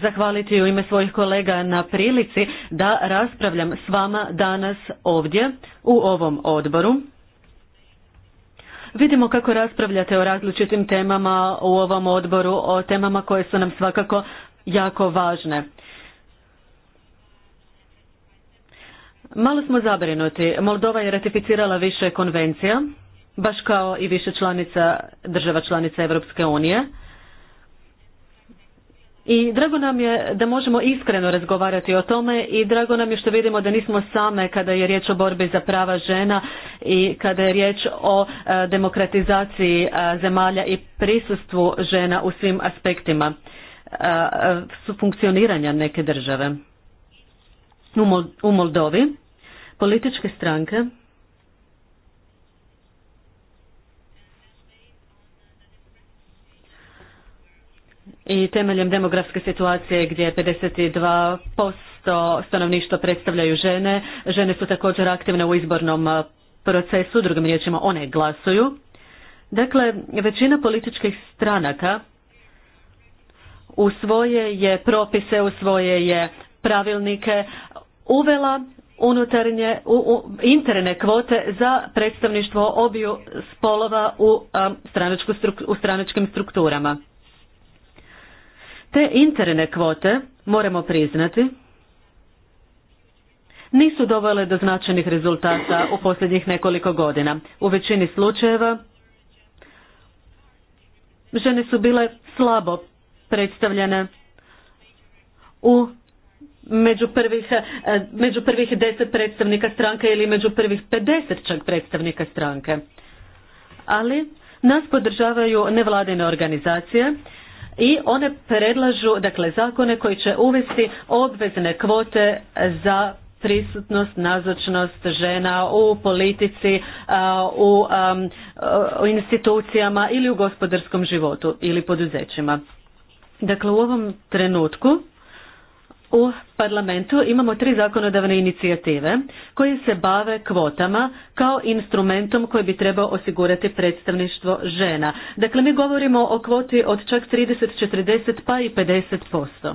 zahvaliti u ime svojih kolega na prilici da raspravljam s vama danas ovdje u ovom odboru. Vidimo kako raspravljate o različitim temama u ovom odboru, o temama koje su nam svakako jako važne. Malo smo zabrinuti. Moldova je ratificirala više konvencija, baš kao i više članica, država članica Europske unije. I drago nam je da možemo iskreno razgovarati o tome i drago nam je što vidimo da nismo same kada je riječ o borbi za prava žena i kada je riječ o e, demokratizaciji e, zemalja i prisustvu žena u svim aspektima e, funkcioniranja neke države. u Moldovi Političke stranke i temeljem demografske situacije gdje 52% stanovništva predstavljaju žene, žene su također aktivne u izbornom procesu, drugim riječima one glasuju. Dakle, većina političkih stranaka u svoje je propise, u svoje je pravilnike uvela unutarnje u, u, interne kvote za predstavništvo obiju spolova u, stru u stranačkim strukturama. Te interne kvote, moramo priznati, nisu dovele do značajnih rezultata u posljednjih nekoliko godina. U većini slučajeva žene su bile slabo predstavljene u među prvih, e, među prvih deset predstavnika stranke ili među prvih 50 čak predstavnika stranke. Ali nas podržavaju nevladine organizacije i one predlažu dakle zakone koji će uvesti obvezne kvote za prisutnost, nazočnost žena u politici, u institucijama ili u gospodarskom životu ili poduzećima. Dakle, u ovom trenutku u parlamentu imamo tri zakonodavne inicijative koje se bave kvotama kao instrumentom koji bi trebao osigurati predstavništvo žena. Dakle, mi govorimo o kvoti od čak 30, 40 pa i 50%.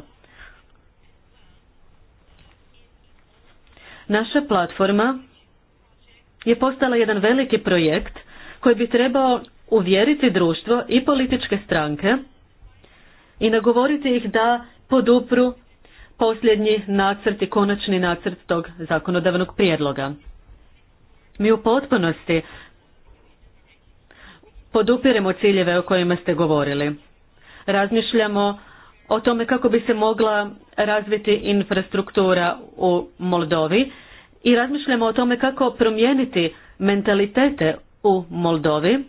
Naša platforma je postala jedan veliki projekt koji bi trebao uvjeriti društvo i političke stranke i nagovoriti ih da podupru posljednji nacrt i konačni nacrt tog zakonodavnog prijedloga. Mi u potpunosti podupiremo ciljeve o kojima ste govorili. Razmišljamo o tome kako bi se mogla razviti infrastruktura u Moldovi i razmišljamo o tome kako promijeniti mentalitete u Moldovi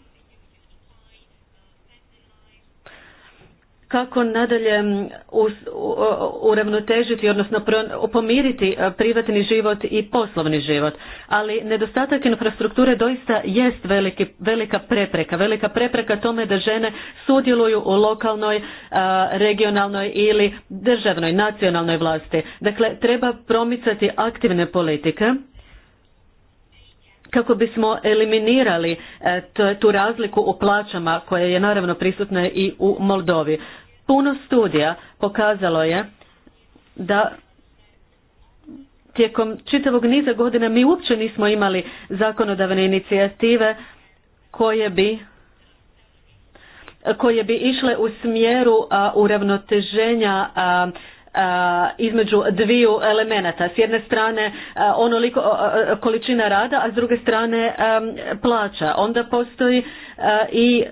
kako nadalje mm, uravnotežiti, odnosno pomiriti e, privatni život i poslovni život. Ali nedostatak infrastrukture doista jest veliki, velika prepreka. Velika prepreka tome da žene sudjeluju u lokalnoj, e, regionalnoj ili državnoj, nacionalnoj vlasti. Dakle, treba promicati aktivne politike kako bismo eliminirali e, tu razliku u plaćama koja je naravno prisutna i u Moldovi. Puno studija pokazalo je da tijekom čitavog niza godina mi uopće nismo imali zakonodavne inicijative koje bi koje bi išle u smjeru uravnoteženja Eh, između dviju elemenata. S jedne strane eh, onoliko količina rada, a s druge strane plaća. Onda postoji eh, i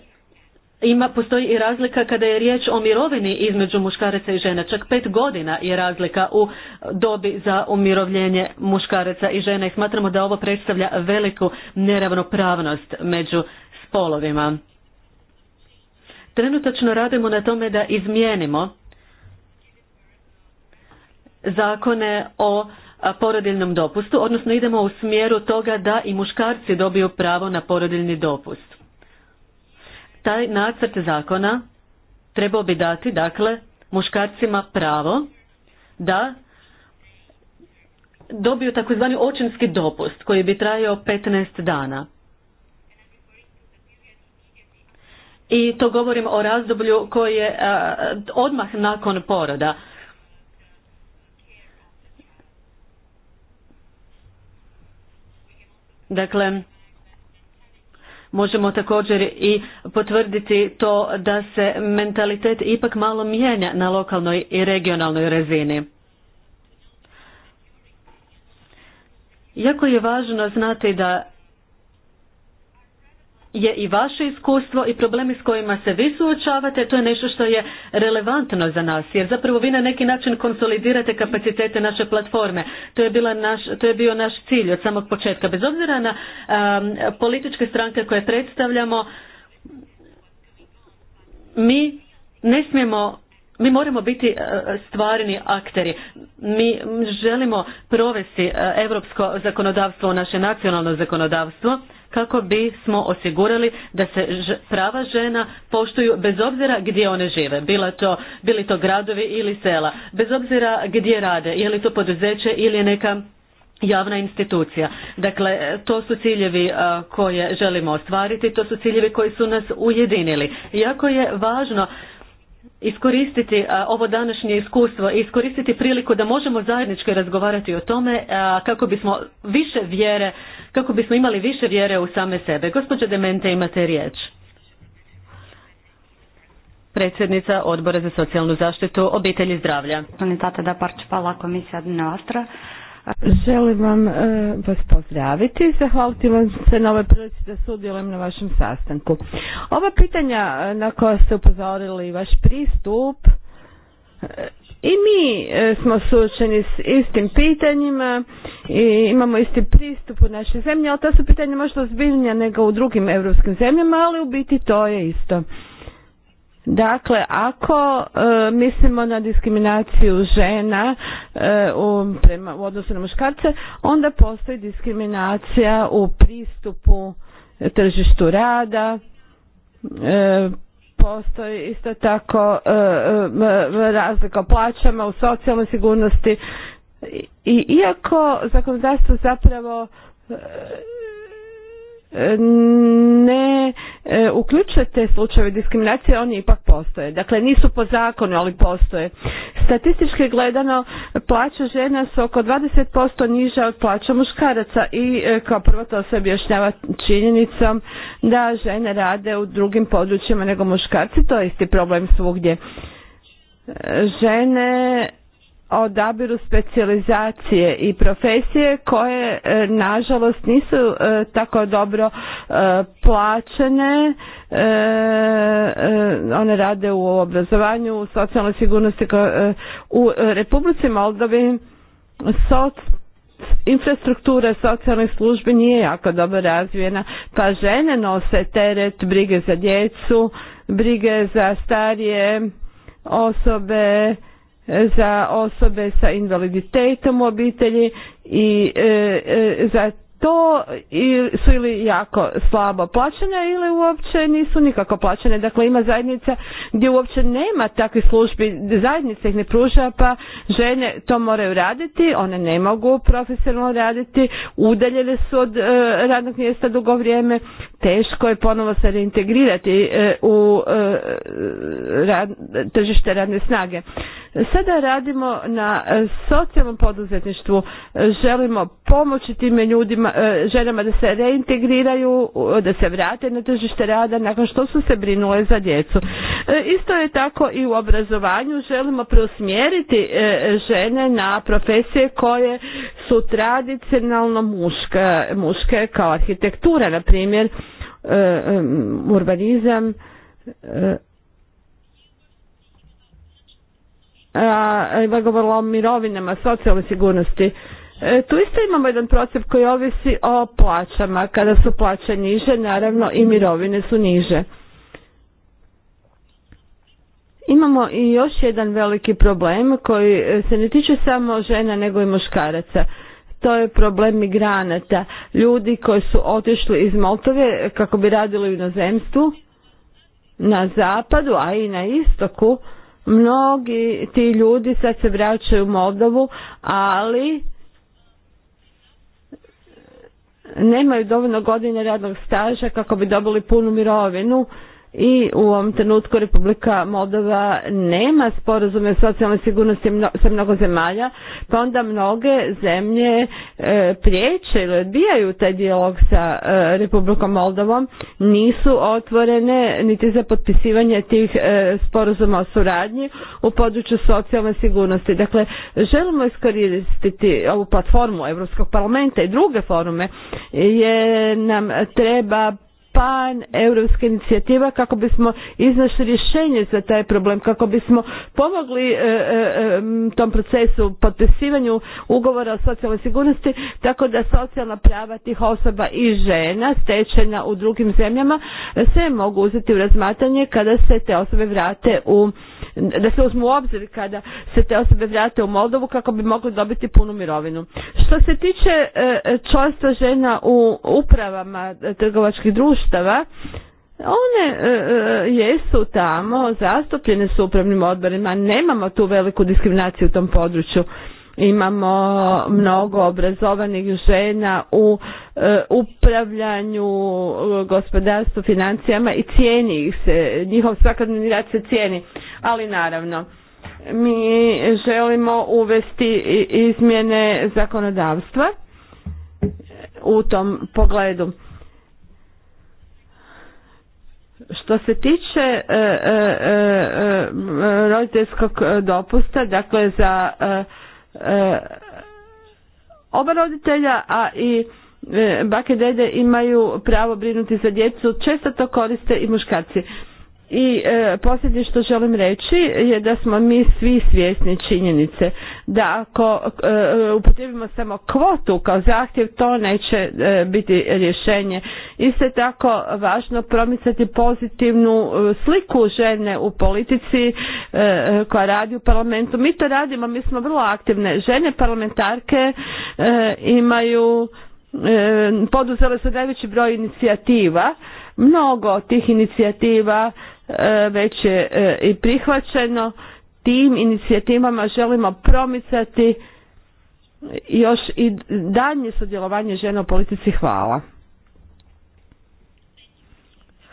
ima, postoji i razlika kada je riječ o mirovini između muškaraca i žena. Čak pet godina je razlika u dobi za umirovljenje muškaraca i žena i smatramo da ovo predstavlja veliku neravnopravnost među spolovima. Trenutačno radimo na tome da izmijenimo zakone o porodiljnom dopustu, odnosno idemo u smjeru toga da i muškarci dobiju pravo na porodiljni dopust. Taj nacrt zakona trebao bi dati, dakle, muškarcima pravo da dobiju takozvani očinski dopust koji bi trajao 15 dana. I to govorim o razdoblju koje je odmah nakon poroda. Dakle, možemo također i potvrditi to da se mentalitet ipak malo mijenja na lokalnoj i regionalnoj razini. Jako je važno znati da je i vaše iskustvo i problemi s kojima se vi suočavate, to je nešto što je relevantno za nas, jer zapravo vi na neki način konsolidirate kapacitete naše platforme. To je, bila naš, to je bio naš cilj od samog početka. Bez obzira na um, političke stranke koje predstavljamo, mi ne smijemo mi moramo biti uh, stvarni akteri. Mi želimo provesti uh, europsko zakonodavstvo u naše nacionalno zakonodavstvo kako bismo osigurali da se prava žena poštuju bez obzira gdje one žive, bila to, bili to gradovi ili sela, bez obzira gdje rade, je li to poduzeće ili neka javna institucija. Dakle, to su ciljevi koje želimo ostvariti, to su ciljevi koji su nas ujedinili. Jako je važno iskoristiti ovo današnje iskustvo i iskoristiti priliku da možemo zajednički razgovarati o tome kako bismo više vjere, kako bismo imali više vjere u same sebe. Gospođa Demente, imate riječ. Predsjednica Odbora za socijalnu zaštitu obitelji zdravlja. da participala komisija nastra Želim vam e, vas pozdraviti, zahvaliti vam se na ovoj prilici da sudjelujem na vašem sastanku. Ova pitanja e, na koja ste upozorili vaš pristup e, i mi smo suočeni s istim pitanjima i imamo isti pristup u našoj zemlji, ali to su pitanja možda ozbiljnija nego u drugim europskim zemljama, ali u biti to je isto. Dakle, ako e, mislimo na diskriminaciju žena e, u, prema, u odnosu na muškarce, onda postoji diskriminacija u pristupu tržištu rada, e, postoji isto tako razlika plaćama u socijalnoj sigurnosti. I, iako zakonodavstvo zapravo E, ne e, uključuje te slučajeve diskriminacije, oni ipak postoje. Dakle, nisu po zakonu, ali postoje. Statistički gledano, plaća žena su oko 20% niža od plaća muškaraca i e, kao prvo to se objašnjava činjenicom da žene rade u drugim područjima nego muškarci, to je isti problem svugdje. Žene odabiru specijalizacije i profesije koje e, nažalost nisu e, tako dobro e, plaćene one rade u obrazovanju u socijalnoj sigurnosti u Republici Moldovi soc infrastruktura socijalnih službi nije jako dobro razvijena pa žene nose teret brige za djecu brige za starije osobe za osobe sa invaliditetom u obitelji i e, e, za to su ili jako slabo plaćene ili uopće nisu nikako plaćene. Dakle, ima zajednica gdje uopće nema takvih službi, zajednica ih ne pruža, pa žene to moraju raditi, one ne mogu profesionalno raditi, udaljene su od e, radnog mjesta dugo vrijeme, teško je ponovo se reintegrirati u tržište radne snage. Sada radimo na e, socijalnom poduzetništvu. E, želimo pomoći tim ljudima, e, ženama da se reintegriraju, da se vrate na tržište rada nakon što su se brinule za djecu. Isto je tako i u obrazovanju. Želimo preusmjeriti žene na profesije koje su tradicionalno muške, muške kao arhitektura, na primjer urbanizam, a, govorila o mirovinama, socijalnoj sigurnosti. E, tu isto imamo jedan proces koji ovisi o plaćama. Kada su plaće niže, naravno i mirovine su niže. Imamo i još jedan veliki problem koji e, se ne tiče samo žena nego i muškaraca. To je problem migranata, ljudi koji su otišli iz Moltove kako bi radili u inozemstvu, na zapadu, a i na istoku, Mnogi ti ljudi sad se vraćaju u Moldovu, ali nemaju dovoljno godine radnog staža kako bi dobili punu mirovinu i u ovom trenutku Republika Moldova nema sporazume socijalne socijalnoj sigurnosti sa mnogo zemalja, pa onda mnoge zemlje e, priječe ili odbijaju taj dijalog sa e, Republikom Moldovom, nisu otvorene niti za potpisivanje tih e, sporazuma o suradnji u području socijalne sigurnosti. Dakle, želimo iskoristiti ovu platformu Europskog parlamenta i druge forume, jer nam treba pan europska inicijativa kako bismo iznašli rješenje za taj problem, kako bismo pomogli e, e, e, tom procesu potpisivanju ugovora o socijalnoj sigurnosti, tako da socijalna prava tih osoba i žena stečena u drugim zemljama se mogu uzeti u razmatranje kada se te osobe vrate u da se uzmu u obzir kada se te osobe vrate u Moldovu kako bi mogli dobiti punu mirovinu. Što se tiče e, članstva žena u upravama trgovačkih društava, one e, e, jesu tamo, zastupljene su upravnim odborima, nemamo tu veliku diskriminaciju u tom području. Imamo mnogo obrazovanih žena u e, upravljanju gospodarstvu, financijama i cijeni ih se, njihov svakodnevni rad se cijeni, ali naravno mi želimo uvesti izmjene zakonodavstva u tom pogledu. Što se tiče e, e, roditeljskog dopusta, dakle za E, oba roditelja, a i e, bake dede imaju pravo brinuti za djecu, često to koriste i muškarci. I e, posljednje što želim reći je da smo mi svi svjesni činjenice da ako e, upotrijebimo samo kvotu kao zahtjev to neće e, biti rješenje. Isto je tako važno promicati pozitivnu e, sliku žene u politici e, koja radi u parlamentu. Mi to radimo, mi smo vrlo aktivne. Žene parlamentarke imaju poduzele su najveći broj inicijativa mnogo tih inicijativa E, već je e, i prihvaćeno. Tim inicijativama želimo promicati još i daljnje sudjelovanje žena u politici. Hvala.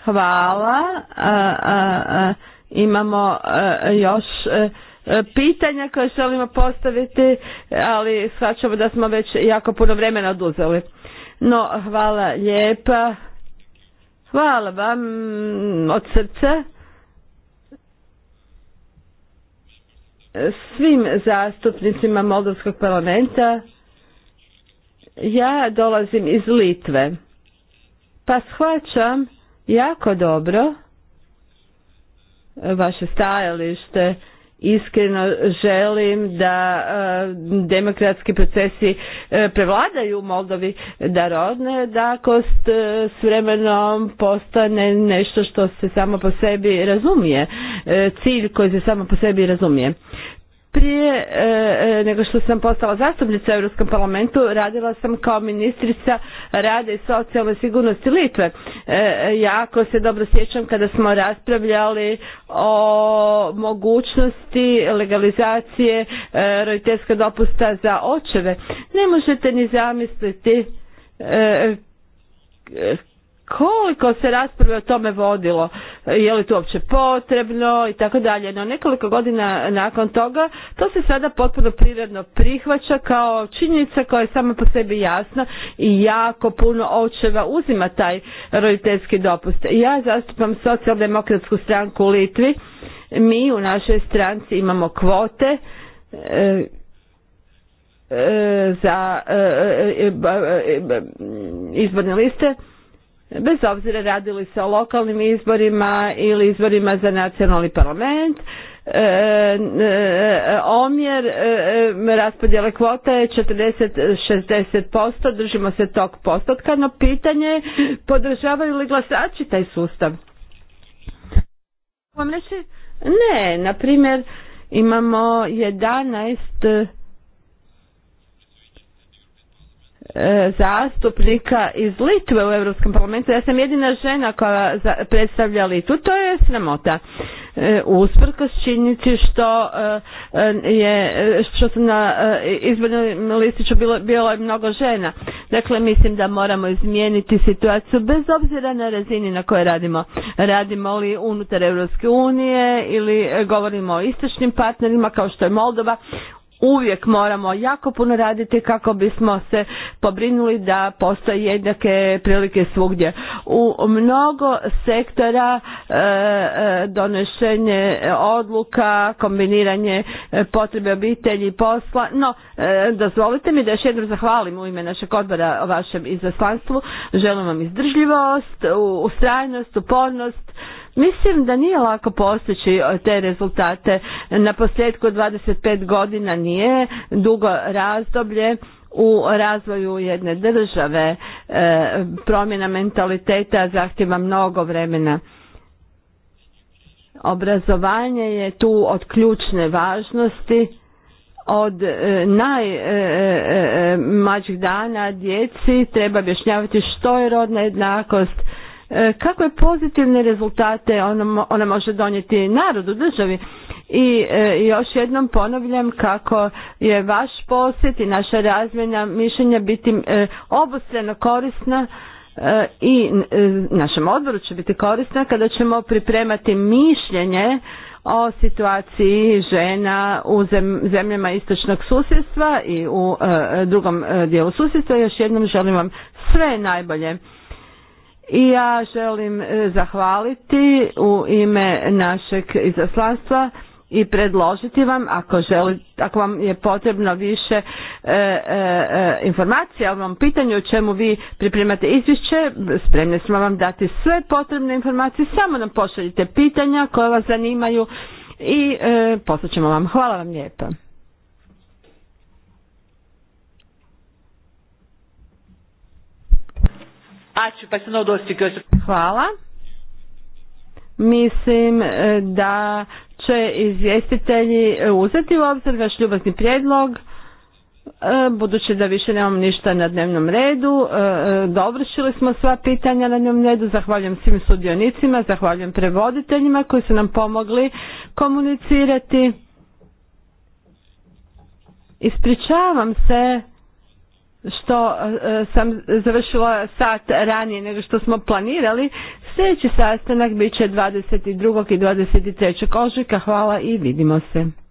Hvala. imamo e, još pitanja koje želimo postaviti, ali shvaćamo da smo već jako puno vremena oduzeli. No, hvala lijepa. Hvala vam mm, od srca svim zastupnicima Moldovskog parlamenta. Ja dolazim iz Litve, pa shvaćam jako dobro vaše stajalište iskreno želim da e, demokratski procesi e, prevladaju u Moldovi da rodne jednakost e, s vremenom postane nešto što se samo po sebi razumije, cilj koji se samo po sebi razumije prije e, e, nego što sam postala zastupnica u Europskom parlamentu radila sam kao ministrica rada i socijalne sigurnosti Litve. E, jako se dobro sjećam kada smo raspravljali o mogućnosti legalizacije e, roditeljskog dopusta za očeve. Ne možete ni zamisliti koliko se rasprave o tome vodilo, je li to uopće potrebno i tako dalje. No nekoliko godina nakon toga to se sada potpuno prirodno prihvaća kao činjenica koja je sama po sebi jasna i jako puno očeva uzima taj roditeljski dopust. Ja zastupam socijaldemokratsku stranku u Litvi. Mi u našoj stranci imamo kvote e, e, za e, izborne liste bez obzira radili se o lokalnim izborima ili izborima za nacionalni parlament, e, e, omjer e, raspodjele kvota je 40-60%, držimo se tog postotka, no pitanje podržavaju li glasači taj sustav? Vam reći? Ne, na primjer imamo 11 E, zastupnika iz Litve u Europskom parlamentu. Ja sam jedina žena koja predstavlja Litvu. To je sramota. E, usprkos činjenici što e, je što sam na izbornom listiću bilo, bilo je mnogo žena. Dakle, mislim da moramo izmijeniti situaciju bez obzira na razini na kojoj radimo. Radimo li unutar Europske unije ili govorimo o istočnim partnerima kao što je Moldova uvijek moramo jako puno raditi kako bismo se pobrinuli da postoje jednake prilike svugdje. U mnogo sektora e, e, donošenje odluka, kombiniranje e, potrebe obitelji i posla, no dozvolite mi da još jednom zahvalim u ime našeg odbora o vašem izaslanstvu. Želim vam izdržljivost, ustrajnost, upornost, Mislim da nije lako postići e, te rezultate. Na posljedku 25 godina nije dugo razdoblje u razvoju jedne države. E, promjena mentaliteta zahtjeva mnogo vremena. Obrazovanje je tu od ključne važnosti od e, e dana djeci treba objašnjavati što je rodna jednakost E, kako je pozitivne rezultate ono ona, može donijeti narodu, državi. I e, još jednom ponavljam kako je vaš posjet i naša razmjena mišljenja biti e, obostreno korisna i našem odboru će biti korisna kada ćemo pripremati mišljenje o situaciji žena u zemljama istočnog susjedstva i u drugom dijelu susjedstva. Još jednom želim vam sve najbolje. I ja želim e, zahvaliti u ime našeg izaslanstva i predložiti vam ako želi, ako vam je potrebno više e, e, e, informacija o ovom pitanju o čemu vi pripremate izvješće, spremni smo vam dati sve potrebne informacije, samo nam pošaljite pitanja koja vas zanimaju i e, poslat ćemo vam. Hvala vam lijepa. Hvala. Mislim e, da će izvjestitelji e, uzeti u obzir vaš ljubavni prijedlog. E, budući da više nemam ništa na dnevnom redu, dovršili smo sva pitanja na dnevnom redu, zahvaljujem svim sudionicima, zahvaljujem prevoditeljima koji su nam pomogli komunicirati. Ispričavam se što e, sam završila sat ranije nego što smo planirali. Sljedeći sastanak bit će 22. i 23. ožujka. Hvala i vidimo se.